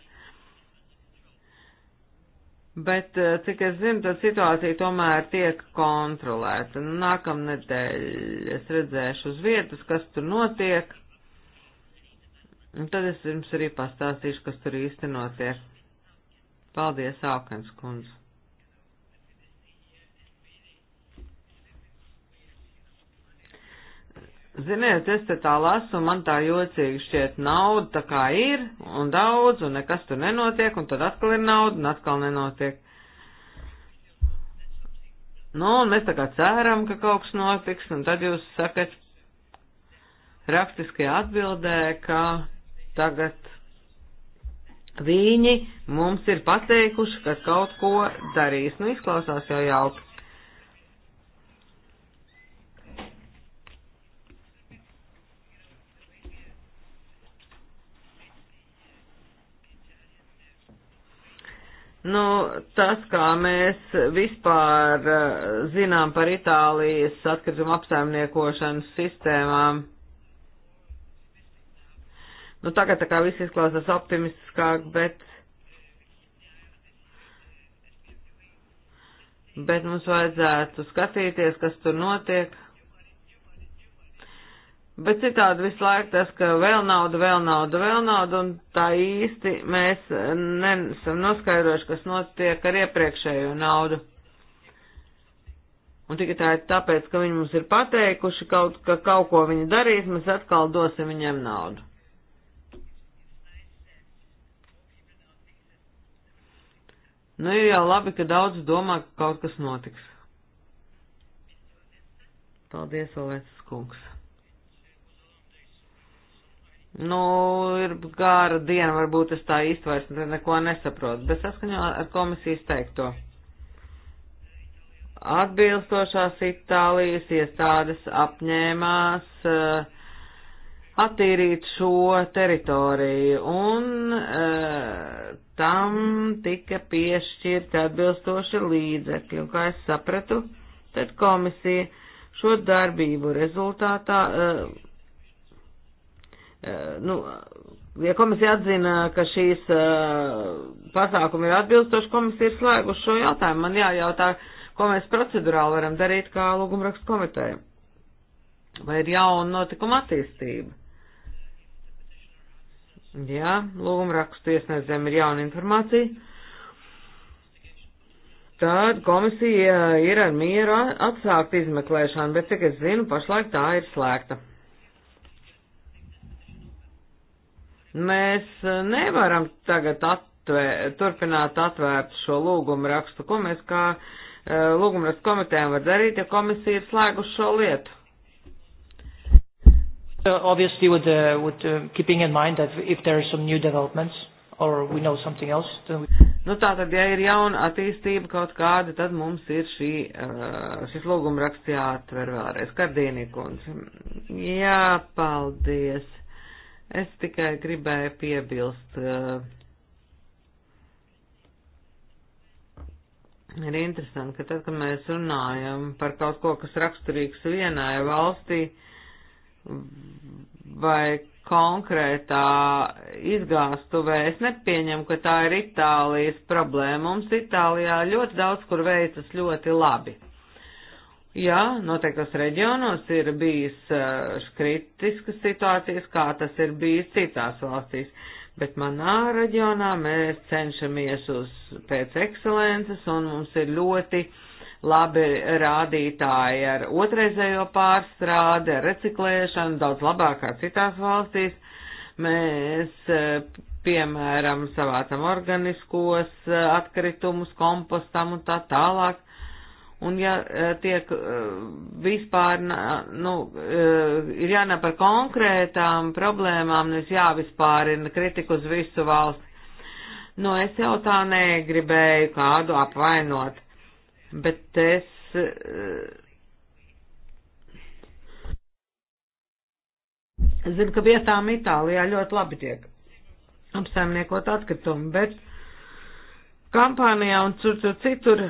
Speaker 4: Bet, eh, cik es zinu, tad situācija tomēr tiek kontrolēta. Nākamnedēļ es redzēšu uz vietas, kas tur notiek Un tad es jums arī pastāstīšu, kas tur īsti notiek. Paldies, Ākens kundze. Ziniet, es te tā lasu, man tā jocīgi šķiet nauda, tā kā ir, un daudz, un nekas tur nenotiek, un tad atkal ir nauda, un atkal nenotiek. Nu, un mēs tā kā ceram, ka kaut kas notiks, un tad jūs sakat rakstiskajā atbildē, ka tagad viņi mums ir pateikuši, ka kaut ko darīs. Nu, izklausās jau jauki. Nu, tas, kā mēs vispār eh, zinām par Itālijas atkrituma apsaimniekošanas sistēmām, Nu, tagad tā kā viss izklausās optimistiskāk, bet, bet mums vajadzētu skatīties, kas tur notiek. Bet citādi visu laiku tas, ka vēl nauda, vēl nauda, vēl nauda, un tā īsti mēs nesam noskaidrojuši, kas notiek ar iepriekšējo naudu. Un tikai tā ir tāpēc, ka viņi mums ir pateikuši, kaut, ka kaut ko viņi darīs, mēs atkal dosim viņiem naudu. Nu, ir jau labi, ka daudz domā, ka kaut kas notiks. Paldies, Olēcis kungs. Nu, ir gāra diena, varbūt es tā īsti vairs neko nesaprotu, bet saskaņā ar komisijas teikto. Atbilstošās Itālijas iestādes apņēmās uh, attīrīt šo teritoriju, un uh, tam tika piešķirti atbilstoši līdzekļi, un kā es sapratu, tad komisija šo darbību rezultātā, uh, uh, nu, ja komisija atzina, ka šīs pasākumi ir atbilstoši, komisija ir slēguši šo jautājumu, man jājautā, ko mēs procedurāli varam darīt kā lūgumrakstu komiteja, vai ir jauna notikuma attīstība. Jā, lūguma rakstu iesniedzējiem ir jauna informācija. Tad komisija ir ar mieru atsākt izmeklēšanu, bet cik es zinu, pašlaik tā ir slēgta. Mēs eh, nevaram tagad atvēr, turpināt atvērt šo lūgumu rakstu, ko mēs kā eh, lūgumu rakstu komitējiem var darīt, ja komisija ir slēguši šo lietu. Uh, obviously, with, uh, with uh, keeping in mind that if there are some new developments or
Speaker 1: we know something else, then we...
Speaker 4: Nu, tā tad, ja ir jauna attīstība kaut kāda, tad mums ir šī, uh, šis lūgumraksts jāatver vēlreiz. Kardīnīkums. Jā, paldies. Es tikai gribēju piebilst. Uh, ir interesanti, ka tad, kad mēs runājam par kaut ko, kas raksturīgs vienai valstī, uh, vai konkrētā izgāstuvē. Es nepieņemu, ka tā ir Itālijas problēma. Mums Itālijā ļoti daudz kur veicas ļoti labi. Jā, noteiktos reģionos ir bijis uh, kritiskas situācijas, kā tas ir bijis citās valstīs, bet manā reģionā mēs cenšamies uz pēc ekscelences un mums ir ļoti uh, labi rādītāji ar otrreizējo pārstrādi, ar reciklēšanu, daudz labāk kā citās valstīs. Mēs, eh, piemēram, savācam organiskos eh, atkritumus, kompostam un tā tālāk un ja eh, tiek vispār, nu, ir jānāk par konkrētām problēmām, nevis jāvispārina kritika uz visu valsti. Nu, es jau tā negribēju kādu apvainot bet es. Eh, zinu, ka vietām Itālijā ļoti labi tiek apsaimniekot atkritumi, bet kampānijā un tur, tur citur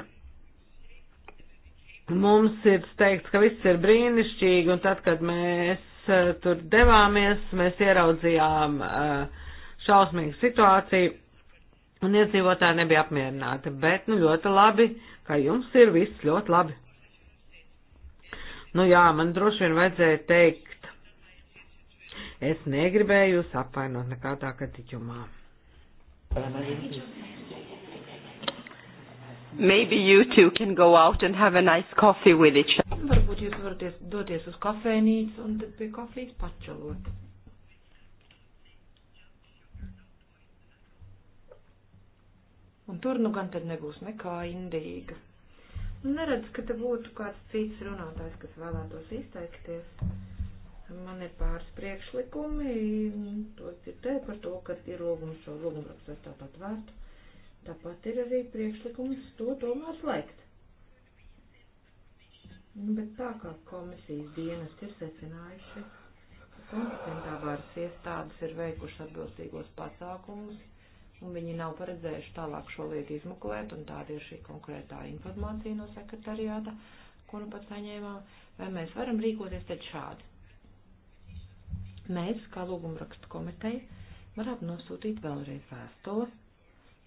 Speaker 4: mums ir teikts, ka viss ir brīnišķīgi, un tad, kad mēs eh, tur devāmies, mēs ieraudzījām eh, šausmīgu situāciju, un iedzīvotāji nebija apmierināti, bet, nu, ļoti labi. Uh, ka jums ir viss ļoti labi. Nu jā, man droši vien vajadzēja teikt, es negribēju jūs apvainot nekādā gadījumā. Maybe you two can go out and
Speaker 3: have a nice coffee with each other. Varbūt jūs varat doties uz kafejnīcu un tad pie kafijas pačalot. Un tur nu gan tad nebūs nekā indīga. Nu, neredz, ka te būtu kāds cits runātājs, kas vēlētos izteikties. Man ir pāris priekšlikumi, to dzirdēju par to, ka ir lūgums šo lūgumu rakstu atstāt atvērtu. Tāpat ir arī priekšlikums to tomēr slēgt. Nu, bet tā kā komisijas dienas ir secinājuši, kompetentā varas iestādes ir veikuši atbilstīgos pasākumus un viņi nav paredzējuši tālāk šo lietu izmeklēt, un tāda ir šī konkrētā informācija no sekretariāta, kuru pat saņēmām, vai mēs varam rīkoties tad šādi. Mēs, kā lūgumrakstu komiteja, varētu nosūtīt vēlreiz vēstuli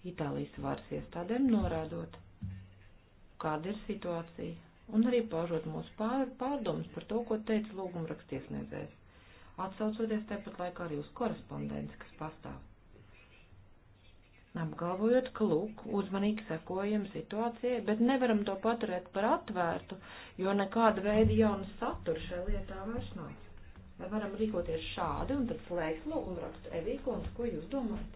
Speaker 3: Itālijas varas iestādēm, norādot, kāda ir situācija, un arī paužot mūsu pār, pārdomas par to, ko teica lūgumrakstiesniedzējs, atsaucoties tepat laikā arī uz korespondenci, kas pastāv apgalvojot, ka lūk, uzmanīgi sekojam situācijai, bet nevaram to paturēt par atvērtu, jo nekāda veida jauna satura šajā lietā vairs nav. Vai varam rīkoties šādi un tad slēgt lūgumu rakstu Evīkons, ko jūs domājat?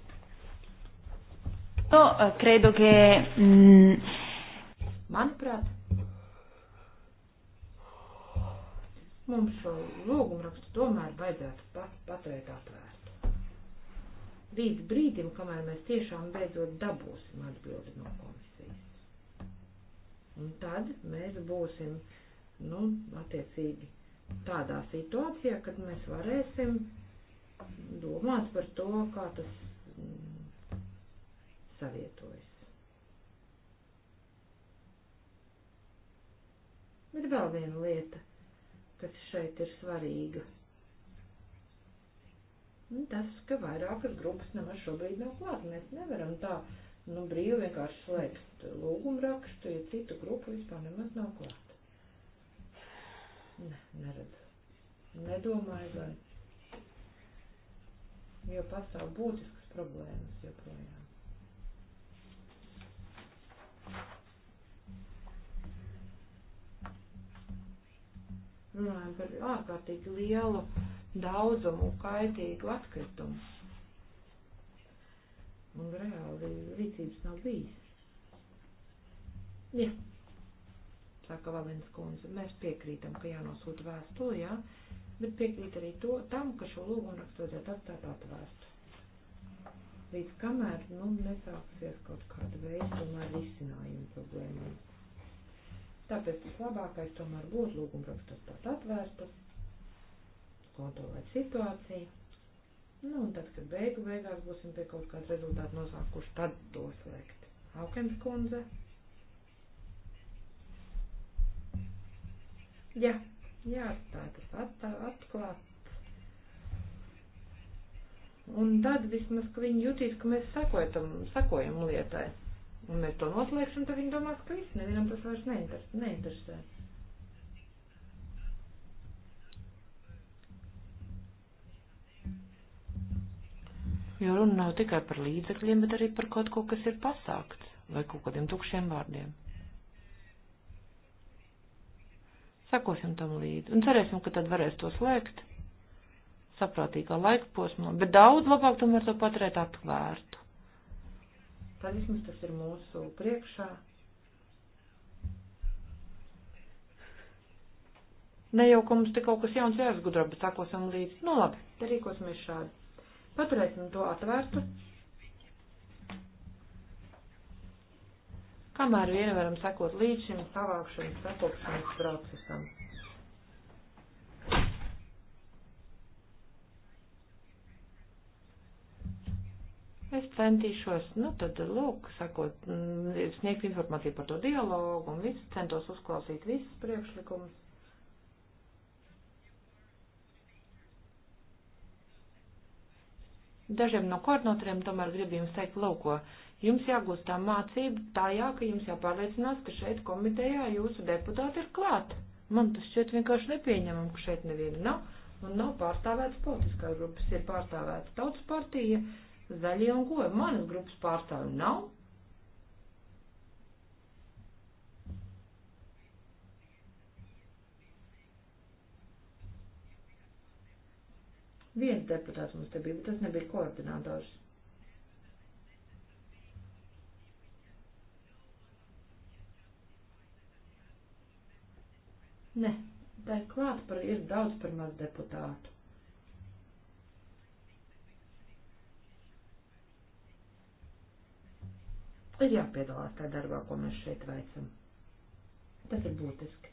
Speaker 3: No, eh, credo che... Mm, manuprāt, mums šo lūgumu rakstu tomēr vajadzētu pat, paturēt atvērtu līdz brīdim, kamēr mēs tiešām beidzot dabūsim atbildi no komisijas. Un tad mēs būsim, nu, attiecīgi tādā situācijā, kad mēs varēsim domāt par to, kā tas mm, savietojas. Bet vēl viena lieta, kas šeit ir svarīga Nu, tas, ka vairākas grupas nemaz šobrīd nav klāt. Mēs nevaram tā nu, brīvi vienkārši slēgt lūgumu rakstu, ja citu grupu vispār nemaz nav klāt. Ne, neredzu. Nedomāju, vai. Jo pastāv būtiskas problēmas joprojām. Runājam par ārkārtīgi lielu daudzumu kaitīgu atkritumu. Un reāli rīcības nav bijis. Jā, saka Valens kundze, mēs piekrītam, ka jānosūta vēstuli, jā, bet piekrīt arī to, tam, ka šo lūgumu rakstot atstāt atvērstu. Līdz kamēr, nu, nesāksies kaut kāda veida, tomēr, risinājuma problēmām. Tāpēc tas labākais tomēr būtu lūgumrakstus tās
Speaker 1: atvērtas,
Speaker 3: kontrolēt situāciju. Nu, un tad, kad beigu beigās būsim pie kaut kāda rezultāta nosākuši,
Speaker 4: tad to slēgt. Haukens kundze.
Speaker 3: Jā, jāatstāj tas atstā, atklāt. Un tad vismaz, ka viņi jutīs, ka mēs sakojam, sakojam lietai. Un mēs to noslēgsim, tad viņi domās, ka viss nevienam tas vairs neinteresē. neinteresē. jo runa nav tikai par līdzekļiem, bet arī par kaut ko, kas ir pasākts, vai kaut kādiem tukšiem vārdiem. Sakosim tam līdzi un cerēsim, ka tad varēs to slēgt saprātīgā laika posmā, bet daudz labāk tomēr to paturēt atvērtu. Tad vismaz tas ir mūsu priekšā. Ne jau, ka mums te kaut kas jauns jāsgudro, bet sakosim līdzi. Nu labi, te rīkosimies šādi. Paturēsim to atvērtu. Kamēr vien varam sekot līdz šim savākšanas, sakopšanas procesam. Es centīšos, nu tad, lūk, sakot, mm, sniegt informāciju par to dialogu un visu, centos uzklausīt visus priekšlikumus. dažiem no koordinatoriem tomēr gribu jums teikt, lūko, jums jāgūst tā mācība tā jā, ka jums jāpārliecinās, ka šeit komitejā jūsu deputāti ir klāt. Man tas šķiet vienkārši nepieņemam, ka šeit neviena nav un nav pārstāvēts politiskās grupas, ir pārstāvēts tautas partija, zaļie un goja. Manas grupas pārstāvi nav, Viens deputāts mums te bija, bet tas nebija koordinātors. Nē, tā ir klāt par, ir daudz par maz deputātu. Ir jāpiedalās tā darbā, ko mēs šeit veicam. Tas ir būtiski.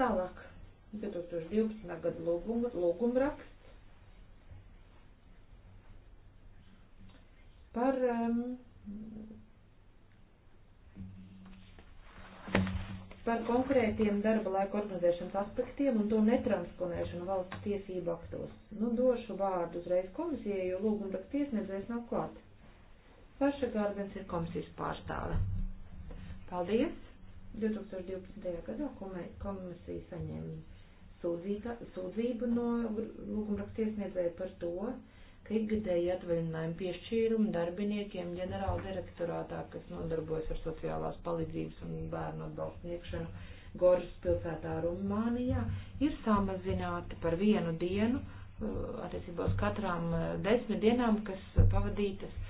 Speaker 3: Tālāk, 2012. gada lūguma, lūguma raksts par um, par konkrētiem darba laika organizēšanas aspektiem un to netransponēšanu valsts tiesību aktos. Nu, došu vārdu uzreiz komisijai, jo lūguma raksts iesniedzējs nav klāt. Saša Gārdens ir komisijas pārstāve. Paldies! 2012. gadā komisija saņēma sūdzību no lūgumraksta iesniedzēja par to, ka ikgadēji atvaļinājumu piešķīrumu darbiniekiem ģenerāla direktorātā, kas nodarbojas ar sociālās palīdzības un bērnu atbalstu sniegšanu Goras pilsētā Rumānijā, ir samazināti par vienu dienu, eh, attiecībā uz katrām eh, desmit dienām, kas pavadītas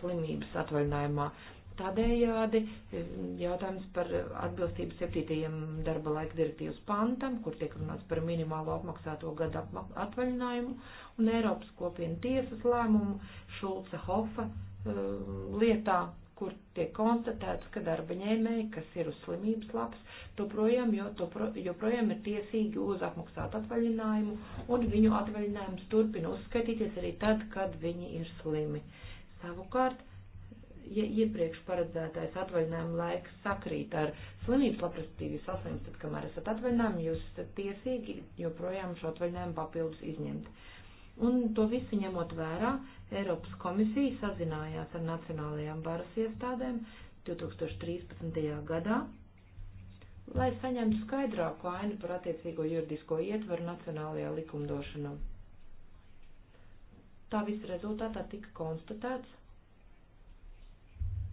Speaker 3: slimības atvaļinājumā. Tādējādi eh, jautājums par atbilstību 7. darba laika direktīvas pantam, kur tiek runāts par minimālo apmaksāto gadu atvaļinājumu, un Eiropas kopienu tiesas lēmumu Šulca Hofa
Speaker 4: eh,
Speaker 3: lietā, kur tiek konstatēts, ka darba ņēmēji, kas ir uz slimības labs, joprojām, jo, to, joprojām ir tiesīgi uz apmaksātu atvaļinājumu, un viņu atvaļinājums turpina uzskaitīties arī tad, kad viņi ir slimi. Savukārt, ja iepriekš paredzētais atvaļinājuma laiks sakrīt ar slimības labprastību, jūs saslimst, tad kamēr esat atvaļinājumi, jūs esat tiesīgi joprojām šo atvaļinājumu papildus izņemt. Un to visu ņemot vērā, Eiropas komisija sazinājās ar nacionālajām varas iestādēm 2013. gadā, lai saņemtu skaidrāku ainu par attiecīgo juridisko ietvaru nacionālajā likumdošanā. Tā visa rezultātā tika konstatēts,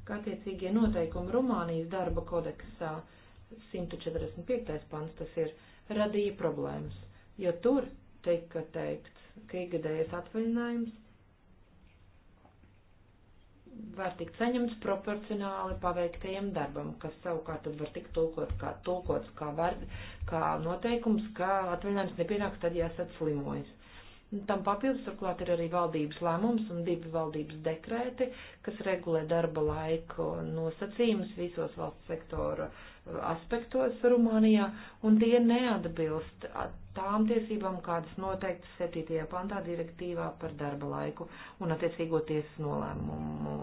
Speaker 3: ka attiecīgie noteikumi Rumānijas darba kodeksā 145. pants tas ir radīja problēmas, jo tur tika teikts, ka ikgadējas atvaļinājums var tikt saņemts proporcionāli paveiktajam darbam, kas savukārt tad var tikt tulkot kā, tulkots kā, var, kā noteikums, ka atvaļinājums nepienāks tad, ja esat slimojis. Tam papildus turklāt ir arī valdības lēmums un divi valdības dekrēti, kas regulē darba laiku nosacījumus visos valsts sektora uh, aspektos Rumānijā, un tie neatbilst tām tiesībām, kādas noteiktas 7. pantā direktīvā par darba laiku un attiecīgo tiesas nolēmumu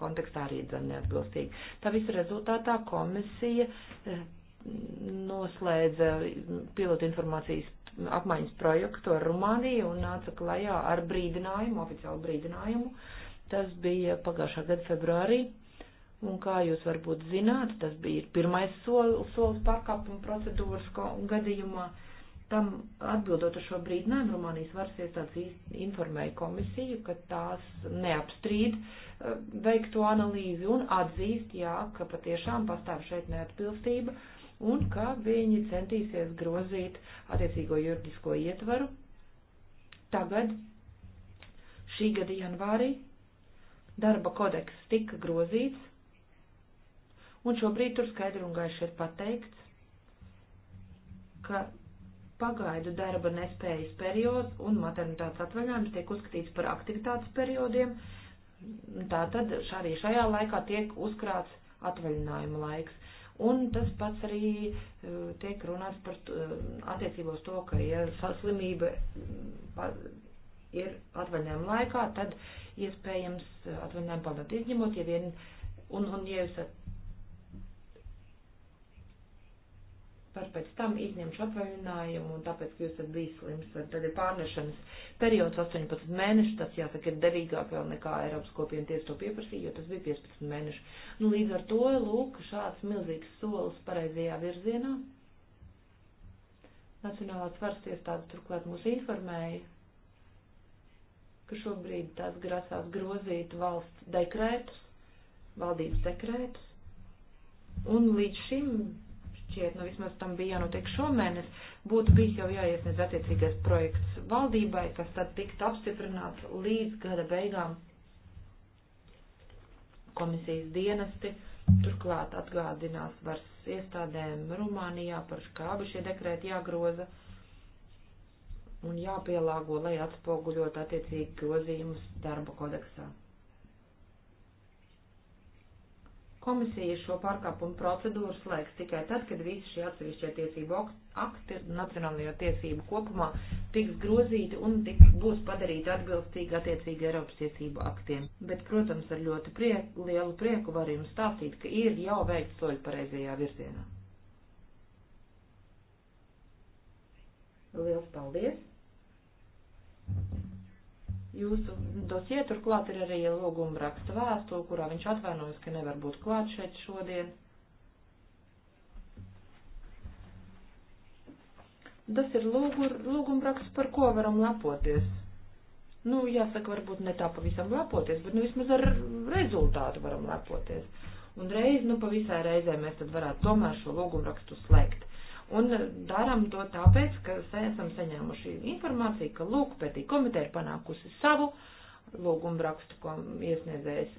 Speaker 3: kontekstā arī neatbilstīgi. Tā visu rezultātā komisija eh, noslēdza pilotu informācijas apmaiņas projektu ar Rumāniju un nāca klajā ar brīdinājumu, oficiālu brīdinājumu. Tas bija pagājušā gada februārī. Un kā jūs varbūt zināt, tas bija pirmais solis, solis pārkāpuma procedūras gadījumā. Tam atbildot ar šo brīdinājumu, Rumānijas varas iestādes informēja komisiju, ka tās neapstrīd eh, veikto analīzi un atzīst, jā, ka patiešām pastāv šeit neatbilstība un kā viņi centīsies grozīt attiecīgo juridisko ietvaru. Tagad, šī gada janvārī, darba kodeks tika grozīts, un šobrīd tur skaidri un gaiši ir pateikts, ka pagaidu darba nespējas periods un maternitātes atvaļinājums tiek uzskatīts par aktivitātes periodiem, tātad arī šajā laikā tiek uzkrāts atvaļinājuma laiks. Un tas pats arī e, tiek runāts par e, attiecībos to, ka ja slimība mm, ir atvaļinājuma laikā, tad iespējams e, atvaļinājumu pavadīt izņemot, ja vien, un, un ja esat par pēc tam izņemšu atvaļinājumu, un tāpēc, ka jūs esat bijis slims, tad ir pārnešanas periods 18 mēneši, tas jāsaka ir devīgāk vēl nekā Eiropas kopiena tiesa to pieprasīja, jo tas bija 15 mēneši. Nu, līdz ar to, lūk, šāds milzīgs solis pareizajā virzienā. Nacionālās varas iestādes turklāt mūs informēja, ka šobrīd tās grasās grozīt valsts dekrētus, valdības dekrētus, un līdz šim šķiet, nu vismaz tam bija jānotiek šomēnes, būtu bijis jau jāiesniedz attiecīgais projekts valdībai, kas tad tiktu apstiprināts līdz gada beigām komisijas dienesti. Turklāt atgādinās varas iestādēm Rumānijā par kā abi šie dekrēti jāgroza un jāpielāgo, lai atspoguļot attiecīgi grozījumus darba kodeksā. Komisija šo pārkāpumu procedūru slēgs tikai tad, kad visi šie atsevišķie tiesību akti nacionālajā tiesību kopumā tiks grozīti un tiks, būs padarīti atbilstīgi attiecīgi Eiropas tiesību aktiem. Bet, protams, ar ļoti prieku, lielu prieku var jums stāstīt, ka ir jau veikts soļi pareizajā virzienā. Liels paldies! Jūsu dosie turklāt ir arī lūguma raksta vēstule, kurā viņš atvainojas, ka nevar būt klāt šeit šodien. Tas ir lūguma raksts, par ko varam lepoties. Nu, jāsaka, varbūt ne tā pavisam lepoties, bet nu, vismaz ar rezultātu varam lepoties. Un reiz, nu, pavisai reizē mēs tad varētu tomēr šo lūgumu rakstu slēgt. Un darām to tāpēc, ka esam saņēmuši informāciju, ka lūk, pētī komiteja ir panākusi savu lūgumu rakstu, ko iesniedzējis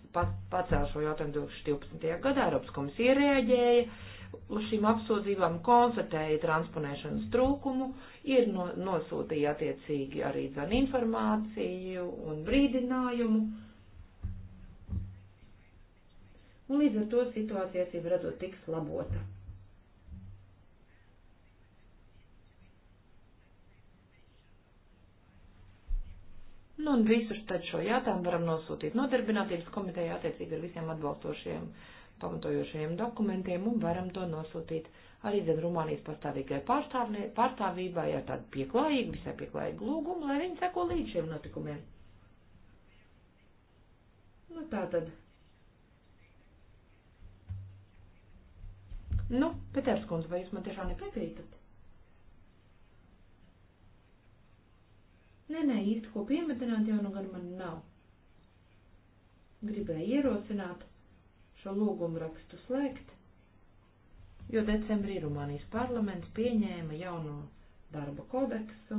Speaker 3: pacēl šo jautājumu 2012. gadā. Eiropas komisija reaģēja uz šīm apsūdzībām, konstatēja transponēšanas trūkumu, ir no, nosūtīja attiecīgi arī zan informāciju un brīdinājumu. Un līdz ar to situācija esība radot tiks labota. Nu, un visus tad šo jautājumu varam nosūtīt nodarbinātības komitejā attiecīgi ar visiem atbalstošiem pamatojošajiem dokumentiem un varam to nosūtīt arī zem Rumānijas pastāvīgai pārstāvībai ar tādu pieklājīgu, visai pieklājīgu lūgumu, lai viņi seko līdz šiem notikumiem. Nu, tā tad. Nu, Peters kundze, vai jūs man tiešām nepiekrītat? Nē, nē, īsti ko piemetināt jau nu gan man nav. Gribēju ierosināt šo lūgumu rakstu slēgt, jo decembrī Rumānijas parlaments pieņēma jauno darba kodeksu.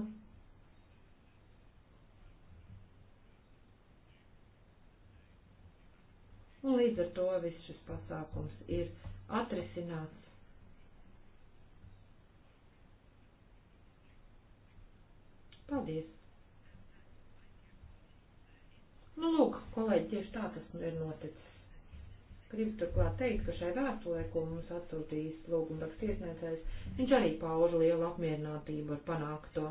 Speaker 3: Un līdz ar to viss šis pasākums ir atrisināts. Paldies! Nu, lūk, kolēģi, tieši tā tas nu ir noticis. Gribu turklāt teikt, ka šai vēstulē, ko mums atsūtījis lūguma raksts iesniedzējs, viņš arī pauž lielu apmierinātību ar panākto.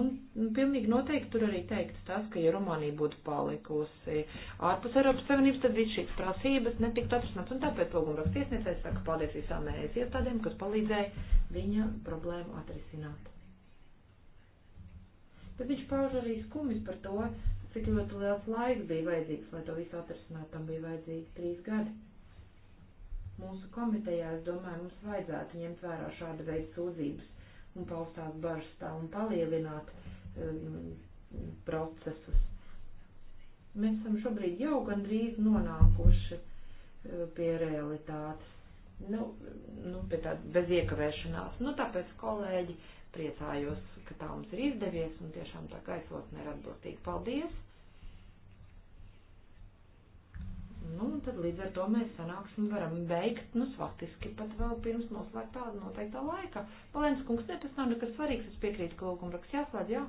Speaker 3: Un, un pilnīgi noteikti tur arī teikts tas, ka, ja Rumānija būtu palikusi ārpus Eiropas Savienības, tad viss šīs prasības netiktu atrasināts. Un tāpēc lūguma raksts iesniedzējs saka paldies visām ēs iestādēm, kas palīdzēja viņa problēmu atrisināt. Bet viņš pauž arī skumjas par to, cik ļoti liels laiks bija vajadzīgs, lai to visu atrisinātu. Tam bija vajadzīgi trīs gadi. Mūsu komitejā, es domāju, mums vajadzētu ņemt vērā šāda veida sūdzības un paustās bažas tā un palielināt um, procesus. Mēs esam šobrīd jau gandrīz nonākuši uh, pie realitātes. Nu, nu, pie tāda bez iekavēšanās. Nu, tāpēc, kolēģi, priecājos, ka tā mums ir izdevies un tiešām tā gaisotne ir atbilstīga. Paldies! Nu, un tad līdz ar to mēs sanāksim, varam beigt, nu, faktiski pat vēl pirms noslēgt tādu noteiktā laika. Palēns kungs, ne, tas nav nekas svarīgs, es piekrītu, ka lūgumraks jāslēdz, jā.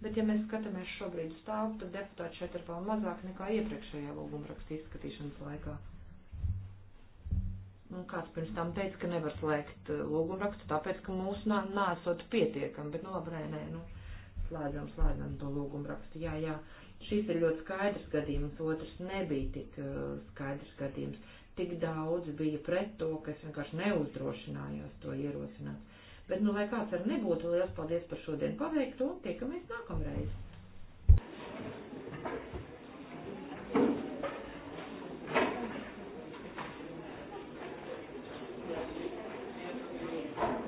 Speaker 3: Bet, ja mēs skatāmies šobrīd uz tādu, tad deputāti šeit ir vēl mazāk nekā iepriekšējā lūgumraksta izskatīšanas laikā. Nu, kāds pirms tam teica, ka nevar slēgt eh, lūgumrakstu, tāpēc, ka mūsu nā, nāsot pietiekam, bet nu labi, nē, nē, nu, slēdzam, slēdzam to lūgumrakstu. Jā, jā, šis ir ļoti skaidrs gadījums, otrs nebija tik uh, skaidrs gadījums. Tik daudz bija pret to, ka es vienkārši neuzdrošinājos to ierosināt. Bet, nu, lai kāds arī nebūtu, liels paldies par šodien paveikto un tiekamies nākamreiz.